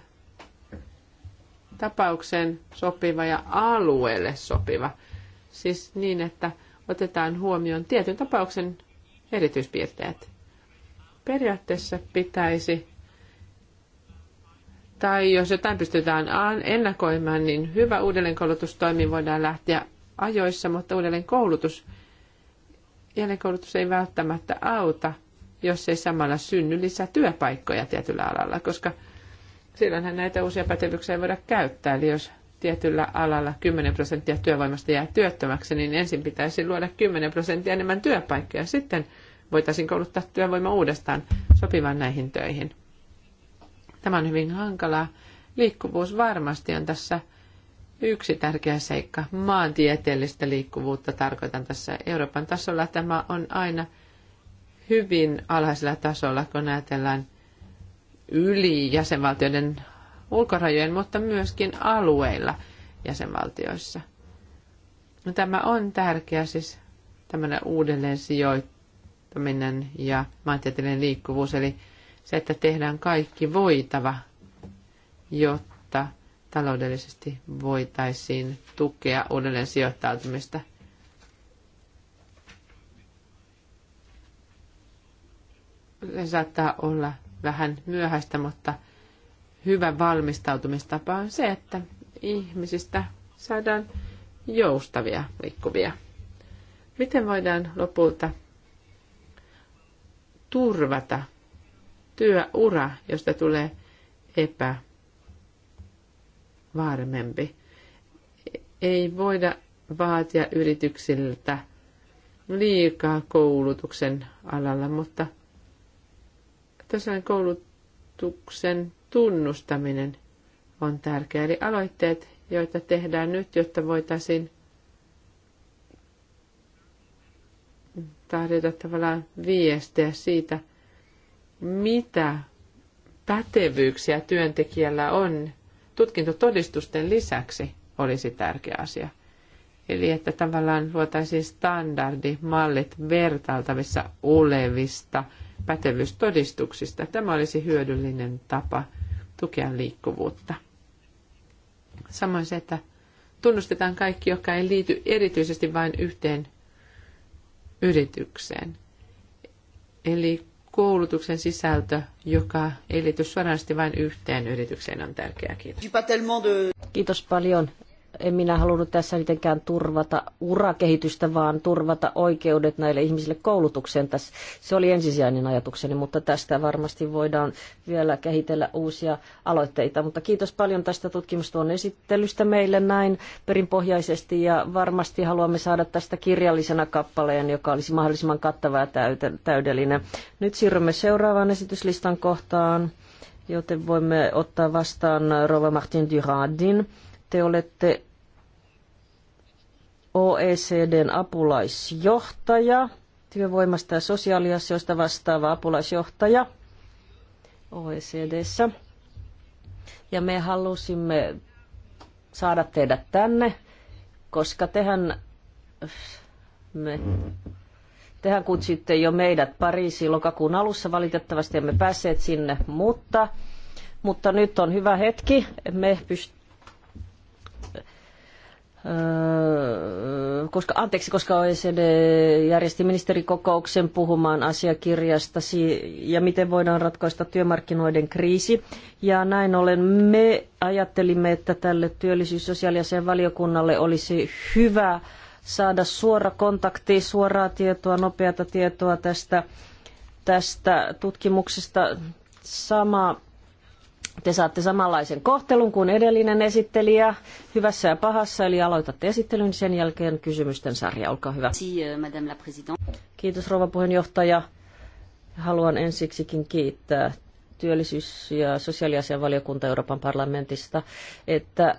tapaukseen sopiva ja alueelle sopiva. Siis niin, että otetaan huomioon tietyn tapauksen erityispiirteet. Periaatteessa pitäisi, tai jos jotain pystytään ennakoimaan, niin hyvä uudelleenkoulutustoimi voidaan lähteä ajoissa, mutta uudelleenkoulutus koulutus ei välttämättä auta, jos ei samalla synny lisää työpaikkoja tietyllä alalla, koska silloinhan näitä uusia pätevyyksiä ei voida käyttää. Eli jos tietyllä alalla 10 prosenttia työvoimasta jää työttömäksi, niin ensin pitäisi luoda 10 prosenttia enemmän työpaikkoja. Sitten voitaisiin kouluttaa työvoima uudestaan sopivan näihin töihin. Tämä on hyvin hankalaa. Liikkuvuus varmasti on tässä yksi tärkeä seikka. Maantieteellistä liikkuvuutta tarkoitan tässä Euroopan tasolla. Tämä on aina hyvin alhaisella tasolla, kun ajatellaan yli jäsenvaltioiden ulkorajojen, mutta myöskin alueilla jäsenvaltioissa. No, tämä on tärkeä siis tämmöinen uudelleen sijoittaminen ja maantieteellinen liikkuvuus, eli se, että tehdään kaikki voitava, jotta taloudellisesti voitaisiin tukea uudelleen sijoittautumista. Se saattaa olla vähän myöhäistä, mutta hyvä valmistautumistapa on se, että ihmisistä saadaan joustavia liikkuvia. Miten voidaan lopulta turvata työura, josta tulee epävarmempi? Ei voida vaatia yrityksiltä liikaa koulutuksen alalla, mutta tosiaan koulutuksen tunnustaminen on tärkeä. Eli aloitteet, joita tehdään nyt, jotta voitaisiin tarjota tavallaan viestejä siitä, mitä pätevyyksiä työntekijällä on tutkintotodistusten lisäksi olisi tärkeä asia. Eli että tavallaan luotaisiin standardimallit vertailtavissa olevista pätevyystodistuksista. Tämä olisi hyödyllinen tapa tukea liikkuvuutta. Samoin se, että tunnustetaan kaikki, joka ei liity erityisesti vain yhteen yritykseen. Eli koulutuksen sisältö, joka ei liity suoranaisesti vain yhteen yritykseen, on tärkeä. Kiitos. Kiitos paljon en minä halunnut tässä mitenkään turvata urakehitystä, vaan turvata oikeudet näille ihmisille koulutukseen. Tässä, se oli ensisijainen ajatukseni, mutta tästä varmasti voidaan vielä kehitellä uusia aloitteita. Mutta kiitos paljon tästä tutkimustuon esittelystä meille näin perinpohjaisesti ja varmasti haluamme saada tästä kirjallisena kappaleen, joka olisi mahdollisimman kattava ja täydellinen. Nyt siirrymme seuraavaan esityslistan kohtaan joten voimme ottaa vastaan Rova Martin Duradin te olette OECDn apulaisjohtaja, työvoimasta ja sosiaaliasioista vastaava apulaisjohtaja OECDssä. Ja me halusimme saada teidät tänne, koska tehän, me, tehän kutsitte jo meidät Pariisiin lokakuun alussa. Valitettavasti emme päässeet sinne, mutta mutta nyt on hyvä hetki. Me pyst- Öö, koska, anteeksi, koska OECD järjesti ministerikokouksen puhumaan asiakirjasta ja miten voidaan ratkaista työmarkkinoiden kriisi. Ja näin ollen me ajattelimme, että tälle työllisyys- ja valiokunnalle olisi hyvä saada suora kontakti, suoraa tietoa, nopeata tietoa tästä, tästä tutkimuksesta. Sama te saatte samanlaisen kohtelun kuin edellinen esittelijä, hyvässä ja pahassa, eli aloitatte esittelyn, sen jälkeen kysymysten sarja, olkaa hyvä. Euh, Kiitos rouva puheenjohtaja. Haluan ensiksikin kiittää työllisyys- ja sosiaaliasian valiokunta Euroopan parlamentista, että äh,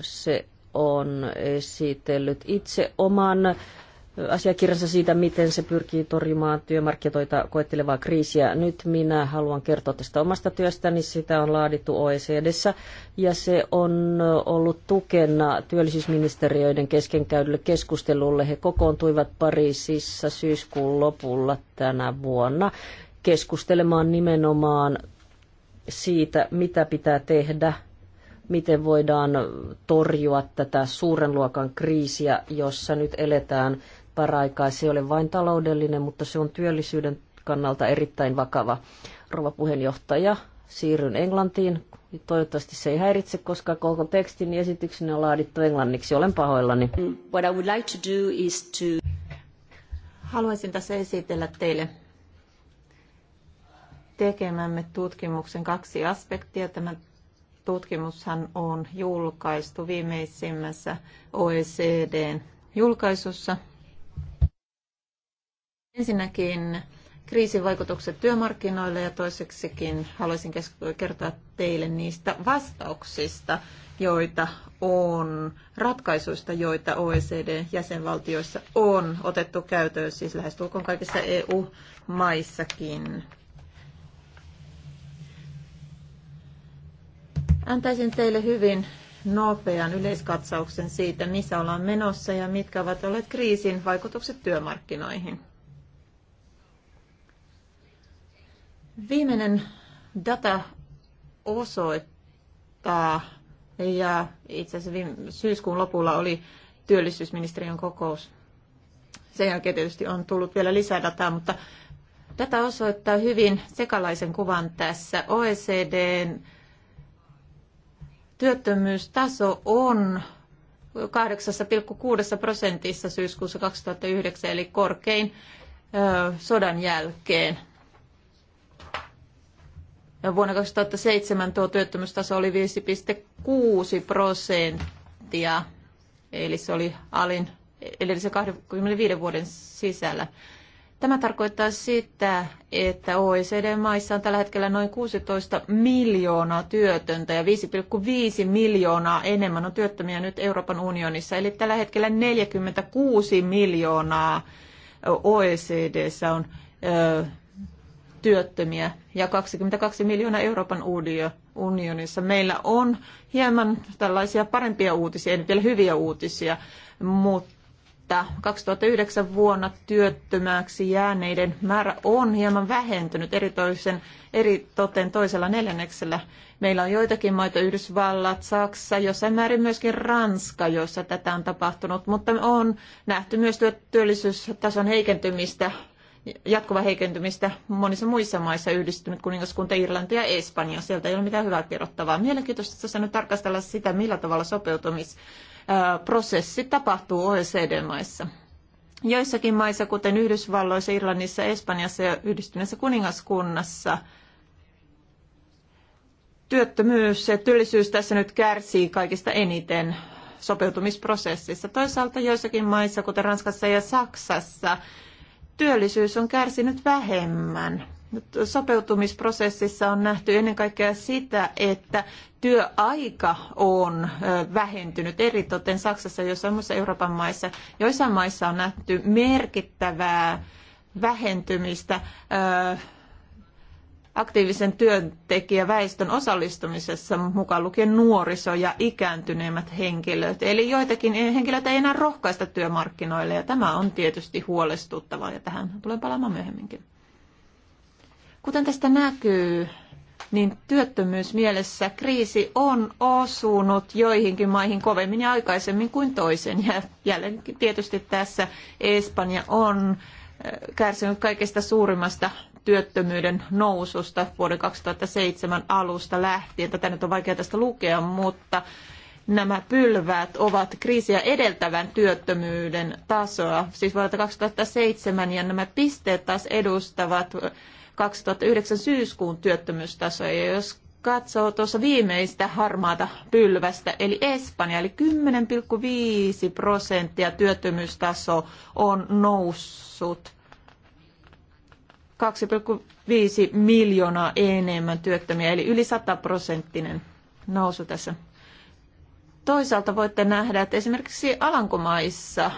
se on esitellyt itse oman asiakirjansa siitä, miten se pyrkii torjumaan työmarkkinoita koettelevaa kriisiä. Nyt minä haluan kertoa tästä omasta työstäni. Sitä on laadittu OECDssä ja se on ollut tukena työllisyysministeriöiden kesken käydylle keskustelulle. He kokoontuivat Pariisissa syyskuun lopulla tänä vuonna keskustelemaan nimenomaan siitä, mitä pitää tehdä miten voidaan torjua tätä suuren luokan kriisiä, jossa nyt eletään paraikaa. Se ei ole vain taloudellinen, mutta se on työllisyyden kannalta erittäin vakava. Rova puheenjohtaja, siirryn Englantiin. Toivottavasti se ei häiritse, koska koko tekstin esityksen on laadittu englanniksi. Olen pahoillani. What I would like to do is to... Haluaisin tässä esitellä teille tekemämme tutkimuksen kaksi aspektia. Tämä tutkimushan on julkaistu viimeisimmässä OECDn julkaisussa Ensinnäkin kriisin vaikutukset työmarkkinoille ja toiseksikin haluaisin kertoa teille niistä vastauksista, joita on, ratkaisuista, joita OECD-jäsenvaltioissa on otettu käytöön, siis lähestulkoon kaikissa EU-maissakin. Antaisin teille hyvin nopean yleiskatsauksen siitä, missä ollaan menossa ja mitkä ovat olleet kriisin vaikutukset työmarkkinoihin. Viimeinen data osoittaa, ja itse asiassa viime, syyskuun lopulla oli työllisyysministeriön kokous. Sen jälkeen tietysti on tullut vielä lisää dataa, mutta data osoittaa hyvin sekalaisen kuvan tässä. OECDn työttömyystaso on 8,6 prosentissa syyskuussa 2009, eli korkein sodan jälkeen. Ja Vuonna 2007 tuo työttömyystaso oli 5,6 prosenttia, eli se oli alin edellisen 25 vuoden sisällä. Tämä tarkoittaa sitä, että OECD-maissa on tällä hetkellä noin 16 miljoonaa työtöntä ja 5,5 miljoonaa enemmän on työttömiä nyt Euroopan unionissa. Eli tällä hetkellä 46 miljoonaa OECDssä on työttömiä ja 22 miljoonaa Euroopan unionissa. Meillä on hieman tällaisia parempia uutisia, ei vielä hyviä uutisia, mutta 2009 vuonna työttömäksi jääneiden määrä on hieman vähentynyt eritoisen, eri toteen toisella neljänneksellä. Meillä on joitakin maita, Yhdysvallat, Saksa, jossain määrin myöskin Ranska, jossa tätä on tapahtunut, mutta on nähty myös työllisyystason heikentymistä jatkuvaa heikentymistä monissa muissa maissa, yhdistynyt kuningaskunta, Irlanti ja Espanja. Sieltä ei ole mitään hyvää kerrottavaa. Mielenkiintoista tässä nyt tarkastella sitä, millä tavalla sopeutumisprosessi tapahtuu OECD-maissa. Joissakin maissa, kuten Yhdysvalloissa, Irlannissa, Espanjassa ja yhdistyneessä kuningaskunnassa, työttömyys ja työllisyys tässä nyt kärsii kaikista eniten sopeutumisprosessissa. Toisaalta joissakin maissa, kuten Ranskassa ja Saksassa, työllisyys on kärsinyt vähemmän. Sopeutumisprosessissa on nähty ennen kaikkea sitä, että työaika on vähentynyt, eritoten Saksassa ja joissain muissa Euroopan maissa. Joissain maissa on nähty merkittävää vähentymistä aktiivisen työntekijäväestön osallistumisessa mukaan lukien nuoriso ja ikääntyneemmät henkilöt. Eli joitakin henkilöitä ei enää rohkaista työmarkkinoille ja tämä on tietysti huolestuttavaa ja tähän tulee palaamaan myöhemminkin. Kuten tästä näkyy, niin mielessä kriisi on osunut joihinkin maihin kovemmin ja aikaisemmin kuin toisen. Ja jälleen tietysti tässä Espanja on eh, kärsinyt kaikista suurimmasta työttömyyden noususta vuoden 2007 alusta lähtien. Tätä nyt on vaikea tästä lukea, mutta nämä pylväät ovat kriisiä edeltävän työttömyyden tasoa, siis vuodelta 2007, ja nämä pisteet taas edustavat 2009 syyskuun työttömyystasoa. Ja jos katsoo tuossa viimeistä harmaata pylvästä, eli Espanja, eli 10,5 prosenttia työttömyystaso on noussut 2,5 miljoonaa enemmän työttömiä, eli yli 100 prosenttinen nousu tässä. Toisaalta voitte nähdä, että esimerkiksi Alankomaissa,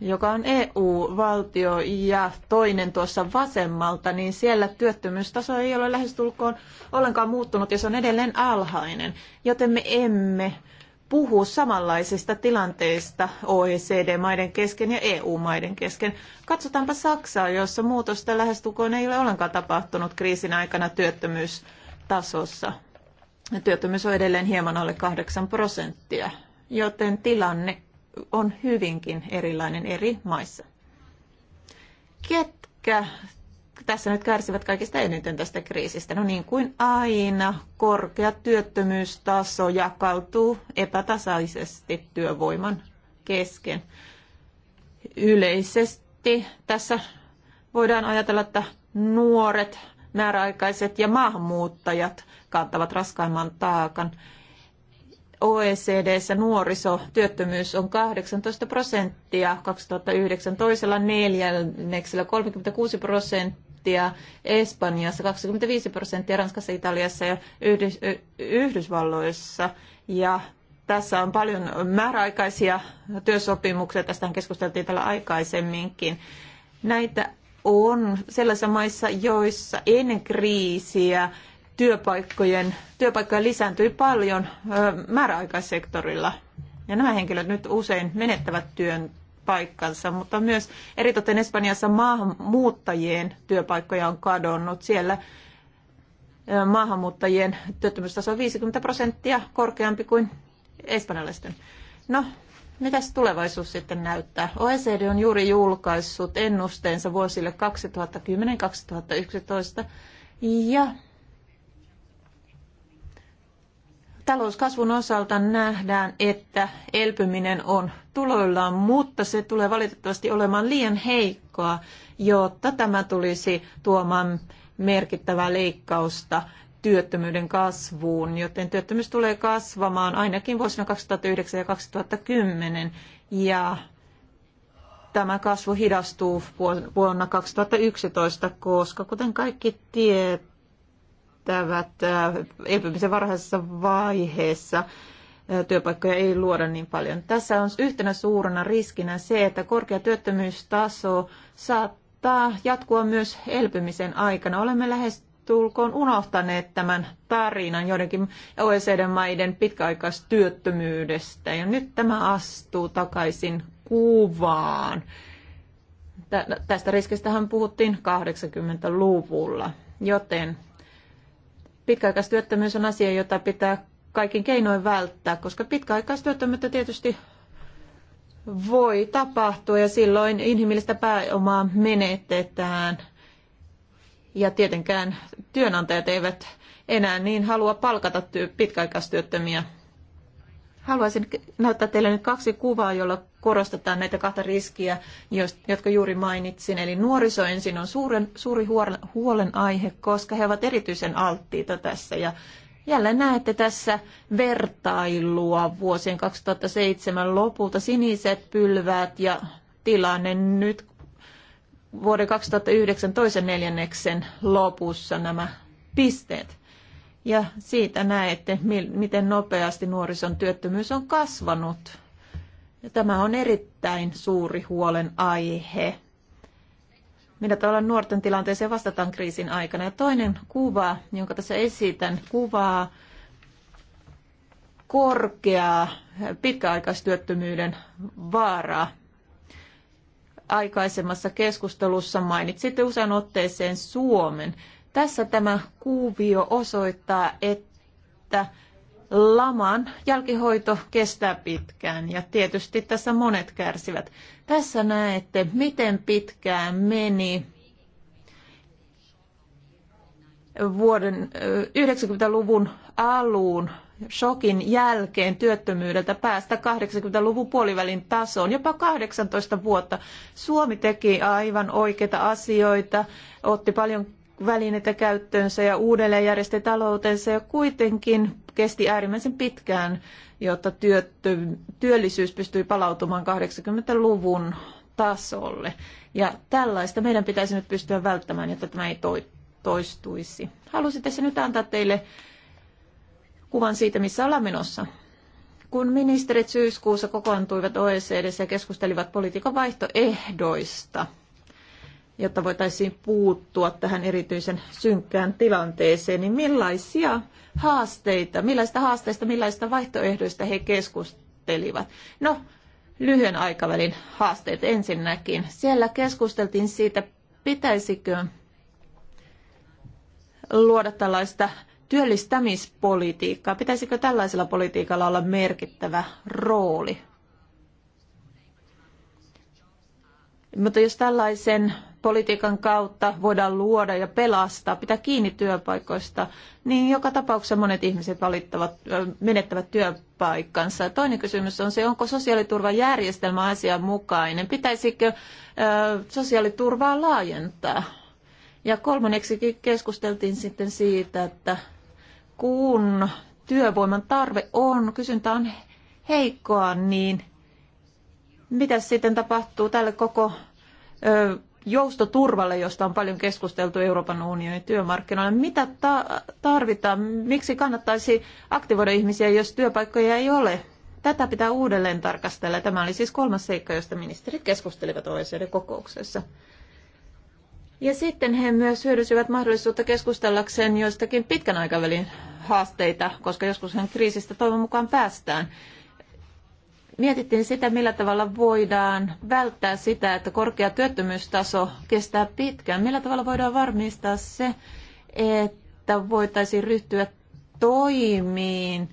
joka on EU-valtio ja toinen tuossa vasemmalta, niin siellä työttömyystaso ei ole lähestulkoon ollenkaan muuttunut ja se on edelleen alhainen, joten me emme puhua samanlaisista tilanteista OECD-maiden kesken ja EU-maiden kesken. Katsotaanpa Saksaa, jossa muutosta lähestulkoon ei ole ollenkaan tapahtunut kriisin aikana työttömyystasossa. Työttömyys on edelleen hieman alle 8 prosenttia, joten tilanne on hyvinkin erilainen eri maissa. Ketkä tässä nyt kärsivät kaikista eniten tästä kriisistä. No niin kuin aina, korkea työttömyystaso jakautuu epätasaisesti työvoiman kesken. Yleisesti tässä voidaan ajatella, että nuoret, määräaikaiset ja maahanmuuttajat kantavat raskaimman taakan. OECDssä nuorisotyöttömyys on 18 prosenttia, 2009 toisella neljänneksellä 36 prosenttia prosenttia, Espanjassa 25 prosenttia, Ranskassa, Italiassa ja Yhdys- Yhdysvalloissa. Ja tässä on paljon määräaikaisia työsopimuksia, tästä keskusteltiin täällä aikaisemminkin. Näitä on sellaisissa maissa, joissa ennen kriisiä työpaikkojen, työpaikkoja lisääntyi paljon määräaikaissektorilla. Ja nämä henkilöt nyt usein menettävät työn paikkansa, mutta myös eritoten Espanjassa maahanmuuttajien työpaikkoja on kadonnut. Siellä maahanmuuttajien työttömyystaso on 50 prosenttia korkeampi kuin espanjalaisten. No, mitäs tulevaisuus sitten näyttää? OECD on juuri julkaissut ennusteensa vuosille 2010-2011 ja talouskasvun osalta nähdään, että elpyminen on tuloillaan, mutta se tulee valitettavasti olemaan liian heikkoa, jotta tämä tulisi tuomaan merkittävää leikkausta työttömyyden kasvuun, joten työttömyys tulee kasvamaan ainakin vuosina 2009 ja 2010 ja tämä kasvu hidastuu vuonna 2011, koska kuten kaikki tietävät, elpymisen varhaisessa vaiheessa työpaikkoja ei luoda niin paljon. Tässä on yhtenä suurena riskinä se, että korkea työttömyystaso saattaa jatkua myös elpymisen aikana. Olemme lähes tulkoon unohtaneet tämän tarinan joidenkin OECD-maiden pitkäaikaistyöttömyydestä. Ja nyt tämä astuu takaisin kuvaan. Tästä riskistähän puhuttiin 80-luvulla, joten pitkäaikaistyöttömyys on asia, jota pitää kaikin keinoin välttää, koska pitkäaikaistyöttömyyttä tietysti voi tapahtua ja silloin inhimillistä pääomaa menetetään. Ja tietenkään työnantajat eivät enää niin halua palkata pitkäaikaistyöttömiä. Haluaisin näyttää teille nyt kaksi kuvaa, jolla korostetaan näitä kahta riskiä, jotka juuri mainitsin. Eli nuoriso ensin on suuren, suuri huolenaihe, koska he ovat erityisen alttiita tässä. Ja Jälleen näette tässä vertailua vuosien 2007 lopulta siniset pylväät ja tilanne nyt vuoden 2009 toisen neljänneksen lopussa nämä pisteet. Ja siitä näette, miten nopeasti nuorison työttömyys on kasvanut. Ja tämä on erittäin suuri huolen aihe millä tavalla nuorten tilanteeseen vastataan kriisin aikana. Ja toinen kuva, jonka tässä esitän, kuvaa korkeaa pitkäaikaistyöttömyyden vaaraa. Aikaisemmassa keskustelussa mainitsitte usein otteeseen Suomen. Tässä tämä kuvio osoittaa, että laman jälkihoito kestää pitkään ja tietysti tässä monet kärsivät. Tässä näette, miten pitkään meni vuoden 90-luvun alun shokin jälkeen työttömyydeltä päästä 80-luvun puolivälin tasoon, jopa 18 vuotta. Suomi teki aivan oikeita asioita, otti paljon välineitä käyttöönsä ja uudelleen järjesti taloutensa ja kuitenkin kesti äärimmäisen pitkään, jotta työttö, työllisyys pystyi palautumaan 80-luvun tasolle. Ja tällaista meidän pitäisi nyt pystyä välttämään, jotta tämä ei toi, toistuisi. Haluaisin tässä nyt antaa teille kuvan siitä, missä ollaan menossa. Kun ministerit syyskuussa kokoontuivat OECD: ja keskustelivat politiikan vaihtoehdoista – jotta voitaisiin puuttua tähän erityisen synkkään tilanteeseen, niin millaisia haasteita, millaista haasteista, millaista vaihtoehdoista he keskustelivat? No, lyhyen aikavälin haasteet ensinnäkin. Siellä keskusteltiin siitä, pitäisikö luoda tällaista työllistämispolitiikkaa? Pitäisikö tällaisella politiikalla olla merkittävä rooli? Mutta jos tällaisen politiikan kautta voidaan luoda ja pelastaa, pitää kiinni työpaikoista, niin joka tapauksessa monet ihmiset valittavat, menettävät työpaikkansa. Toinen kysymys on se, onko sosiaaliturvajärjestelmä asianmukainen, pitäisikö sosiaaliturvaa laajentaa. Ja kolmanneksi keskusteltiin sitten siitä, että kun työvoiman tarve on, kysyntä on heikkoa, niin – mitä sitten tapahtuu tälle koko ö, joustoturvalle, josta on paljon keskusteltu Euroopan unionin työmarkkinoilla? Mitä ta- tarvitaan? Miksi kannattaisi aktivoida ihmisiä, jos työpaikkoja ei ole? Tätä pitää uudelleen tarkastella. Tämä oli siis kolmas seikka, josta ministerit keskustelivat OECD-kokouksessa. Ja sitten he myös hyödysivät mahdollisuutta keskustellakseen joistakin pitkän aikavälin haasteita, koska hän kriisistä toivon mukaan päästään mietittiin sitä, millä tavalla voidaan välttää sitä, että korkea työttömyystaso kestää pitkään. Millä tavalla voidaan varmistaa se, että voitaisiin ryhtyä toimiin,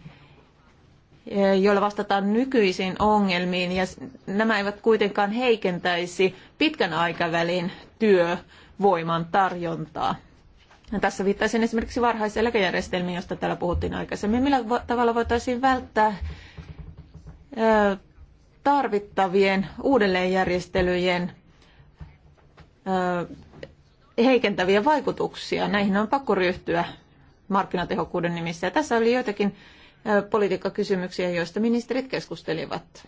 joilla vastataan nykyisiin ongelmiin, ja nämä eivät kuitenkaan heikentäisi pitkän aikavälin työvoiman tarjontaa. Ja tässä viittaisin esimerkiksi varhaiseläkejärjestelmiin, josta täällä puhuttiin aikaisemmin. Millä tavalla voitaisiin välttää tarvittavien uudelleenjärjestelyjen heikentäviä vaikutuksia. Näihin on pakko ryhtyä markkinatehokkuuden nimissä. Ja tässä oli joitakin politiikkakysymyksiä, joista ministerit keskustelivat.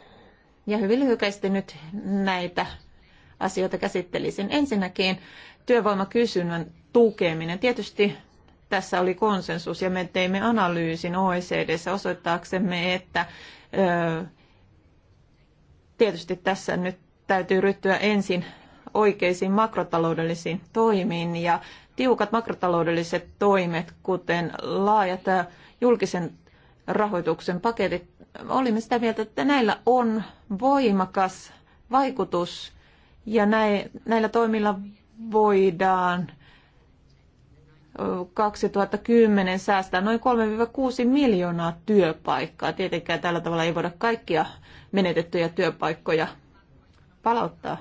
Ja hyvin lyhykäisesti nyt näitä asioita käsittelisin. Ensinnäkin työvoimakysynnän tukeminen. Tietysti tässä oli konsensus ja me teimme analyysin OECDssä osoittaaksemme, että tietysti tässä nyt täytyy ryhtyä ensin oikeisiin makrotaloudellisiin toimiin ja tiukat makrotaloudelliset toimet, kuten laajat julkisen rahoituksen paketit, olimme sitä mieltä, että näillä on voimakas vaikutus ja näillä toimilla voidaan 2010 säästää noin 3-6 miljoonaa työpaikkaa. Tietenkään tällä tavalla ei voida kaikkia menetettyjä työpaikkoja palauttaa.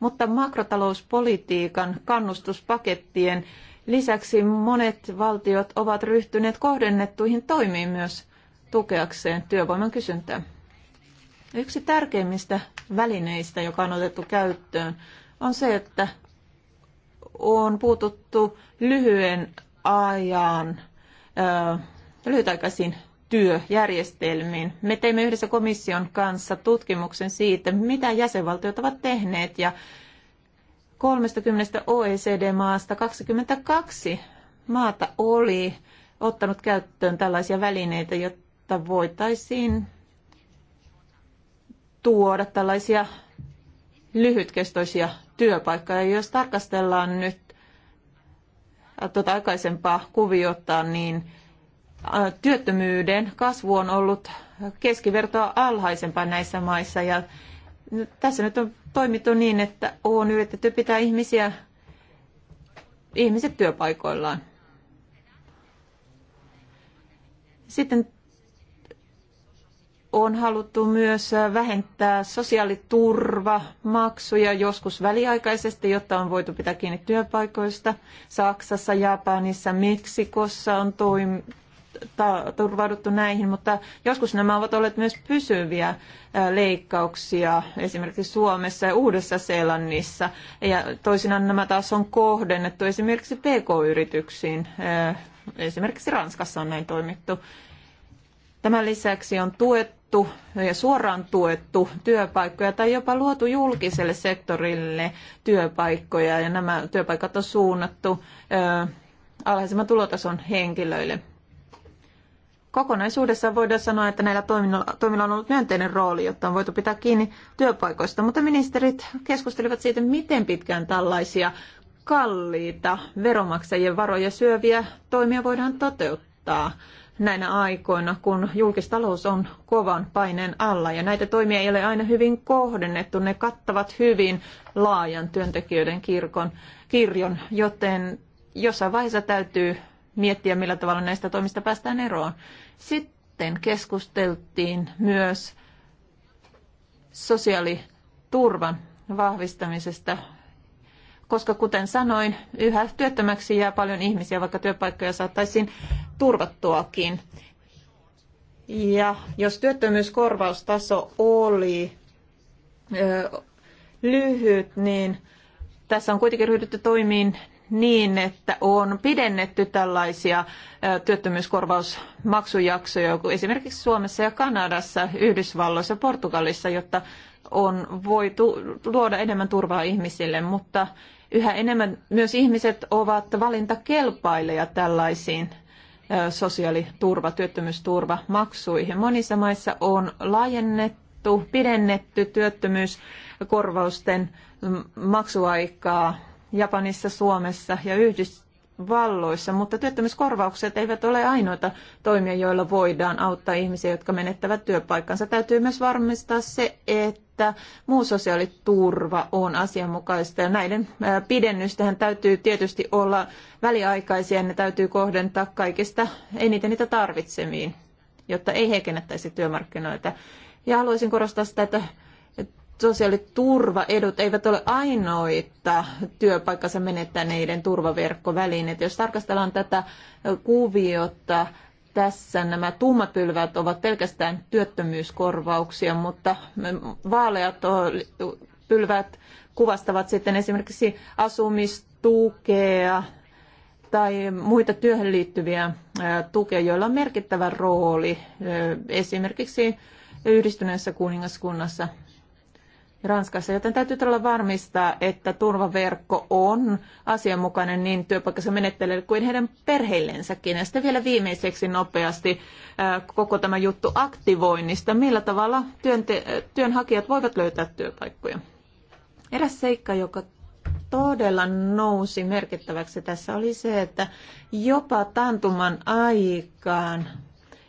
Mutta makrotalouspolitiikan kannustuspakettien lisäksi monet valtiot ovat ryhtyneet kohdennettuihin toimiin myös tukeakseen työvoiman kysyntää. Yksi tärkeimmistä välineistä, joka on otettu käyttöön, on se, että on puututtu lyhyen ajan lyhytaikaisiin työjärjestelmiin. Me teimme yhdessä komission kanssa tutkimuksen siitä, mitä jäsenvaltiot ovat tehneet ja 30 OECD-maasta 22 maata oli ottanut käyttöön tällaisia välineitä, jotta voitaisiin tuoda tällaisia lyhytkestoisia työpaikkaa. Ja jos tarkastellaan nyt äh, tuota aikaisempaa kuviota, niin äh, työttömyyden kasvu on ollut keskivertoa alhaisempaa näissä maissa. Ja tässä nyt on toimittu niin, että on yritetty pitää ihmisiä, ihmiset työpaikoillaan. Sitten on haluttu myös vähentää sosiaaliturvamaksuja joskus väliaikaisesti, jotta on voitu pitää kiinni työpaikoista. Saksassa, Japanissa, Meksikossa on toim- ta- turvauduttu näihin, mutta joskus nämä ovat olleet myös pysyviä leikkauksia esimerkiksi Suomessa ja Uudessa-Seelannissa. Ja toisinaan nämä taas on kohdennettu esimerkiksi PK-yrityksiin. Esimerkiksi Ranskassa on näin toimittu. Tämän lisäksi on tuettu ja suoraan tuettu työpaikkoja tai jopa luotu julkiselle sektorille työpaikkoja ja nämä työpaikat on suunnattu alhaisemman tulotason henkilöille. Kokonaisuudessaan voidaan sanoa, että näillä toimilla, on ollut myönteinen rooli, jotta on voitu pitää kiinni työpaikoista, mutta ministerit keskustelivat siitä, miten pitkään tällaisia kalliita veromaksajien varoja syöviä toimia voidaan toteuttaa näinä aikoina, kun julkistalous on kovan paineen alla. Ja näitä toimia ei ole aina hyvin kohdennettu. Ne kattavat hyvin laajan työntekijöiden kirkon, kirjon, joten jossain vaiheessa täytyy miettiä, millä tavalla näistä toimista päästään eroon. Sitten keskusteltiin myös sosiaaliturvan vahvistamisesta koska kuten sanoin, yhä työttömäksi jää paljon ihmisiä, vaikka työpaikkoja saattaisiin turvattuakin. Ja jos työttömyyskorvaustaso oli ö, lyhyt, niin tässä on kuitenkin ryhdytty toimiin niin, että on pidennetty tällaisia työttömyyskorvausmaksujaksoja esimerkiksi Suomessa ja Kanadassa, Yhdysvalloissa ja Portugalissa, jotta on voitu luoda enemmän turvaa ihmisille, mutta yhä enemmän myös ihmiset ovat valintakelpaileja tällaisiin sosiaaliturva, työttömyysturva maksuihin. Monissa maissa on laajennettu, pidennetty työttömyyskorvausten maksuaikaa Japanissa, Suomessa ja Yhdys- valloissa, mutta työttömyyskorvaukset eivät ole ainoita toimia, joilla voidaan auttaa ihmisiä, jotka menettävät työpaikkansa. Täytyy myös varmistaa se, että muu sosiaaliturva on asianmukaista ja näiden pidennystähän täytyy tietysti olla väliaikaisia ja ne täytyy kohdentaa kaikista eniten niitä tarvitseviin, jotta ei heikennettäisi työmarkkinoita. Ja haluaisin korostaa sitä, että sosiaaliturvaedut eivät ole ainoita työpaikkansa menettäneiden turvaverkkovälineet. Jos tarkastellaan tätä kuviota, tässä nämä tummat pylvät ovat pelkästään työttömyyskorvauksia, mutta vaaleat pylvät kuvastavat sitten esimerkiksi asumistukea tai muita työhön liittyviä tukea, joilla on merkittävä rooli esimerkiksi yhdistyneessä kuningaskunnassa Ranskassa, joten täytyy todella varmistaa, että turvaverkko on asianmukainen niin työpaikassa menettelyllä kuin heidän perheillensäkin. Ja sitten vielä viimeiseksi nopeasti äh, koko tämä juttu aktivoinnista, millä tavalla työnte- äh, työnhakijat voivat löytää työpaikkoja. Eräs seikka, joka todella nousi merkittäväksi tässä oli se, että jopa tantuman aikaan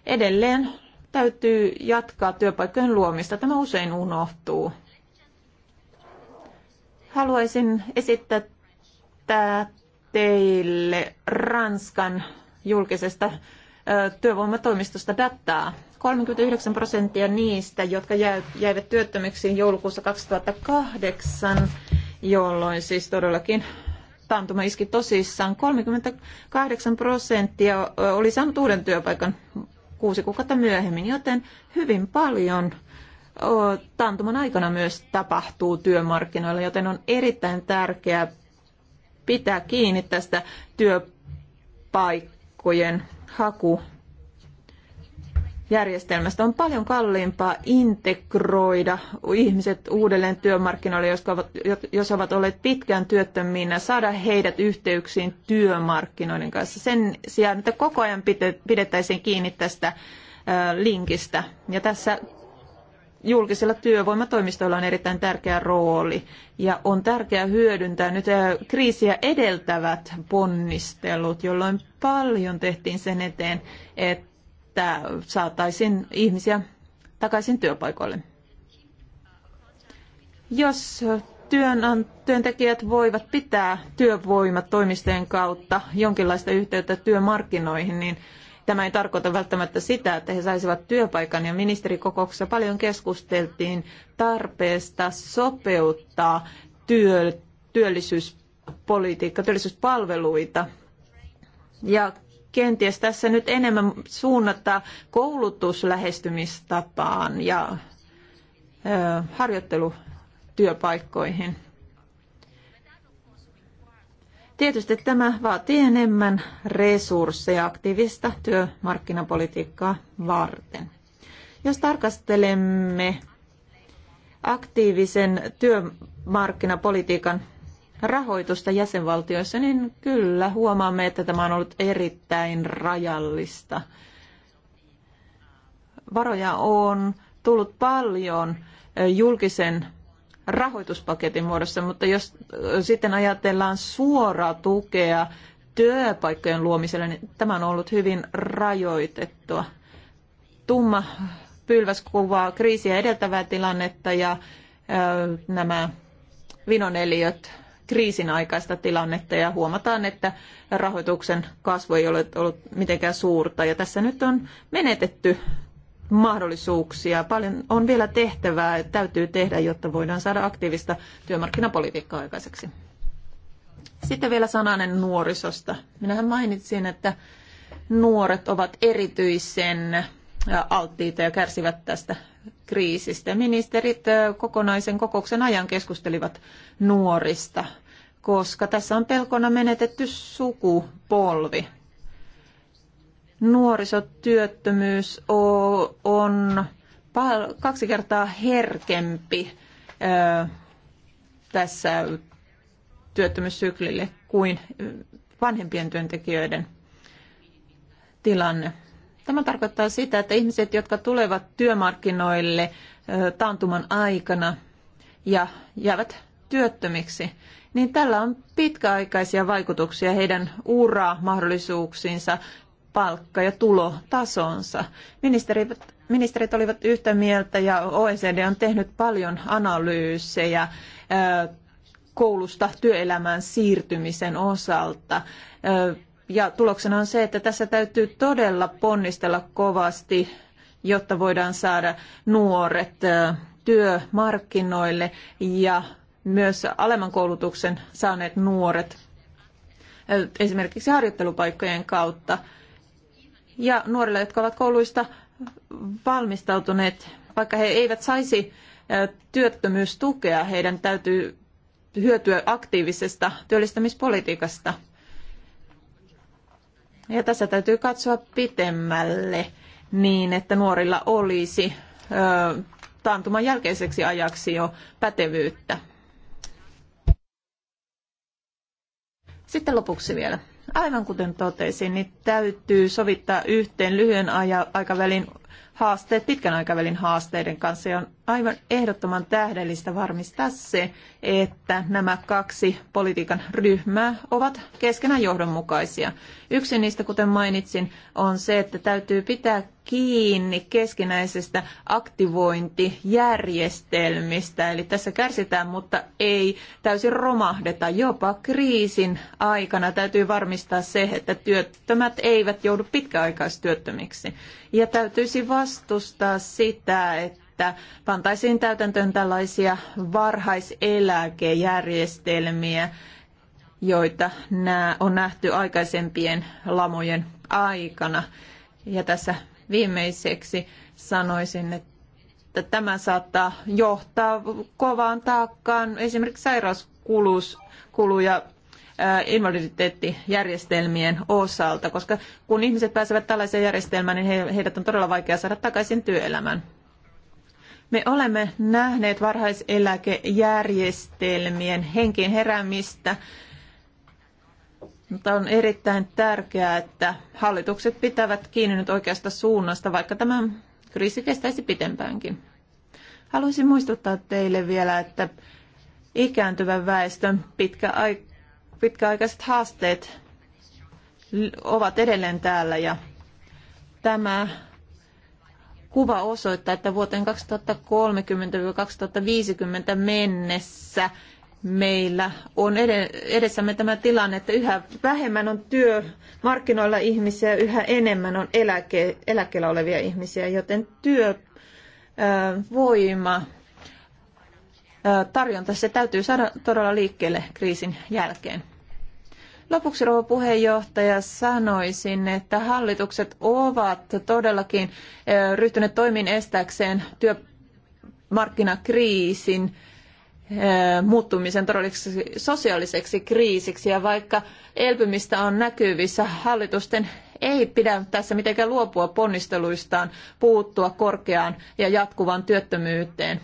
edelleen täytyy jatkaa työpaikkojen luomista. Tämä usein unohtuu. Haluaisin esittää teille Ranskan julkisesta työvoimatoimistosta dataa. 39 prosenttia niistä, jotka jäivät työttömiksi joulukuussa 2008, jolloin siis todellakin taantuma iski tosissaan. 38 prosenttia oli saanut uuden työpaikan kuusi kuukautta myöhemmin, joten hyvin paljon taantuman aikana myös tapahtuu työmarkkinoilla, joten on erittäin tärkeää pitää kiinni tästä työpaikkojen hakujärjestelmästä. On paljon kalliimpaa integroida ihmiset uudelleen työmarkkinoille, jos ovat, jos ovat olleet pitkään työttöminä, saada heidät yhteyksiin työmarkkinoiden kanssa. Sen sijaan, että koko ajan pidettäisiin kiinni tästä linkistä. Ja tässä julkisilla työvoimatoimistoilla on erittäin tärkeä rooli ja on tärkeää hyödyntää nyt kriisiä edeltävät ponnistelut, jolloin paljon tehtiin sen eteen, että saataisiin ihmisiä takaisin työpaikoille. Jos työntekijät voivat pitää työvoimatoimistojen kautta jonkinlaista yhteyttä työmarkkinoihin, niin Tämä ei tarkoita välttämättä sitä, että he saisivat työpaikan ja ministerikokouksessa paljon keskusteltiin tarpeesta sopeuttaa työ, työllisyyspolitiikka, työllisyyspalveluita ja kenties tässä nyt enemmän suunnata koulutuslähestymistapaan ja harjoittelutyöpaikkoihin. Tietysti tämä vaatii enemmän resursseja aktiivista työmarkkinapolitiikkaa varten. Jos tarkastelemme aktiivisen työmarkkinapolitiikan rahoitusta jäsenvaltioissa, niin kyllä huomaamme, että tämä on ollut erittäin rajallista. Varoja on tullut paljon julkisen rahoituspaketin muodossa, mutta jos sitten ajatellaan suoraa tukea työpaikkojen luomiselle, niin tämä on ollut hyvin rajoitettua. Tumma pylväs kuvaa kriisiä edeltävää tilannetta ja nämä vinoneliöt kriisin aikaista tilannetta ja huomataan, että rahoituksen kasvu ei ole ollut mitenkään suurta. Ja tässä nyt on menetetty mahdollisuuksia. Paljon on vielä tehtävää, että täytyy tehdä, jotta voidaan saada aktiivista työmarkkinapolitiikkaa aikaiseksi. Sitten vielä sananen nuorisosta. Minähän mainitsin, että nuoret ovat erityisen alttiita ja kärsivät tästä kriisistä. Ministerit kokonaisen kokouksen ajan keskustelivat nuorista, koska tässä on pelkona menetetty sukupolvi nuorisotyöttömyys on kaksi kertaa herkempi tässä työttömyyssyklille kuin vanhempien työntekijöiden tilanne. Tämä tarkoittaa sitä, että ihmiset, jotka tulevat työmarkkinoille taantuman aikana ja jäävät työttömiksi, niin tällä on pitkäaikaisia vaikutuksia heidän mahdollisuuksiinsa palkka- ja tulotasonsa. Ministerit, ministerit olivat yhtä mieltä ja OECD on tehnyt paljon analyysejä koulusta työelämään siirtymisen osalta. Ja tuloksena on se, että tässä täytyy todella ponnistella kovasti, jotta voidaan saada nuoret työmarkkinoille ja myös alemman koulutuksen saaneet nuoret esimerkiksi harjoittelupaikkojen kautta ja nuorilla, jotka ovat kouluista valmistautuneet, vaikka he eivät saisi työttömyystukea, heidän täytyy hyötyä aktiivisesta työllistämispolitiikasta. Ja tässä täytyy katsoa pitemmälle niin, että nuorilla olisi taantuman jälkeiseksi ajaksi jo pätevyyttä. Sitten lopuksi vielä Aivan kuten totesin, niin täytyy sovittaa yhteen lyhyen aikavälin haasteet pitkän aikavälin haasteiden kanssa. Ja on aivan ehdottoman tähdellistä varmistaa se, että nämä kaksi politiikan ryhmää ovat keskenään johdonmukaisia. Yksi niistä, kuten mainitsin, on se, että täytyy pitää kiinni keskinäisestä aktivointijärjestelmistä. Eli tässä kärsitään, mutta ei täysin romahdeta. Jopa kriisin aikana täytyy varmistaa se, että työttömät eivät joudu pitkäaikaistyöttömiksi. Ja täytyisi vastustaa sitä, että pantaisiin täytäntöön tällaisia varhaiseläkejärjestelmiä, joita on nähty aikaisempien lamojen aikana. Ja tässä viimeiseksi sanoisin, että tämä saattaa johtaa kovaan taakkaan esimerkiksi sairauskuluja invaliditeettijärjestelmien osalta, koska kun ihmiset pääsevät tällaiseen järjestelmään, niin he, heidät on todella vaikea saada takaisin työelämään. Me olemme nähneet varhaiseläkejärjestelmien henkiin heräämistä, mutta on erittäin tärkeää, että hallitukset pitävät kiinni nyt oikeasta suunnasta, vaikka tämä kriisi kestäisi pitempäänkin. Haluaisin muistuttaa teille vielä, että ikääntyvän väestön pitkä, pitkäaikaiset haasteet ovat edelleen täällä ja tämä kuva osoittaa, että vuoteen 2030-2050 mennessä meillä on edessämme tämä tilanne, että yhä vähemmän on työmarkkinoilla ihmisiä, yhä enemmän on eläke, eläkkeellä olevia ihmisiä, joten työvoima tarjonta, se täytyy saada todella liikkeelle kriisin jälkeen. Lopuksi rouva puheenjohtaja sanoisin, että hallitukset ovat todellakin ryhtyneet toimiin estääkseen työmarkkinakriisin muuttumisen todelliseksi sosiaaliseksi kriisiksi. Ja vaikka elpymistä on näkyvissä, hallitusten ei pidä tässä mitenkään luopua ponnisteluistaan puuttua korkeaan ja jatkuvaan työttömyyteen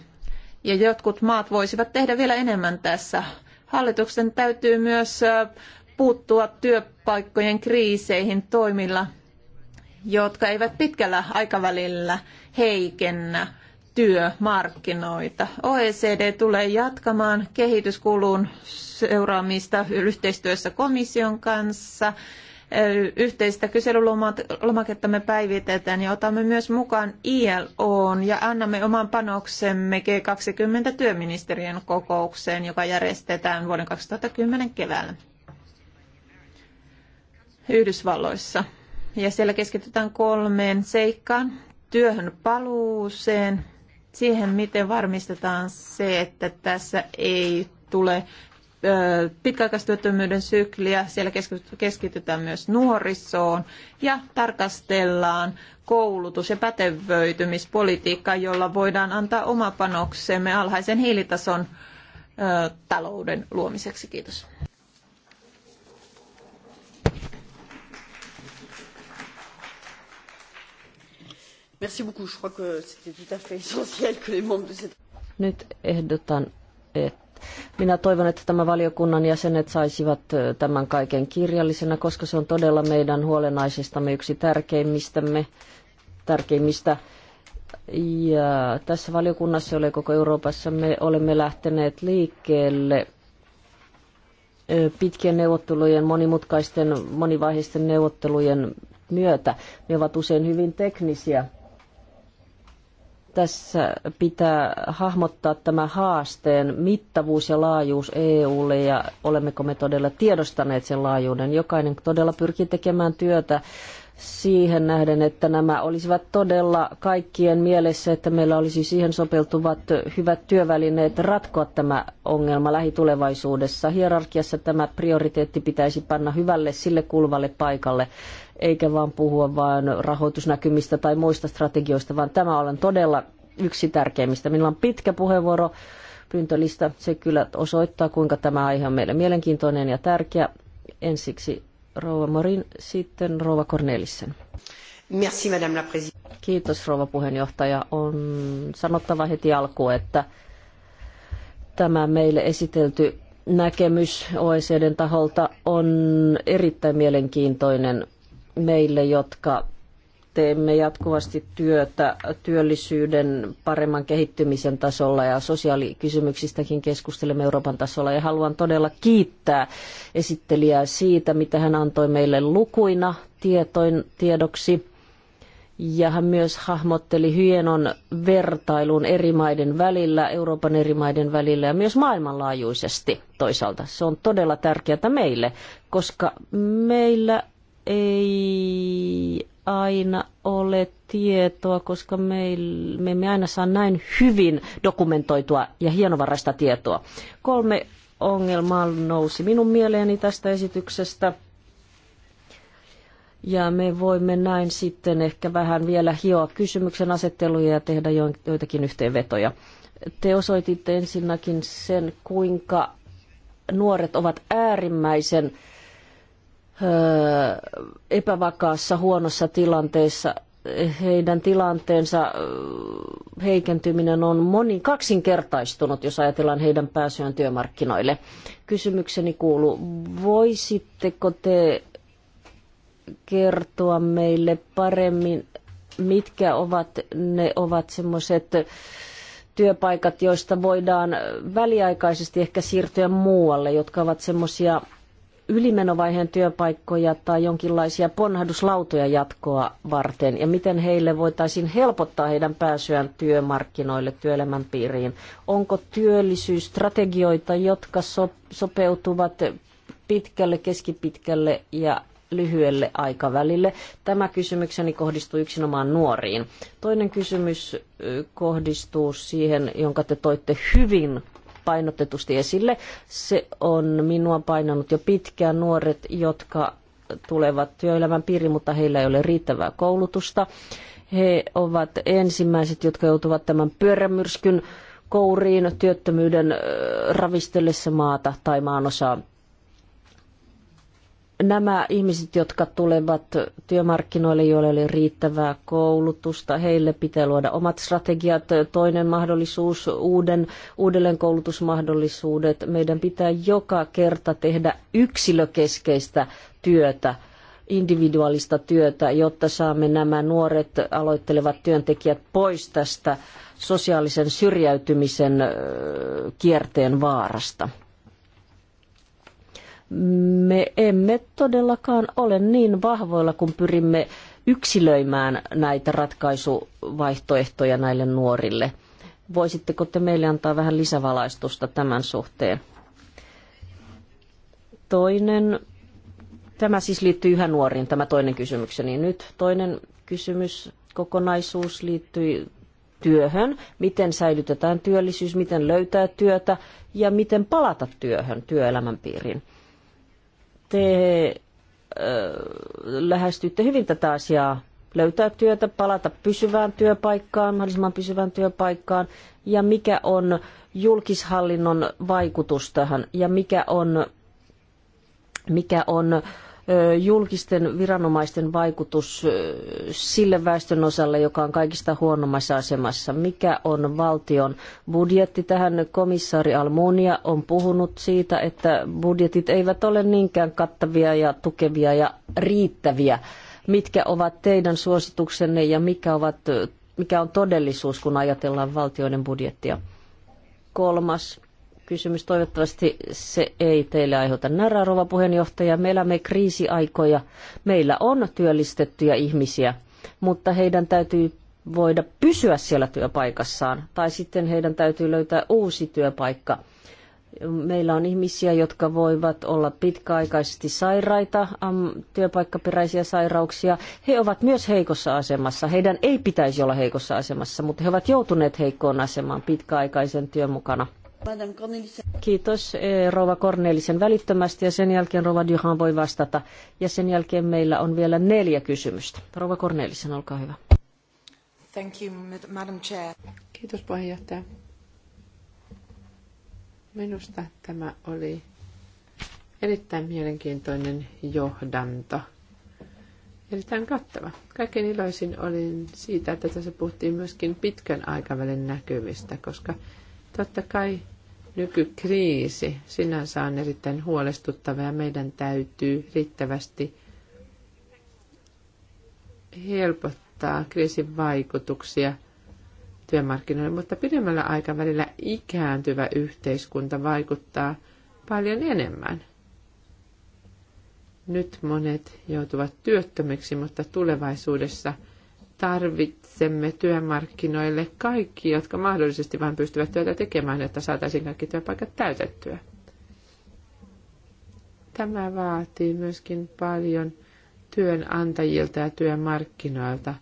ja jotkut maat voisivat tehdä vielä enemmän tässä. Hallituksen täytyy myös puuttua työpaikkojen kriiseihin toimilla, jotka eivät pitkällä aikavälillä heikennä työmarkkinoita. OECD tulee jatkamaan kehityskulun seuraamista yhteistyössä komission kanssa yhteistä kyselylomakettamme päivitetään ja otamme myös mukaan ILOn ja annamme oman panoksemme G20-työministerien kokoukseen, joka järjestetään vuoden 2010 keväällä Yhdysvalloissa. Ja siellä keskitytään kolmeen seikkaan. Työhön paluuseen, siihen miten varmistetaan se, että tässä ei tule pitkäaikaistyöttömyyden sykliä. Siellä keskitytään myös nuorisoon ja tarkastellaan koulutus- ja pätevöitymispolitiikkaa, jolla voidaan antaa oma panoksemme alhaisen hiilitason talouden luomiseksi. Kiitos. Merci beaucoup. Je crois que c'était tout à fait essentiel que les membres de cette... Nyt ehdotan, että minä toivon, että tämä valiokunnan jäsenet saisivat tämän kaiken kirjallisena, koska se on todella meidän huolenaisistamme yksi tärkeimmistämme, tärkeimmistä ja tässä valiokunnassa ole koko Euroopassa me olemme lähteneet liikkeelle pitkien neuvottelujen, monimutkaisten, monivaiheisten neuvottelujen myötä. Ne ovat usein hyvin teknisiä tässä pitää hahmottaa tämä haasteen mittavuus ja laajuus EUlle ja olemmeko me todella tiedostaneet sen laajuuden. Jokainen todella pyrkii tekemään työtä siihen nähden, että nämä olisivat todella kaikkien mielessä, että meillä olisi siihen sopeutuvat hyvät työvälineet ratkoa tämä ongelma lähitulevaisuudessa. Hierarkiassa tämä prioriteetti pitäisi panna hyvälle sille kulvalle paikalle, eikä vaan puhua vain rahoitusnäkymistä tai muista strategioista, vaan tämä on todella yksi tärkeimmistä. Minulla on pitkä puheenvuoro pyyntölista. Se kyllä osoittaa, kuinka tämä aihe on meille mielenkiintoinen ja tärkeä. Ensiksi rouva Morin, sitten rouva Cornelissen. Merci, madame la présidente. Kiitos, rouva puheenjohtaja. On sanottava heti alkuun, että tämä meille esitelty näkemys OECDn taholta on erittäin mielenkiintoinen meille, jotka teemme jatkuvasti työtä työllisyyden paremman kehittymisen tasolla ja sosiaalikysymyksistäkin keskustelemme Euroopan tasolla. Ja haluan todella kiittää esittelijää siitä, mitä hän antoi meille lukuina tietoin, tiedoksi. Ja hän myös hahmotteli hienon vertailun eri maiden välillä, Euroopan eri maiden välillä ja myös maailmanlaajuisesti toisaalta. Se on todella tärkeää meille, koska meillä ei aina ole tietoa, koska me, me emme aina saa näin hyvin dokumentoitua ja hienovaraista tietoa. Kolme ongelmaa nousi minun mieleeni tästä esityksestä. Ja me voimme näin sitten ehkä vähän vielä hioa kysymyksen asetteluja ja tehdä joitakin yhteenvetoja. Te osoititte ensinnäkin sen, kuinka nuoret ovat äärimmäisen äh, Öö, epävakaassa, huonossa tilanteessa. Heidän tilanteensa öö, heikentyminen on moni kaksinkertaistunut, jos ajatellaan heidän pääsyään työmarkkinoille. Kysymykseni kuuluu, voisitteko te kertoa meille paremmin, mitkä ovat ne ovat semmoiset työpaikat, joista voidaan väliaikaisesti ehkä siirtyä muualle, jotka ovat semmoisia ylimenovaiheen työpaikkoja tai jonkinlaisia ponnahduslautoja jatkoa varten ja miten heille voitaisiin helpottaa heidän pääsyään työmarkkinoille, työelämän piiriin? Onko työllisyysstrategioita, jotka sopeutuvat pitkälle, keskipitkälle ja lyhyelle aikavälille? Tämä kysymykseni kohdistuu yksinomaan nuoriin. Toinen kysymys kohdistuu siihen, jonka te toitte hyvin painotetusti esille. Se on minua painanut jo pitkään nuoret, jotka tulevat työelämän piiriin, mutta heillä ei ole riittävää koulutusta. He ovat ensimmäiset, jotka joutuvat tämän pyörämyrskyn kouriin työttömyyden ravistellessa maata tai maanosaa nämä ihmiset, jotka tulevat työmarkkinoille, joille ei ole riittävää koulutusta, heille pitää luoda omat strategiat, toinen mahdollisuus, uuden, uudelleenkoulutusmahdollisuudet. Meidän pitää joka kerta tehdä yksilökeskeistä työtä individuaalista työtä, jotta saamme nämä nuoret aloittelevat työntekijät pois tästä sosiaalisen syrjäytymisen kierteen vaarasta me emme todellakaan ole niin vahvoilla, kun pyrimme yksilöimään näitä ratkaisuvaihtoehtoja näille nuorille. Voisitteko te meille antaa vähän lisävalaistusta tämän suhteen? Toinen, tämä siis liittyy yhä nuoriin, tämä toinen kysymykseni. Nyt toinen kysymys, kokonaisuus liittyy työhön, miten säilytetään työllisyys, miten löytää työtä ja miten palata työhön, työelämän piiriin te lähestyitte hyvin tätä asiaa, löytää työtä, palata pysyvään työpaikkaan, mahdollisimman pysyvään työpaikkaan, ja mikä on julkishallinnon vaikutus tähän, ja mikä on, mikä on julkisten viranomaisten vaikutus sille väestön osalle, joka on kaikista huonommassa asemassa. Mikä on valtion budjetti? Tähän komissaari Almunia on puhunut siitä, että budjetit eivät ole niinkään kattavia ja tukevia ja riittäviä. Mitkä ovat teidän suosituksenne ja mikä, ovat, mikä on todellisuus, kun ajatellaan valtioiden budjettia? Kolmas kysymys. Toivottavasti se ei teille aiheuta närää, rouva puheenjohtaja. Me elämme kriisiaikoja. Meillä on työllistettyjä ihmisiä, mutta heidän täytyy voida pysyä siellä työpaikassaan, tai sitten heidän täytyy löytää uusi työpaikka. Meillä on ihmisiä, jotka voivat olla pitkäaikaisesti sairaita, työpaikkaperäisiä sairauksia. He ovat myös heikossa asemassa. Heidän ei pitäisi olla heikossa asemassa, mutta he ovat joutuneet heikkoon asemaan pitkäaikaisen työn mukana. Kiitos eh, Rova Kornelisen välittömästi ja sen jälkeen Rova Dyhan voi vastata. Ja sen jälkeen meillä on vielä neljä kysymystä. Rova Kornelisen, olkaa hyvä. Thank you, Madam Chair. Kiitos puheenjohtaja. Minusta tämä oli erittäin mielenkiintoinen johdanto. Erittäin kattava. Kaikkein iloisin olin siitä, että tässä puhuttiin myöskin pitkän aikavälin näkyvistä, koska totta kai Nykykriisi sinänsä on erittäin huolestuttava ja meidän täytyy riittävästi helpottaa kriisin vaikutuksia työmarkkinoille, mutta pidemmällä aikavälillä ikääntyvä yhteiskunta vaikuttaa paljon enemmän. Nyt monet joutuvat työttömiksi, mutta tulevaisuudessa – tarvitsemme työmarkkinoille kaikki, jotka mahdollisesti vain pystyvät työtä tekemään, että saataisiin kaikki työpaikat täytettyä. Tämä vaatii myöskin paljon työnantajilta ja työmarkkinoilta.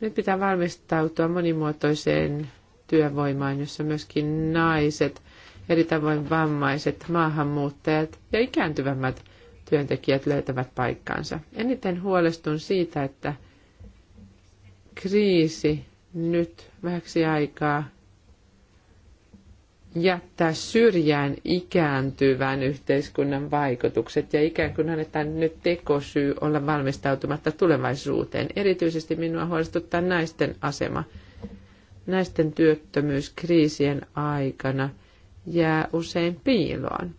Nyt pitää valmistautua monimuotoiseen työvoimaan, jossa myöskin naiset, eri tavoin vammaiset, maahanmuuttajat ja ikääntyvämmät työntekijät löytävät paikkaansa. Eniten huolestun siitä, että kriisi nyt vähäksi aikaa jättää syrjään ikääntyvän yhteiskunnan vaikutukset ja ikään kuin annetaan nyt tekosyy olla valmistautumatta tulevaisuuteen. Erityisesti minua huolestuttaa naisten asema. Naisten työttömyys kriisien aikana jää usein piiloon.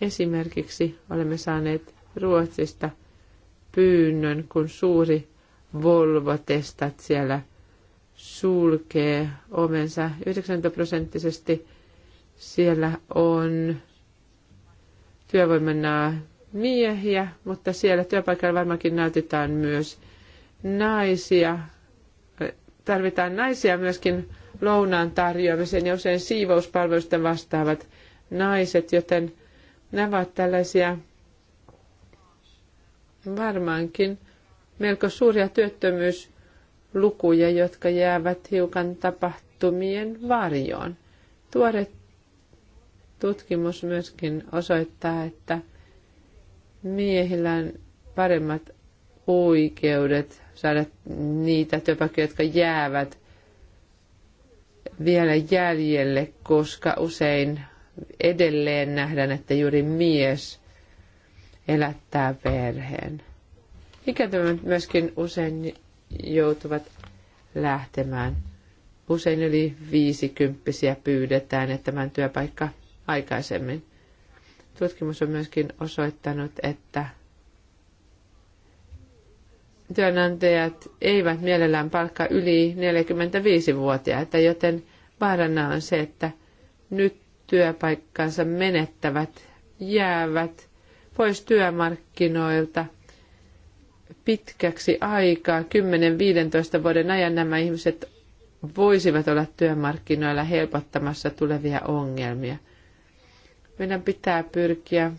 Esimerkiksi olemme saaneet Ruotsista pyynnön, kun suuri Volvo-testat siellä sulkee omensa 90 prosenttisesti. Siellä on työvoimana miehiä, mutta siellä työpaikalla varmaankin nautitaan myös naisia. Tarvitaan naisia myöskin lounaan tarjoamiseen ja usein siivouspalveluista vastaavat naiset, joten nämä ovat tällaisia varmaankin – melko suuria työttömyyslukuja, jotka jäävät hiukan tapahtumien varjoon. Tuore tutkimus myöskin osoittaa, että miehillä on paremmat oikeudet saada niitä työpaikkoja, jotka jäävät vielä jäljelle, koska usein edelleen nähdään, että juuri mies elättää perheen. Ikääntyvät myöskin usein joutuvat lähtemään. Usein yli viisikymppisiä pyydetään tämän työpaikka aikaisemmin. Tutkimus on myöskin osoittanut, että työnantajat eivät mielellään palkkaa yli 45-vuotiaita, joten vaarana on se, että nyt työpaikkaansa menettävät jäävät pois työmarkkinoilta – pitkäksi aikaa, 10-15 vuoden ajan nämä ihmiset voisivat olla työmarkkinoilla helpottamassa tulevia ongelmia. Meidän pitää pyrkiä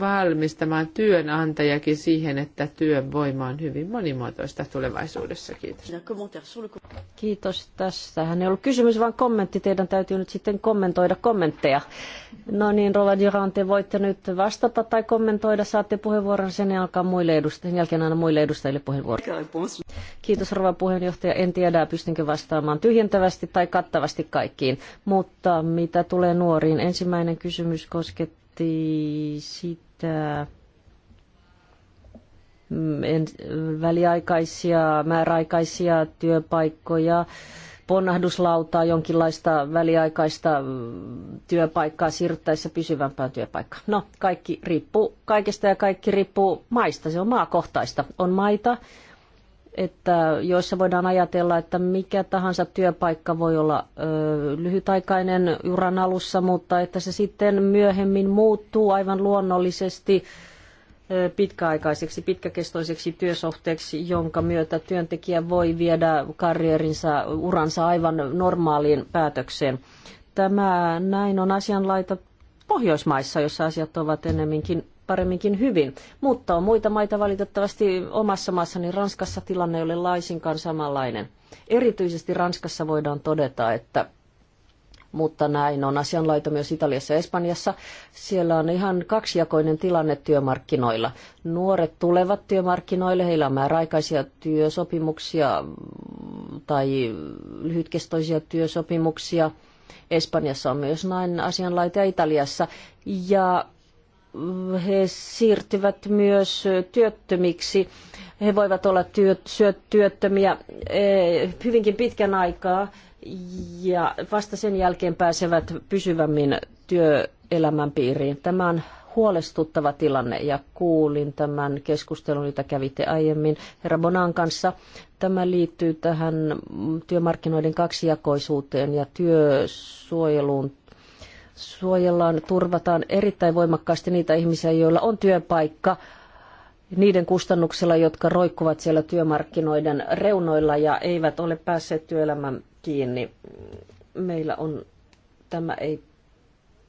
valmistamaan työnantajakin siihen, että työvoima on hyvin monimuotoista tulevaisuudessa. Kiitos. Kiitos. Tässähän ei ollut kysymys, vaan kommentti. Teidän täytyy nyt sitten kommentoida kommentteja. No niin, Rova Duran, te voitte nyt vastata tai kommentoida. Saatte puheenvuoron sen jälkeen muille edustajille, jälkeen aina muille edustajille puheenvuoron. Kiitos, Rova puheenjohtaja. En tiedä, pystynkö vastaamaan tyhjentävästi tai kattavasti kaikkiin. Mutta mitä tulee nuoriin, ensimmäinen kysymys koskettaa pohtii sitä äh, väliaikaisia, määräaikaisia työpaikkoja, ponnahduslautaa, jonkinlaista väliaikaista mm, työpaikkaa siirryttäessä pysyvämpään työpaikkaan. No, kaikki riippuu kaikesta ja kaikki riippuu maista. Se on maakohtaista. On maita, että joissa voidaan ajatella, että mikä tahansa työpaikka voi olla ö, lyhytaikainen uran alussa, mutta että se sitten myöhemmin muuttuu aivan luonnollisesti ö, pitkäaikaiseksi, pitkäkestoiseksi työsuhteeksi, jonka myötä työntekijä voi viedä karrierinsa, uransa aivan normaaliin päätökseen. Tämä näin on asianlaita Pohjoismaissa, jossa asiat ovat enemminkin paremminkin hyvin. Mutta on muita maita valitettavasti omassa maassani Ranskassa tilanne ei ole laisinkaan samanlainen. Erityisesti Ranskassa voidaan todeta, että mutta näin on asianlaita myös Italiassa ja Espanjassa. Siellä on ihan kaksijakoinen tilanne työmarkkinoilla. Nuoret tulevat työmarkkinoille, heillä on määräaikaisia työsopimuksia tai lyhytkestoisia työsopimuksia. Espanjassa on myös näin asianlaita ja Italiassa. Ja he siirtyvät myös työttömiksi. He voivat olla työttömiä e, hyvinkin pitkän aikaa ja vasta sen jälkeen pääsevät pysyvämmin työelämän piiriin. Tämä on huolestuttava tilanne ja kuulin tämän keskustelun, jota kävitte aiemmin herra Bonan kanssa. Tämä liittyy tähän työmarkkinoiden kaksijakoisuuteen ja työsuojeluun suojellaan, turvataan erittäin voimakkaasti niitä ihmisiä, joilla on työpaikka niiden kustannuksella, jotka roikkuvat siellä työmarkkinoiden reunoilla ja eivät ole päässeet työelämän kiinni. Meillä on, tämä ei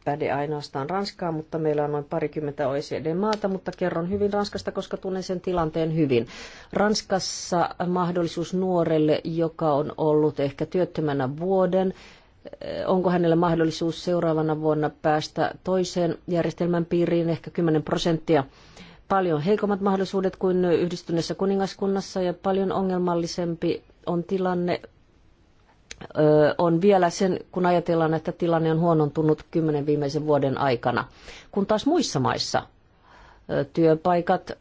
päde ainoastaan Ranskaa, mutta meillä on noin parikymmentä OECD-maata, mutta kerron hyvin Ranskasta, koska tunnen sen tilanteen hyvin. Ranskassa mahdollisuus nuorelle, joka on ollut ehkä työttömänä vuoden, onko hänellä mahdollisuus seuraavana vuonna päästä toiseen järjestelmän piiriin, ehkä 10 prosenttia. Paljon heikommat mahdollisuudet kuin yhdistyneessä kuningaskunnassa ja paljon ongelmallisempi on tilanne on vielä sen, kun ajatellaan, että tilanne on huonontunut kymmenen viimeisen vuoden aikana, kun taas muissa maissa työpaikat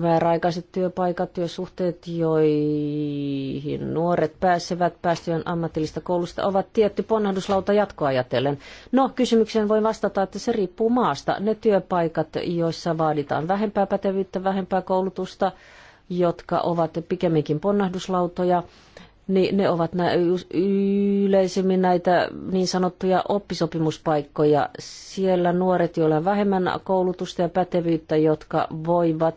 määräaikaiset työpaikat, työsuhteet, joihin nuoret pääsevät päästöjen ammatillista koulusta, ovat tietty ponnahduslauta jatkoa ajatellen. No, kysymykseen voi vastata, että se riippuu maasta. Ne työpaikat, joissa vaaditaan vähempää pätevyyttä, vähempää koulutusta, jotka ovat pikemminkin ponnahduslautoja, niin ne ovat nä- yleisemmin näitä niin sanottuja oppisopimuspaikkoja. Siellä nuoret, joilla on vähemmän koulutusta ja pätevyyttä, jotka voivat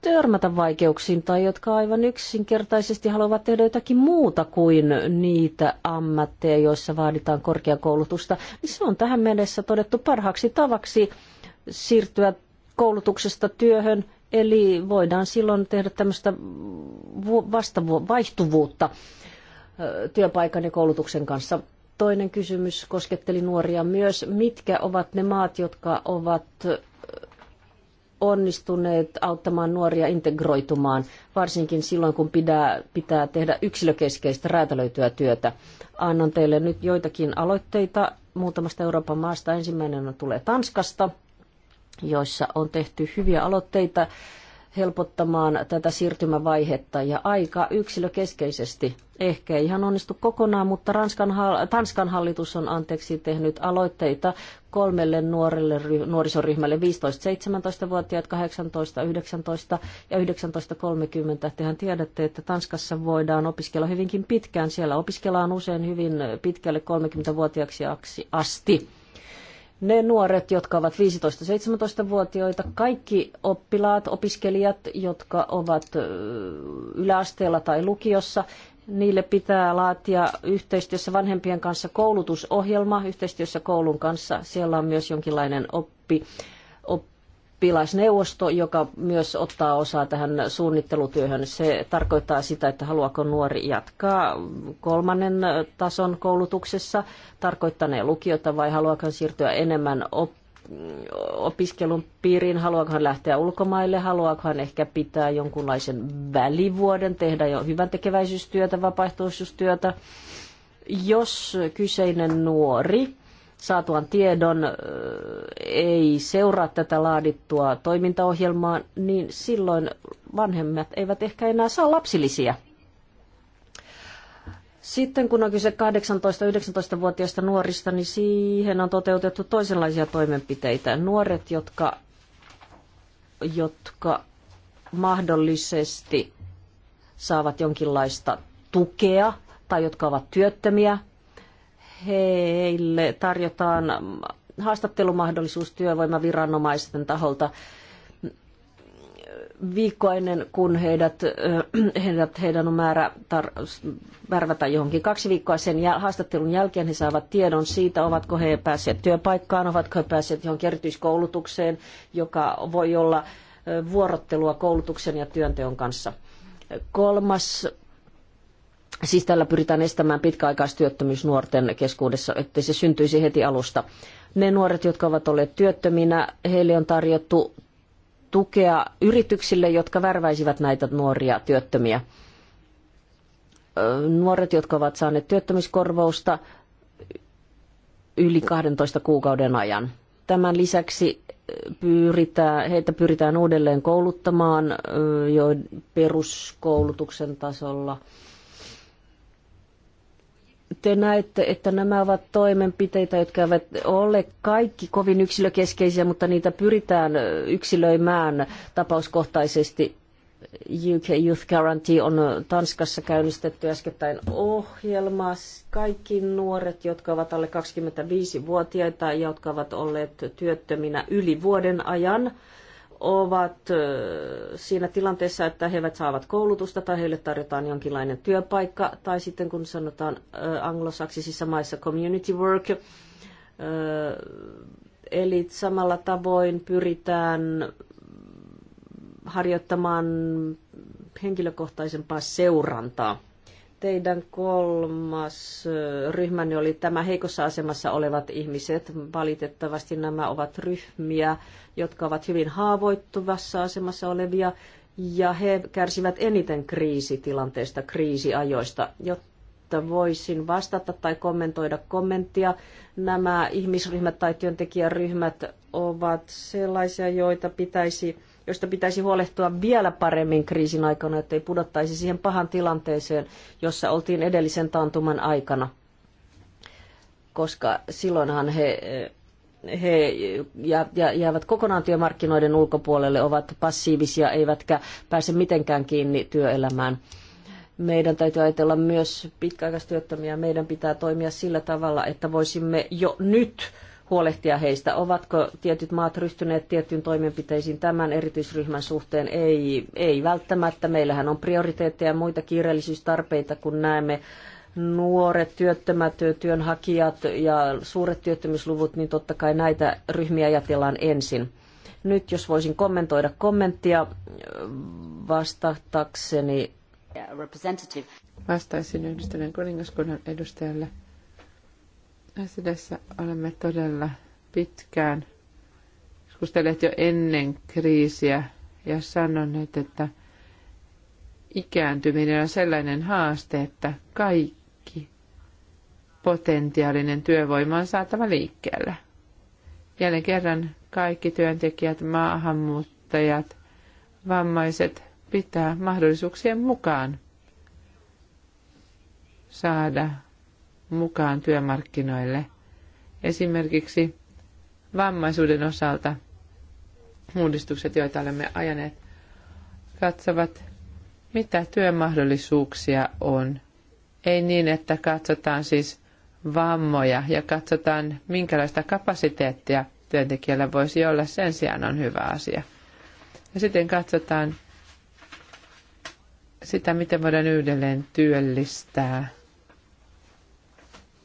törmätä vaikeuksiin tai jotka aivan yksinkertaisesti haluavat tehdä jotakin muuta kuin niitä ammatteja, joissa vaaditaan korkeakoulutusta, niin se on tähän mennessä todettu parhaaksi tavaksi siirtyä koulutuksesta työhön Eli voidaan silloin tehdä tämmöistä vastavu- vaihtuvuutta työpaikan ja koulutuksen kanssa. Toinen kysymys kosketteli nuoria myös. Mitkä ovat ne maat, jotka ovat onnistuneet auttamaan nuoria integroitumaan, varsinkin silloin, kun pitää, pitää tehdä yksilökeskeistä räätälöityä työtä. Annan teille nyt joitakin aloitteita muutamasta Euroopan maasta. Ensimmäinen on, tulee Tanskasta joissa on tehty hyviä aloitteita helpottamaan tätä siirtymävaihetta ja aika yksilökeskeisesti. Ehkä ei ihan onnistu kokonaan, mutta Ranskan, Tanskan hallitus on anteeksi tehnyt aloitteita kolmelle nuorelle nuorisoryhmälle 15-17-vuotiaat, 18, 19 ja 19-30. Tehän tiedätte, että Tanskassa voidaan opiskella hyvinkin pitkään. Siellä opiskellaan usein hyvin pitkälle 30-vuotiaaksi asti ne nuoret, jotka ovat 15-17-vuotiaita, kaikki oppilaat, opiskelijat, jotka ovat yläasteella tai lukiossa, niille pitää laatia yhteistyössä vanhempien kanssa koulutusohjelma, yhteistyössä koulun kanssa. Siellä on myös jonkinlainen oppi, oppilaisneuvosto, joka myös ottaa osaa tähän suunnittelutyöhön. Se tarkoittaa sitä, että haluaako nuori jatkaa kolmannen tason koulutuksessa, tarkoittaa ne lukiota vai haluaako siirtyä enemmän op- opiskelun piiriin, haluaako hän lähteä ulkomaille, haluaako hän ehkä pitää jonkunlaisen välivuoden, tehdä jo hyvän tekeväisyystyötä, vapaaehtoisuustyötä. Jos kyseinen nuori saatuan tiedon ei seuraa tätä laadittua toimintaohjelmaa, niin silloin vanhemmat eivät ehkä enää saa lapsilisiä. Sitten kun on kyse 18-19-vuotiaista nuorista, niin siihen on toteutettu toisenlaisia toimenpiteitä. Nuoret, jotka, jotka mahdollisesti saavat jonkinlaista tukea tai jotka ovat työttömiä – heille tarjotaan haastattelumahdollisuus työvoimaviranomaisten taholta viikkoa ennen kuin heidät, äh, heidät, heidän on määrä tar- värvätä johonkin. Kaksi viikkoa sen jäl- haastattelun jälkeen he saavat tiedon siitä, ovatko he päässeet työpaikkaan, ovatko he päässeet johonkin erityiskoulutukseen, joka voi olla äh, vuorottelua koulutuksen ja työnteon kanssa. Kolmas Siis tällä pyritään estämään pitkäaikaistyöttömyys nuorten keskuudessa, ettei se syntyisi heti alusta. Ne nuoret, jotka ovat olleet työttöminä, heille on tarjottu tukea yrityksille, jotka värväisivät näitä nuoria työttömiä. Nuoret, jotka ovat saaneet työttömyyskorvausta yli 12 kuukauden ajan. Tämän lisäksi pyritään, heitä pyritään uudelleen kouluttamaan jo peruskoulutuksen tasolla – te näette, että nämä ovat toimenpiteitä, jotka eivät ole kaikki kovin yksilökeskeisiä, mutta niitä pyritään yksilöimään tapauskohtaisesti. UK Youth Guarantee on Tanskassa käynnistetty äskettäin ohjelma. Kaikki nuoret, jotka ovat alle 25-vuotiaita ja jotka ovat olleet työttöminä yli vuoden ajan, ovat siinä tilanteessa, että he eivät saavat koulutusta tai heille tarjotaan jonkinlainen työpaikka, tai sitten kun sanotaan anglosaksisissa maissa community work, eli samalla tavoin pyritään harjoittamaan henkilökohtaisempaa seurantaa teidän kolmas ryhmänne oli tämä heikossa asemassa olevat ihmiset. Valitettavasti nämä ovat ryhmiä, jotka ovat hyvin haavoittuvassa asemassa olevia ja he kärsivät eniten kriisitilanteesta, kriisiajoista, jotta voisin vastata tai kommentoida kommenttia. Nämä ihmisryhmät tai työntekijäryhmät ovat sellaisia, joita pitäisi – josta pitäisi huolehtua vielä paremmin kriisin aikana, ettei pudottaisi siihen pahan tilanteeseen, jossa oltiin edellisen taantuman aikana. Koska silloinhan he, he jäävät kokonaan työmarkkinoiden ulkopuolelle, ovat passiivisia eivätkä pääse mitenkään kiinni työelämään meidän täytyy ajatella myös pitkäaikaistyöttömiä. Meidän pitää toimia sillä tavalla, että voisimme jo nyt huolehtia heistä. Ovatko tietyt maat ryhtyneet tiettyyn toimenpiteisiin tämän erityisryhmän suhteen? Ei, ei välttämättä. Meillähän on prioriteetteja ja muita kiireellisyystarpeita, kun näemme nuoret, työttömät, työnhakijat ja suuret työttömyysluvut, niin totta kai näitä ryhmiä ajatellaan ensin. Nyt jos voisin kommentoida kommenttia vastatakseni. Vastaisin yhdistyneen kuningaskunnan edustajalle. Tässä olemme todella pitkään keskustelleet jo ennen kriisiä ja sanoneet, että ikääntyminen on sellainen haaste, että kaikki potentiaalinen työvoima on saatava liikkeelle. Jälleen kerran kaikki työntekijät, maahanmuuttajat, vammaiset pitää mahdollisuuksien mukaan saada mukaan työmarkkinoille. Esimerkiksi vammaisuuden osalta uudistukset, joita olemme ajaneet, katsovat, mitä työmahdollisuuksia on. Ei niin, että katsotaan siis vammoja ja katsotaan, minkälaista kapasiteettia työntekijällä voisi olla, sen sijaan on hyvä asia. Ja sitten katsotaan sitä, miten voidaan yhdelleen työllistää –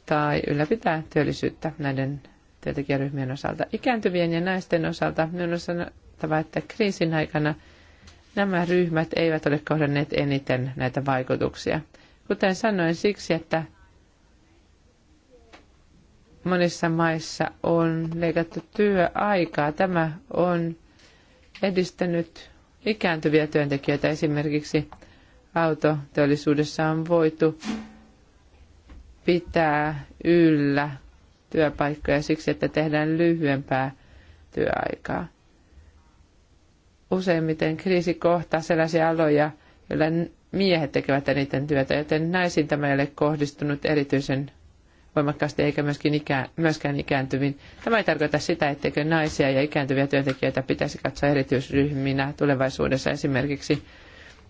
tai ylläpitää työllisyyttä näiden työntekijäryhmien osalta. Ikääntyvien ja naisten osalta minun on sanottava, että kriisin aikana nämä ryhmät eivät ole kohdanneet eniten näitä vaikutuksia. Kuten sanoin siksi, että monissa maissa on leikattu työaikaa. Tämä on edistänyt ikääntyviä työntekijöitä. Esimerkiksi autoteollisuudessa on voitu pitää yllä työpaikkoja siksi, että tehdään lyhyempää työaikaa. Useimmiten kriisi kohtaa sellaisia aloja, joilla miehet tekevät eniten työtä, joten naisiin tämä ei ole kohdistunut erityisen voimakkaasti eikä myöskin ikä, myöskään ikääntyviin. Tämä ei tarkoita sitä, etteikö naisia ja ikääntyviä työntekijöitä pitäisi katsoa erityisryhminä tulevaisuudessa esimerkiksi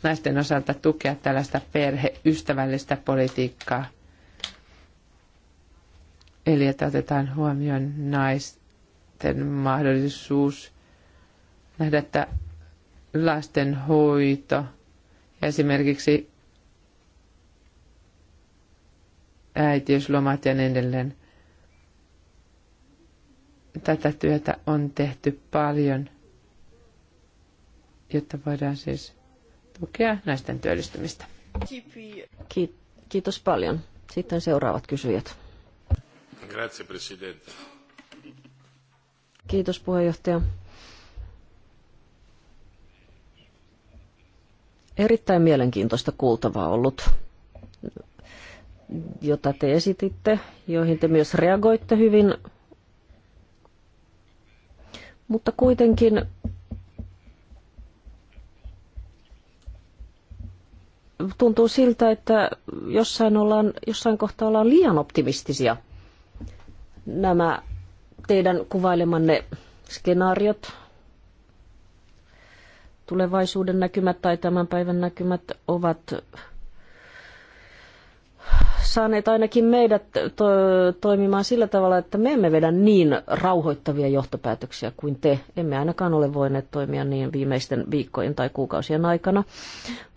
naisten osalta tukea tällaista perheystävällistä politiikkaa Eli että otetaan huomioon naisten mahdollisuus nähdä, että hoito ja esimerkiksi äitiyslomat ja niin edelleen. Tätä työtä on tehty paljon, jotta voidaan siis tukea naisten työllistymistä. Kiitos paljon. Sitten seuraavat kysyjät. Kiitos puheenjohtaja. Erittäin mielenkiintoista kuultavaa ollut, jota te esititte, joihin te myös reagoitte hyvin. Mutta kuitenkin tuntuu siltä, että jossain, ollaan, jossain kohtaa ollaan liian optimistisia – nämä teidän kuvailemanne skenaariot, tulevaisuuden näkymät tai tämän päivän näkymät ovat saaneet ainakin meidät to- toimimaan sillä tavalla, että me emme vedä niin rauhoittavia johtopäätöksiä kuin te. Emme ainakaan ole voineet toimia niin viimeisten viikkojen tai kuukausien aikana.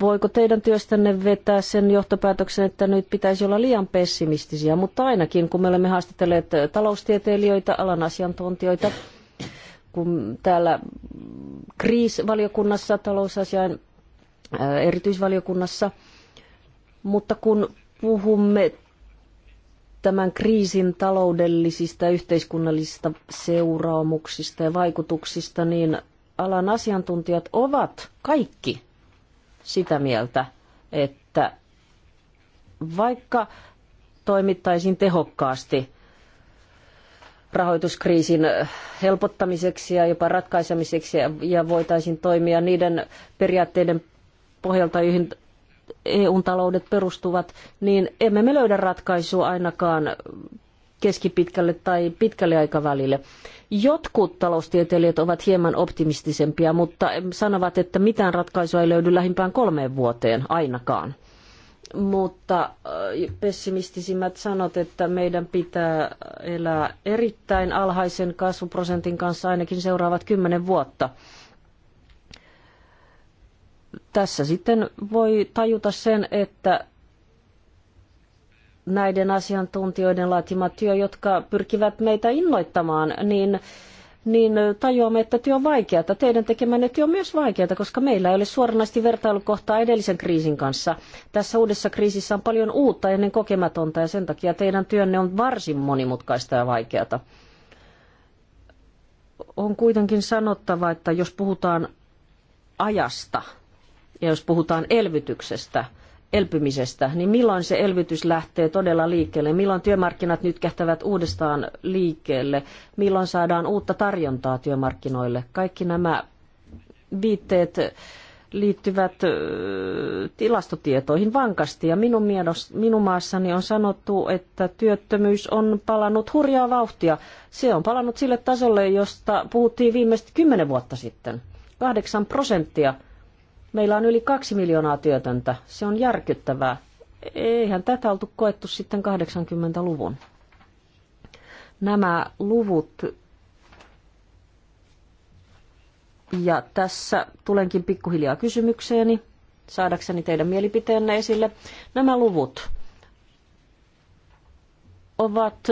Voiko teidän työstänne vetää sen johtopäätöksen, että nyt pitäisi olla liian pessimistisiä, mutta ainakin kun me olemme haastatelleet taloustieteilijöitä, alan asiantuntijoita, kun täällä kriisivaliokunnassa, talousasiain erityisvaliokunnassa, mutta kun puhumme tämän kriisin taloudellisista ja yhteiskunnallisista seuraamuksista ja vaikutuksista, niin alan asiantuntijat ovat kaikki sitä mieltä, että vaikka toimittaisiin tehokkaasti rahoituskriisin helpottamiseksi ja jopa ratkaisemiseksi ja voitaisiin toimia niiden periaatteiden pohjalta, joihin EUn taloudet perustuvat, niin emme me löydä ratkaisua ainakaan keskipitkälle tai pitkälle aikavälille. Jotkut taloustieteilijät ovat hieman optimistisempia, mutta sanovat, että mitään ratkaisua ei löydy lähimpään kolmeen vuoteen ainakaan. Mutta pessimistisimmät sanot, että meidän pitää elää erittäin alhaisen kasvuprosentin kanssa ainakin seuraavat kymmenen vuotta tässä sitten voi tajuta sen, että näiden asiantuntijoiden laatima työ, jotka pyrkivät meitä innoittamaan, niin, niin tajuamme, että työ on vaikeaa. Teidän tekemänne työ on myös vaikeaa, koska meillä ei ole suoranaisesti vertailukohtaa edellisen kriisin kanssa. Tässä uudessa kriisissä on paljon uutta ennen kokematonta ja sen takia teidän työnne on varsin monimutkaista ja vaikeata. On kuitenkin sanottava, että jos puhutaan ajasta, ja jos puhutaan elvytyksestä, elpymisestä, niin milloin se elvytys lähtee todella liikkeelle? Milloin työmarkkinat nyt kähtävät uudestaan liikkeelle? Milloin saadaan uutta tarjontaa työmarkkinoille? Kaikki nämä viitteet liittyvät tilastotietoihin vankasti. Ja minun, miedos, minun maassani on sanottu, että työttömyys on palannut hurjaa vauhtia. Se on palannut sille tasolle, josta puhuttiin viimeisesti kymmenen vuotta sitten. kahdeksan prosenttia – Meillä on yli kaksi miljoonaa työtöntä. Se on järkyttävää. Eihän tätä oltu koettu sitten 80-luvun. Nämä luvut ja tässä tulenkin pikkuhiljaa kysymykseeni, saadakseni teidän mielipiteenne esille. Nämä luvut ovat,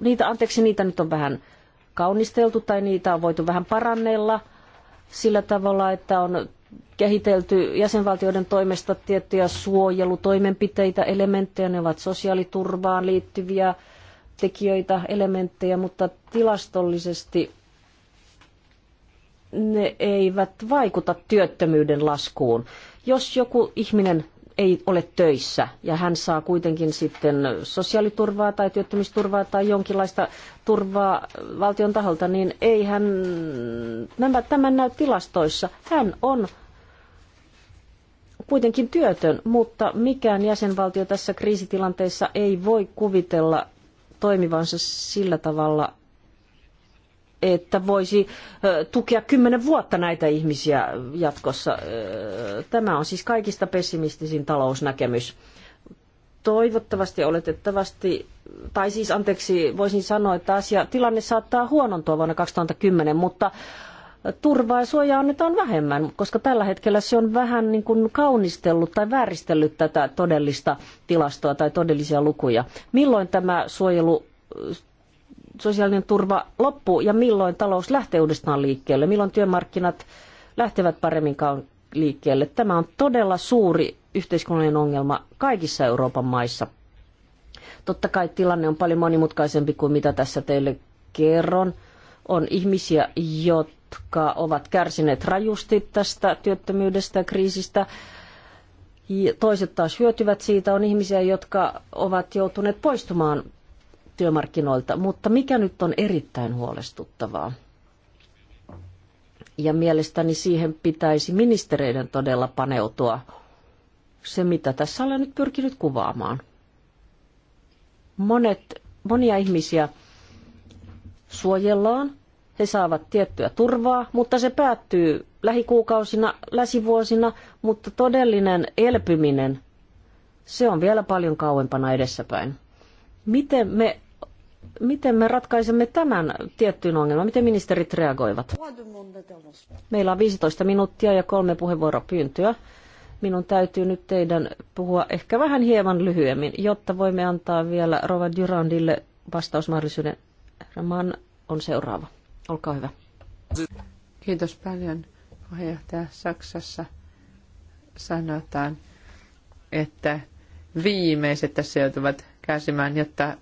niitä, anteeksi, niitä nyt on vähän kaunisteltu tai niitä on voitu vähän parannella sillä tavalla, että on kehitelty jäsenvaltioiden toimesta tiettyjä suojelutoimenpiteitä, elementtejä, ne ovat sosiaaliturvaan liittyviä tekijöitä, elementtejä, mutta tilastollisesti ne eivät vaikuta työttömyyden laskuun. Jos joku ihminen ei ole töissä ja hän saa kuitenkin sitten sosiaaliturvaa tai työttömyysturvaa tai jonkinlaista turvaa valtion taholta, niin ei hän, nämä, tämän näy tilastoissa. Hän on kuitenkin työtön, mutta mikään jäsenvaltio tässä kriisitilanteessa ei voi kuvitella toimivansa sillä tavalla, että voisi tukea kymmenen vuotta näitä ihmisiä jatkossa. Tämä on siis kaikista pessimistisin talousnäkemys. Toivottavasti, oletettavasti, tai siis anteeksi, voisin sanoa, että asia, tilanne saattaa huonontua vuonna 2010, mutta turvaa ja suojaa annetaan vähemmän, koska tällä hetkellä se on vähän niin kuin kaunistellut tai vääristellyt tätä todellista tilastoa tai todellisia lukuja. Milloin tämä suojelu sosiaalinen turva loppuu ja milloin talous lähtee uudestaan liikkeelle, milloin työmarkkinat lähtevät paremmin liikkeelle. Tämä on todella suuri yhteiskunnallinen ongelma kaikissa Euroopan maissa. Totta kai tilanne on paljon monimutkaisempi kuin mitä tässä teille kerron. On ihmisiä, jotka ovat kärsineet rajusti tästä työttömyydestä ja kriisistä. Toiset taas hyötyvät siitä. On ihmisiä, jotka ovat joutuneet poistumaan työmarkkinoilta. Mutta mikä nyt on erittäin huolestuttavaa? Ja mielestäni siihen pitäisi ministereiden todella paneutua se, mitä tässä olen nyt pyrkinyt kuvaamaan. Monet, monia ihmisiä suojellaan, he saavat tiettyä turvaa, mutta se päättyy lähikuukausina, läsivuosina, mutta todellinen elpyminen, se on vielä paljon kauempana edessäpäin. Miten me Miten me ratkaisemme tämän tiettyyn ongelman? Miten ministerit reagoivat? Meillä on 15 minuuttia ja kolme puheenvuoropyyntöä. Minun täytyy nyt teidän puhua ehkä vähän hieman lyhyemmin, jotta voimme antaa vielä Rova Durandille vastausmahdollisuuden. Raman on seuraava. Olkaa hyvä. Kiitos paljon puheenjohtaja Saksassa. Sanotaan, että viimeiset tässä joutuvat kärsimään, jotta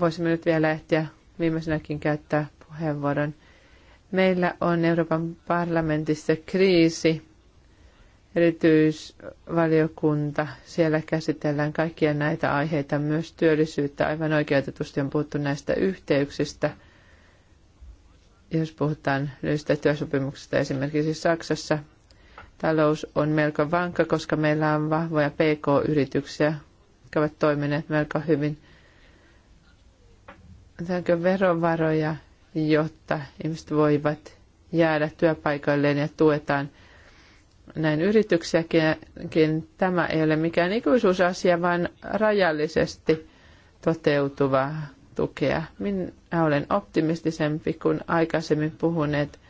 voisimme nyt vielä ehtiä viimeisenäkin käyttää puheenvuoron. Meillä on Euroopan parlamentissa kriisi, erityisvaliokunta. Siellä käsitellään kaikkia näitä aiheita, myös työllisyyttä. Aivan oikeutetusti on puhuttu näistä yhteyksistä. Jos puhutaan lyhyistä työsopimuksista esimerkiksi Saksassa, talous on melko vankka, koska meillä on vahvoja PK-yrityksiä, jotka ovat toimineet melko hyvin otetaanko verovaroja, jotta ihmiset voivat jäädä työpaikoilleen ja tuetaan näin yrityksiäkin. Tämä ei ole mikään ikuisuusasia, vaan rajallisesti toteutuvaa tukea. Minä olen optimistisempi kuin aikaisemmin puhuneet.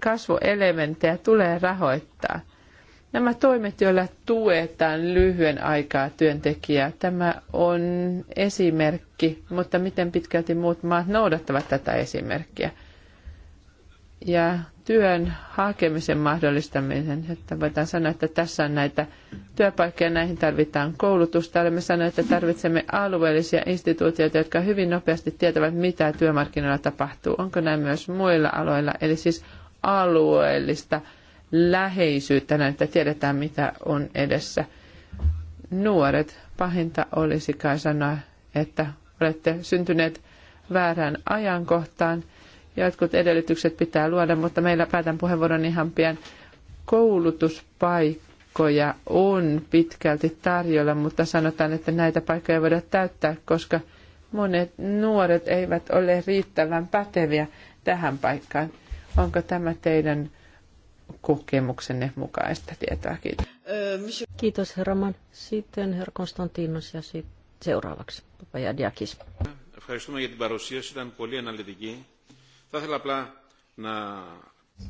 kasvuelementtejä tulee rahoittaa. Nämä toimet, joilla tuetaan lyhyen aikaa työntekijää, tämä on esimerkki, mutta miten pitkälti muut maat noudattavat tätä esimerkkiä? Ja työn hakemisen mahdollistaminen, että voidaan sanoa, että tässä on näitä työpaikkoja, näihin tarvitaan koulutusta. Olemme sanoneet, että tarvitsemme alueellisia instituutioita, jotka hyvin nopeasti tietävät, mitä työmarkkinoilla tapahtuu. Onko näin myös muilla aloilla? Eli siis alueellista läheisyyttä, että tiedetään mitä on edessä. Nuoret, pahinta olisi kai sanoa, että olette syntyneet väärään ajankohtaan. Jotkut edellytykset pitää luoda, mutta meillä päätän puheenvuoron ihan pian. Koulutuspaikkoja on pitkälti tarjolla, mutta sanotaan, että näitä paikkoja voidaan täyttää, koska monet nuoret eivät ole riittävän päteviä tähän paikkaan. Onko tämä teidän kokemuksenne mukaista tietoa. Kiitos. Kiitos Herman. Sitten herra Konstantinos ja sit seuraavaksi papaja Diakis.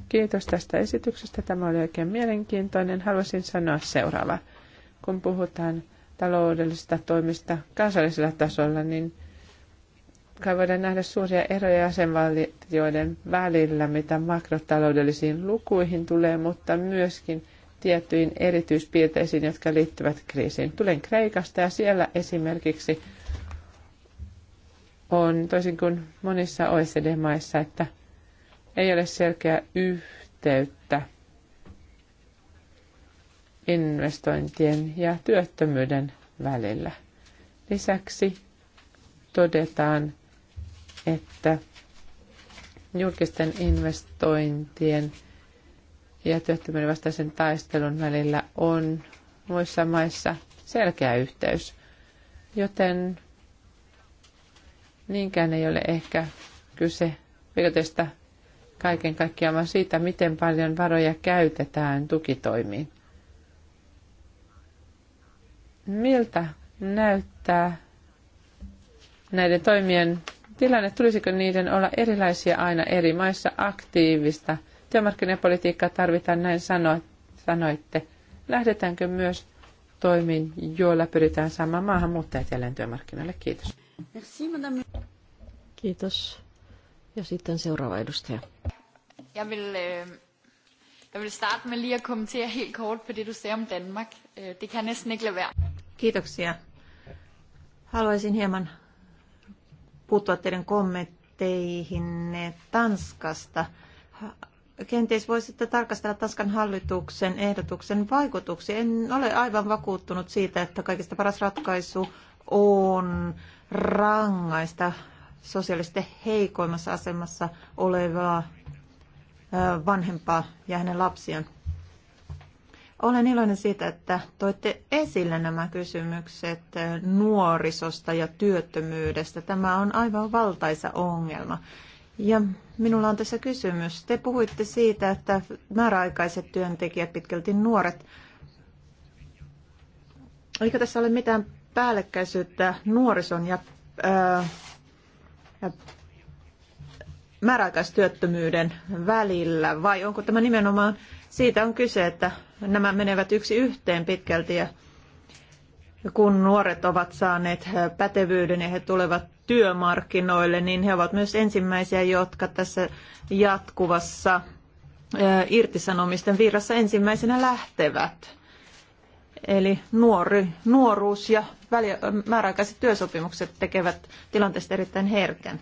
Kiitos tästä esityksestä. Tämä oli oikein mielenkiintoinen. Haluaisin sanoa seuraava. Kun puhutaan taloudellisista toimista kansallisella tasolla, niin kai voidaan nähdä suuria eroja jäsenvaltioiden välillä, mitä makrotaloudellisiin lukuihin tulee, mutta myöskin tiettyihin erityispiirteisiin, jotka liittyvät kriisiin. Tulen Kreikasta ja siellä esimerkiksi on toisin kuin monissa OECD-maissa, että ei ole selkeää yhteyttä investointien ja työttömyyden välillä. Lisäksi todetaan että julkisten investointien ja työttömyyden vastaisen taistelun välillä on muissa maissa selkeä yhteys. Joten niinkään ei ole ehkä kyse pilotista kaiken kaikkiaan, vaan siitä, miten paljon varoja käytetään tukitoimiin. Miltä näyttää näiden toimien tilanne, tulisiko niiden olla erilaisia aina eri maissa aktiivista. Työmarkkinapolitiikkaa tarvitaan, näin sano, sanoitte. Lähdetäänkö myös toimiin, joilla pyritään saamaan maahanmuuttajat jälleen työmarkkinoille? Kiitos. Kiitos. Ja sitten seuraava edustaja. Jeg VILL. øh, VILL vil starte med lige at kommentere helt kort på det, du sagde om Danmark. Øh, det kan næsten ikke Kiitoksia. Haluaisin hieman puuttua teidän kommentteihin Tanskasta. Kenties voisitte tarkastella Tanskan hallituksen ehdotuksen vaikutuksia. En ole aivan vakuuttunut siitä, että kaikista paras ratkaisu on rangaista sosiaalisesti heikoimmassa asemassa olevaa vanhempaa ja hänen lapsiaan. Olen iloinen siitä, että toitte esille nämä kysymykset nuorisosta ja työttömyydestä. Tämä on aivan valtaisa ongelma. Ja minulla on tässä kysymys. Te puhuitte siitä, että määräaikaiset työntekijät, pitkälti nuoret, eikö tässä ole mitään päällekkäisyyttä nuorison ja, ää, ja määräaikaistyöttömyyden välillä, vai onko tämä nimenomaan siitä on kyse, että nämä menevät yksi yhteen pitkälti ja kun nuoret ovat saaneet pätevyyden ja he tulevat työmarkkinoille, niin he ovat myös ensimmäisiä, jotka tässä jatkuvassa irtisanomisten virrassa ensimmäisenä lähtevät. Eli nuori, nuoruus ja väli, määräaikaiset työsopimukset tekevät tilanteesta erittäin herkän.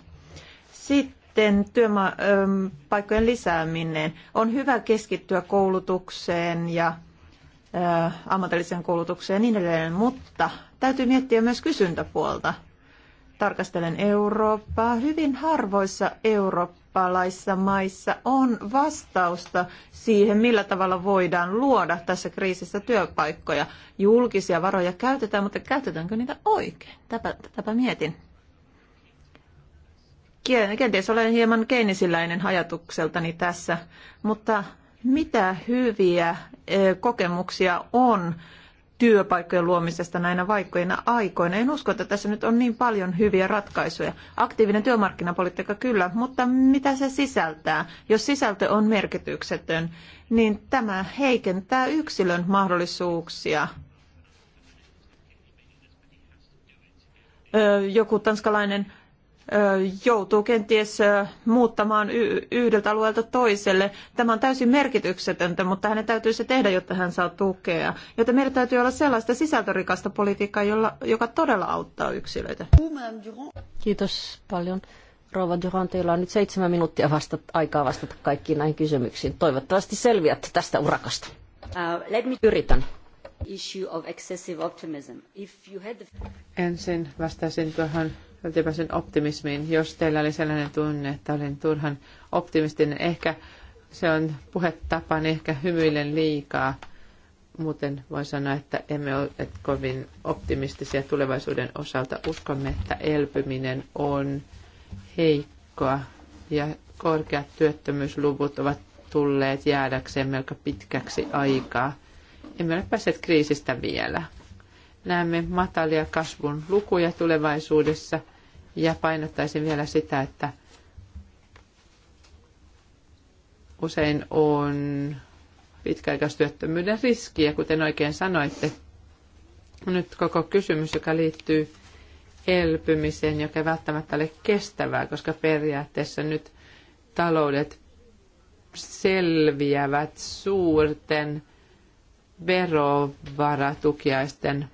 Sitten sitten työpaikkojen ähm, lisääminen. On hyvä keskittyä koulutukseen ja äh, ammatilliseen koulutukseen ja niin edelleen, mutta täytyy miettiä myös kysyntäpuolta. Tarkastelen Eurooppaa. Hyvin harvoissa eurooppalaisissa maissa on vastausta siihen, millä tavalla voidaan luoda tässä kriisissä työpaikkoja. Julkisia varoja käytetään, mutta käytetäänkö niitä oikein? Tätäpä mietin. Kenties olen hieman keinisiläinen ajatukseltani tässä, mutta mitä hyviä kokemuksia on työpaikkojen luomisesta näinä vaikeina aikoina. En usko, että tässä nyt on niin paljon hyviä ratkaisuja. Aktiivinen työmarkkinapolitiikka kyllä, mutta mitä se sisältää? Jos sisältö on merkityksetön, niin tämä heikentää yksilön mahdollisuuksia. Joku tanskalainen joutuu kenties muuttamaan yhdeltä alueelta toiselle. Tämä on täysin merkityksetöntä, mutta hänen täytyy se tehdä, jotta hän saa tukea. Joten meillä täytyy olla sellaista sisältörikasta politiikkaa, jolla, joka todella auttaa yksilöitä. Kiitos paljon. Rouva Durant, teillä on nyt seitsemän minuuttia vasta- aikaa vastata kaikkiin näihin kysymyksiin. Toivottavasti selviätte tästä urakasta. Uh, let me... Yritän. Issue of excessive optimism. If you had the... Ensin vastaisin tuohon sen optimismiin. Jos teillä oli sellainen tunne, että olin turhan optimistinen, ehkä se on puhetapa, niin ehkä hymyilen liikaa. Muuten voi sanoa, että emme ole kovin optimistisia tulevaisuuden osalta. Uskomme, että elpyminen on heikkoa ja korkeat työttömyysluvut ovat tulleet jäädäkseen melko pitkäksi aikaa. Emme ole päässeet kriisistä vielä näemme matalia kasvun lukuja tulevaisuudessa – ja painottaisin vielä sitä, että usein on pitkäaikaistyöttömyyden riski. kuten oikein sanoitte, nyt koko kysymys, joka liittyy elpymiseen, joka ei välttämättä ole kestävää, koska periaatteessa nyt taloudet selviävät suurten verovaratukiaisten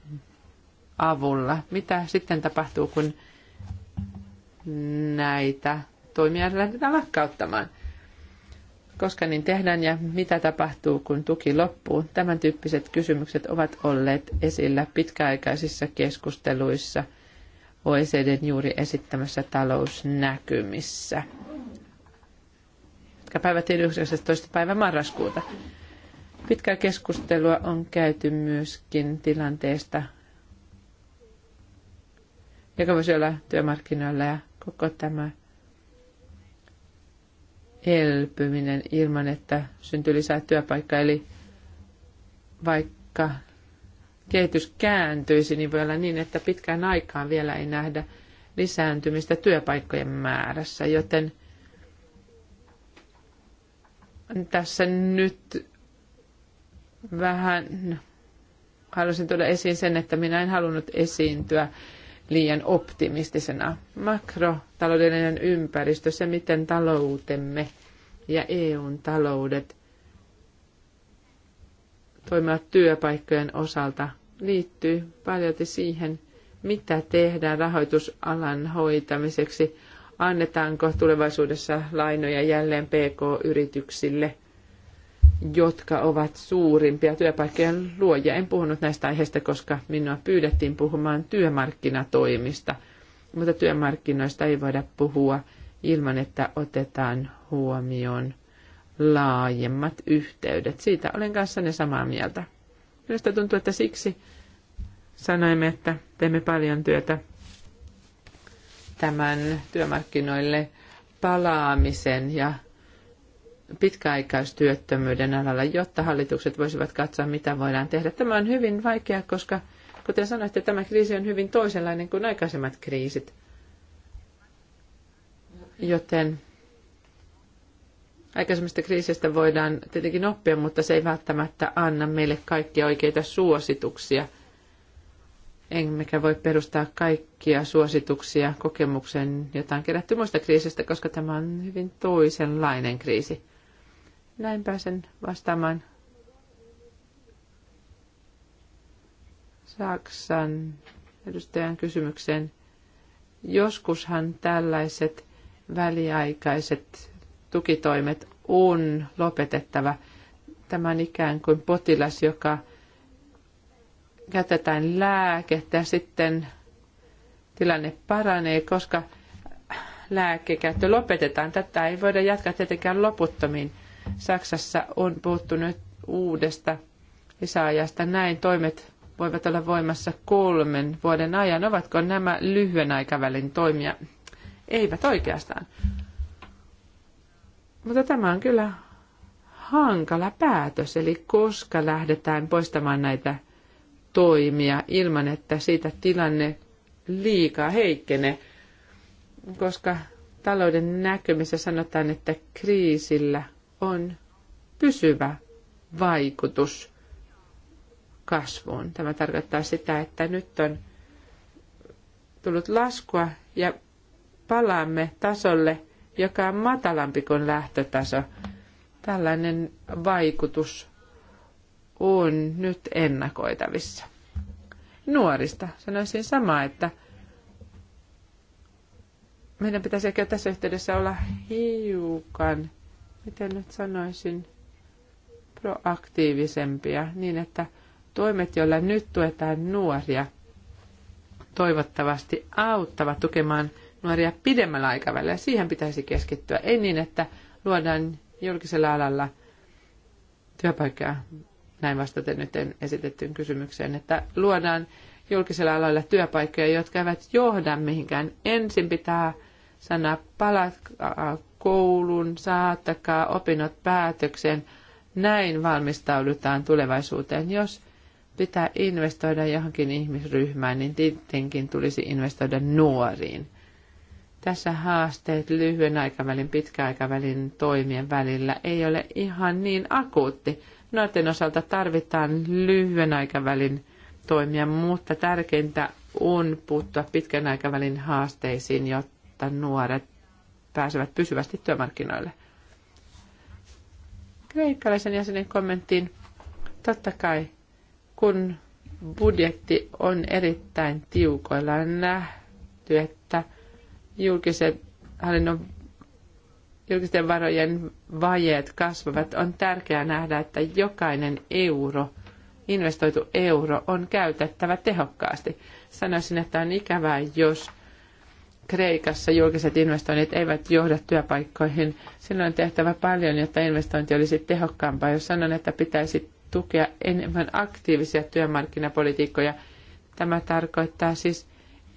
avulla. Mitä sitten tapahtuu, kun näitä toimia lähdetään lakkauttamaan. Koska niin tehdään ja mitä tapahtuu, kun tuki loppuu, tämän tyyppiset kysymykset ovat olleet esillä pitkäaikaisissa keskusteluissa OECDn juuri esittämässä talousnäkymissä, päivä 19. päivä marraskuuta. Pitkää keskustelua on käyty myöskin tilanteesta, joka voisi olla työmarkkinoilla ja koko tämä elpyminen ilman, että syntyy lisää työpaikkaa. Eli vaikka kehitys kääntyisi, niin voi olla niin, että pitkään aikaan vielä ei nähdä lisääntymistä työpaikkojen määrässä, joten tässä nyt vähän halusin tuoda esiin sen, että minä en halunnut esiintyä liian optimistisena. Makrotaloudellinen ympäristö, se miten taloutemme ja EUn taloudet toimivat työpaikkojen osalta, liittyy paljon siihen, mitä tehdään rahoitusalan hoitamiseksi, annetaanko tulevaisuudessa lainoja jälleen PK-yrityksille jotka ovat suurimpia työpaikkojen luojia. En puhunut näistä aiheista, koska minua pyydettiin puhumaan työmarkkinatoimista, mutta työmarkkinoista ei voida puhua ilman, että otetaan huomioon laajemmat yhteydet. Siitä olen kanssanne samaa mieltä. Minusta tuntuu, että siksi sanoimme, että teemme paljon työtä tämän työmarkkinoille palaamisen ja pitkäaikaistyöttömyyden alalla, jotta hallitukset voisivat katsoa, mitä voidaan tehdä. Tämä on hyvin vaikea, koska kuten sanoitte, tämä kriisi on hyvin toisenlainen kuin aikaisemmat kriisit. Joten aikaisemmista kriisistä voidaan tietenkin oppia, mutta se ei välttämättä anna meille kaikkia oikeita suosituksia. Emmekä voi perustaa kaikkia suosituksia kokemuksen, jota on kerätty muista kriisistä, koska tämä on hyvin toisenlainen kriisi. Näin pääsen vastaamaan Saksan edustajan kysymykseen. Joskushan tällaiset väliaikaiset tukitoimet on lopetettava. Tämä on ikään kuin potilas, joka käytetään lääkettä ja sitten tilanne paranee, koska lääkekäyttö lopetetaan. Tätä ei voida jatkaa tietenkään loputtomiin. Saksassa on puhuttu nyt uudesta lisäajasta. Näin toimet voivat olla voimassa kolmen vuoden ajan. Ovatko nämä lyhyen aikavälin toimia? Eivät oikeastaan. Mutta tämä on kyllä hankala päätös, eli koska lähdetään poistamaan näitä toimia ilman, että siitä tilanne liikaa heikkenee, koska talouden näkymissä sanotaan, että kriisillä – on pysyvä vaikutus kasvuun. Tämä tarkoittaa sitä, että nyt on tullut laskua ja palaamme tasolle, joka on matalampi kuin lähtötaso. Tällainen vaikutus on nyt ennakoitavissa. Nuorista sanoisin samaa, että meidän pitäisi ehkä tässä yhteydessä olla hiukan – miten nyt sanoisin, proaktiivisempia niin, että toimet, joilla nyt tuetaan nuoria, toivottavasti auttavat tukemaan nuoria pidemmällä aikavälillä. Siihen pitäisi keskittyä. Ei niin, että luodaan julkisella alalla työpaikkaa, näin vastaten nyt esitettyyn kysymykseen, että luodaan julkisella alalla työpaikkoja, jotka eivät johda mihinkään. Ensin pitää sanoa palatkaa koulun, saattakaa opinnot päätöksen. Näin valmistaudutaan tulevaisuuteen. Jos pitää investoida johonkin ihmisryhmään, niin tietenkin tulisi investoida nuoriin. Tässä haasteet lyhyen aikavälin, pitkäaikavälin toimien välillä ei ole ihan niin akuutti. Nuorten osalta tarvitaan lyhyen aikavälin toimia, mutta tärkeintä on puuttua pitkän aikavälin haasteisiin, jotta nuoret pääsevät pysyvästi työmarkkinoille. Kreikkalaisen jäsenen kommenttiin, totta kai kun budjetti on erittäin tiukoilla, nähty, että julkiset hallinnon julkisten varojen vajeet kasvavat, on tärkeää nähdä, että jokainen euro, investoitu euro, on käytettävä tehokkaasti. Sanoisin, että on ikävää, jos Kreikassa julkiset investoinnit eivät johda työpaikkoihin. Silloin on tehtävä paljon, jotta investointi olisi tehokkaampaa. Jos sanon, että pitäisi tukea enemmän aktiivisia työmarkkinapolitiikkoja, tämä tarkoittaa siis,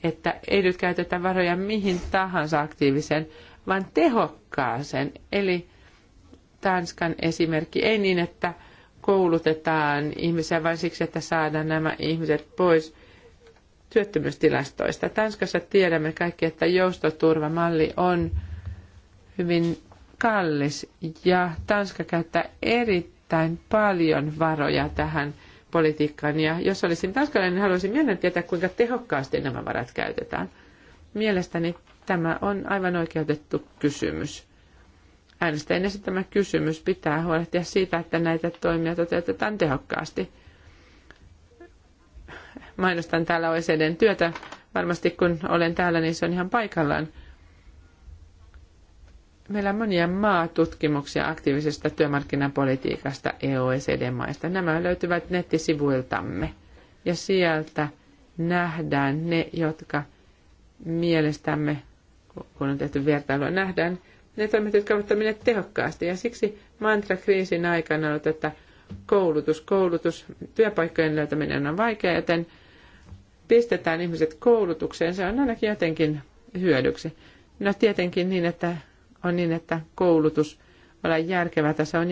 että ei nyt käytetä varoja mihin tahansa aktiivisen, vaan tehokkaaseen. Eli Tanskan esimerkki. Ei niin, että koulutetaan ihmisiä vain siksi, että saadaan nämä ihmiset pois työttömyystilastoista. Tanskassa tiedämme kaikki, että joustoturvamalli on hyvin kallis ja Tanska käyttää erittäin paljon varoja tähän politiikkaan. Ja jos olisin tanskalainen, niin haluaisin mielen tietää, kuinka tehokkaasti nämä varat käytetään. Mielestäni tämä on aivan oikeutettu kysymys. Äänestäjien esittämä kysymys pitää huolehtia siitä, että näitä toimia toteutetaan tehokkaasti – mainostan täällä OECDn työtä. Varmasti kun olen täällä, niin se on ihan paikallaan. Meillä on monia maatutkimuksia aktiivisesta työmarkkinapolitiikasta e oecd maista Nämä löytyvät nettisivuiltamme. Ja sieltä nähdään ne, jotka mielestämme, kun on tehty vertailua, nähdään ne toimet, jotka ovat toimineet tehokkaasti. Ja siksi mantra-kriisin aikana on, että koulutus, koulutus, työpaikkojen löytäminen on vaikea, joten pistetään ihmiset koulutukseen, se on ainakin jotenkin hyödyksi. No tietenkin niin, että on niin, että koulutus on järkevää. Tässä on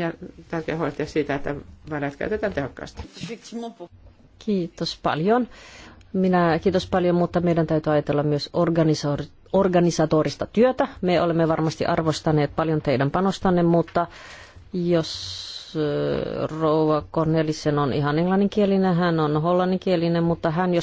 tärkeää huolehtia siitä, että varat käytetään tehokkaasti. Kiitos paljon. Minä kiitos paljon, mutta meidän täytyy ajatella myös organisaatorista organisatorista työtä. Me olemme varmasti arvostaneet paljon teidän panostanne, mutta jos rouva Cornelissen on ihan englanninkielinen, hän on hollanninkielinen, mutta hän jos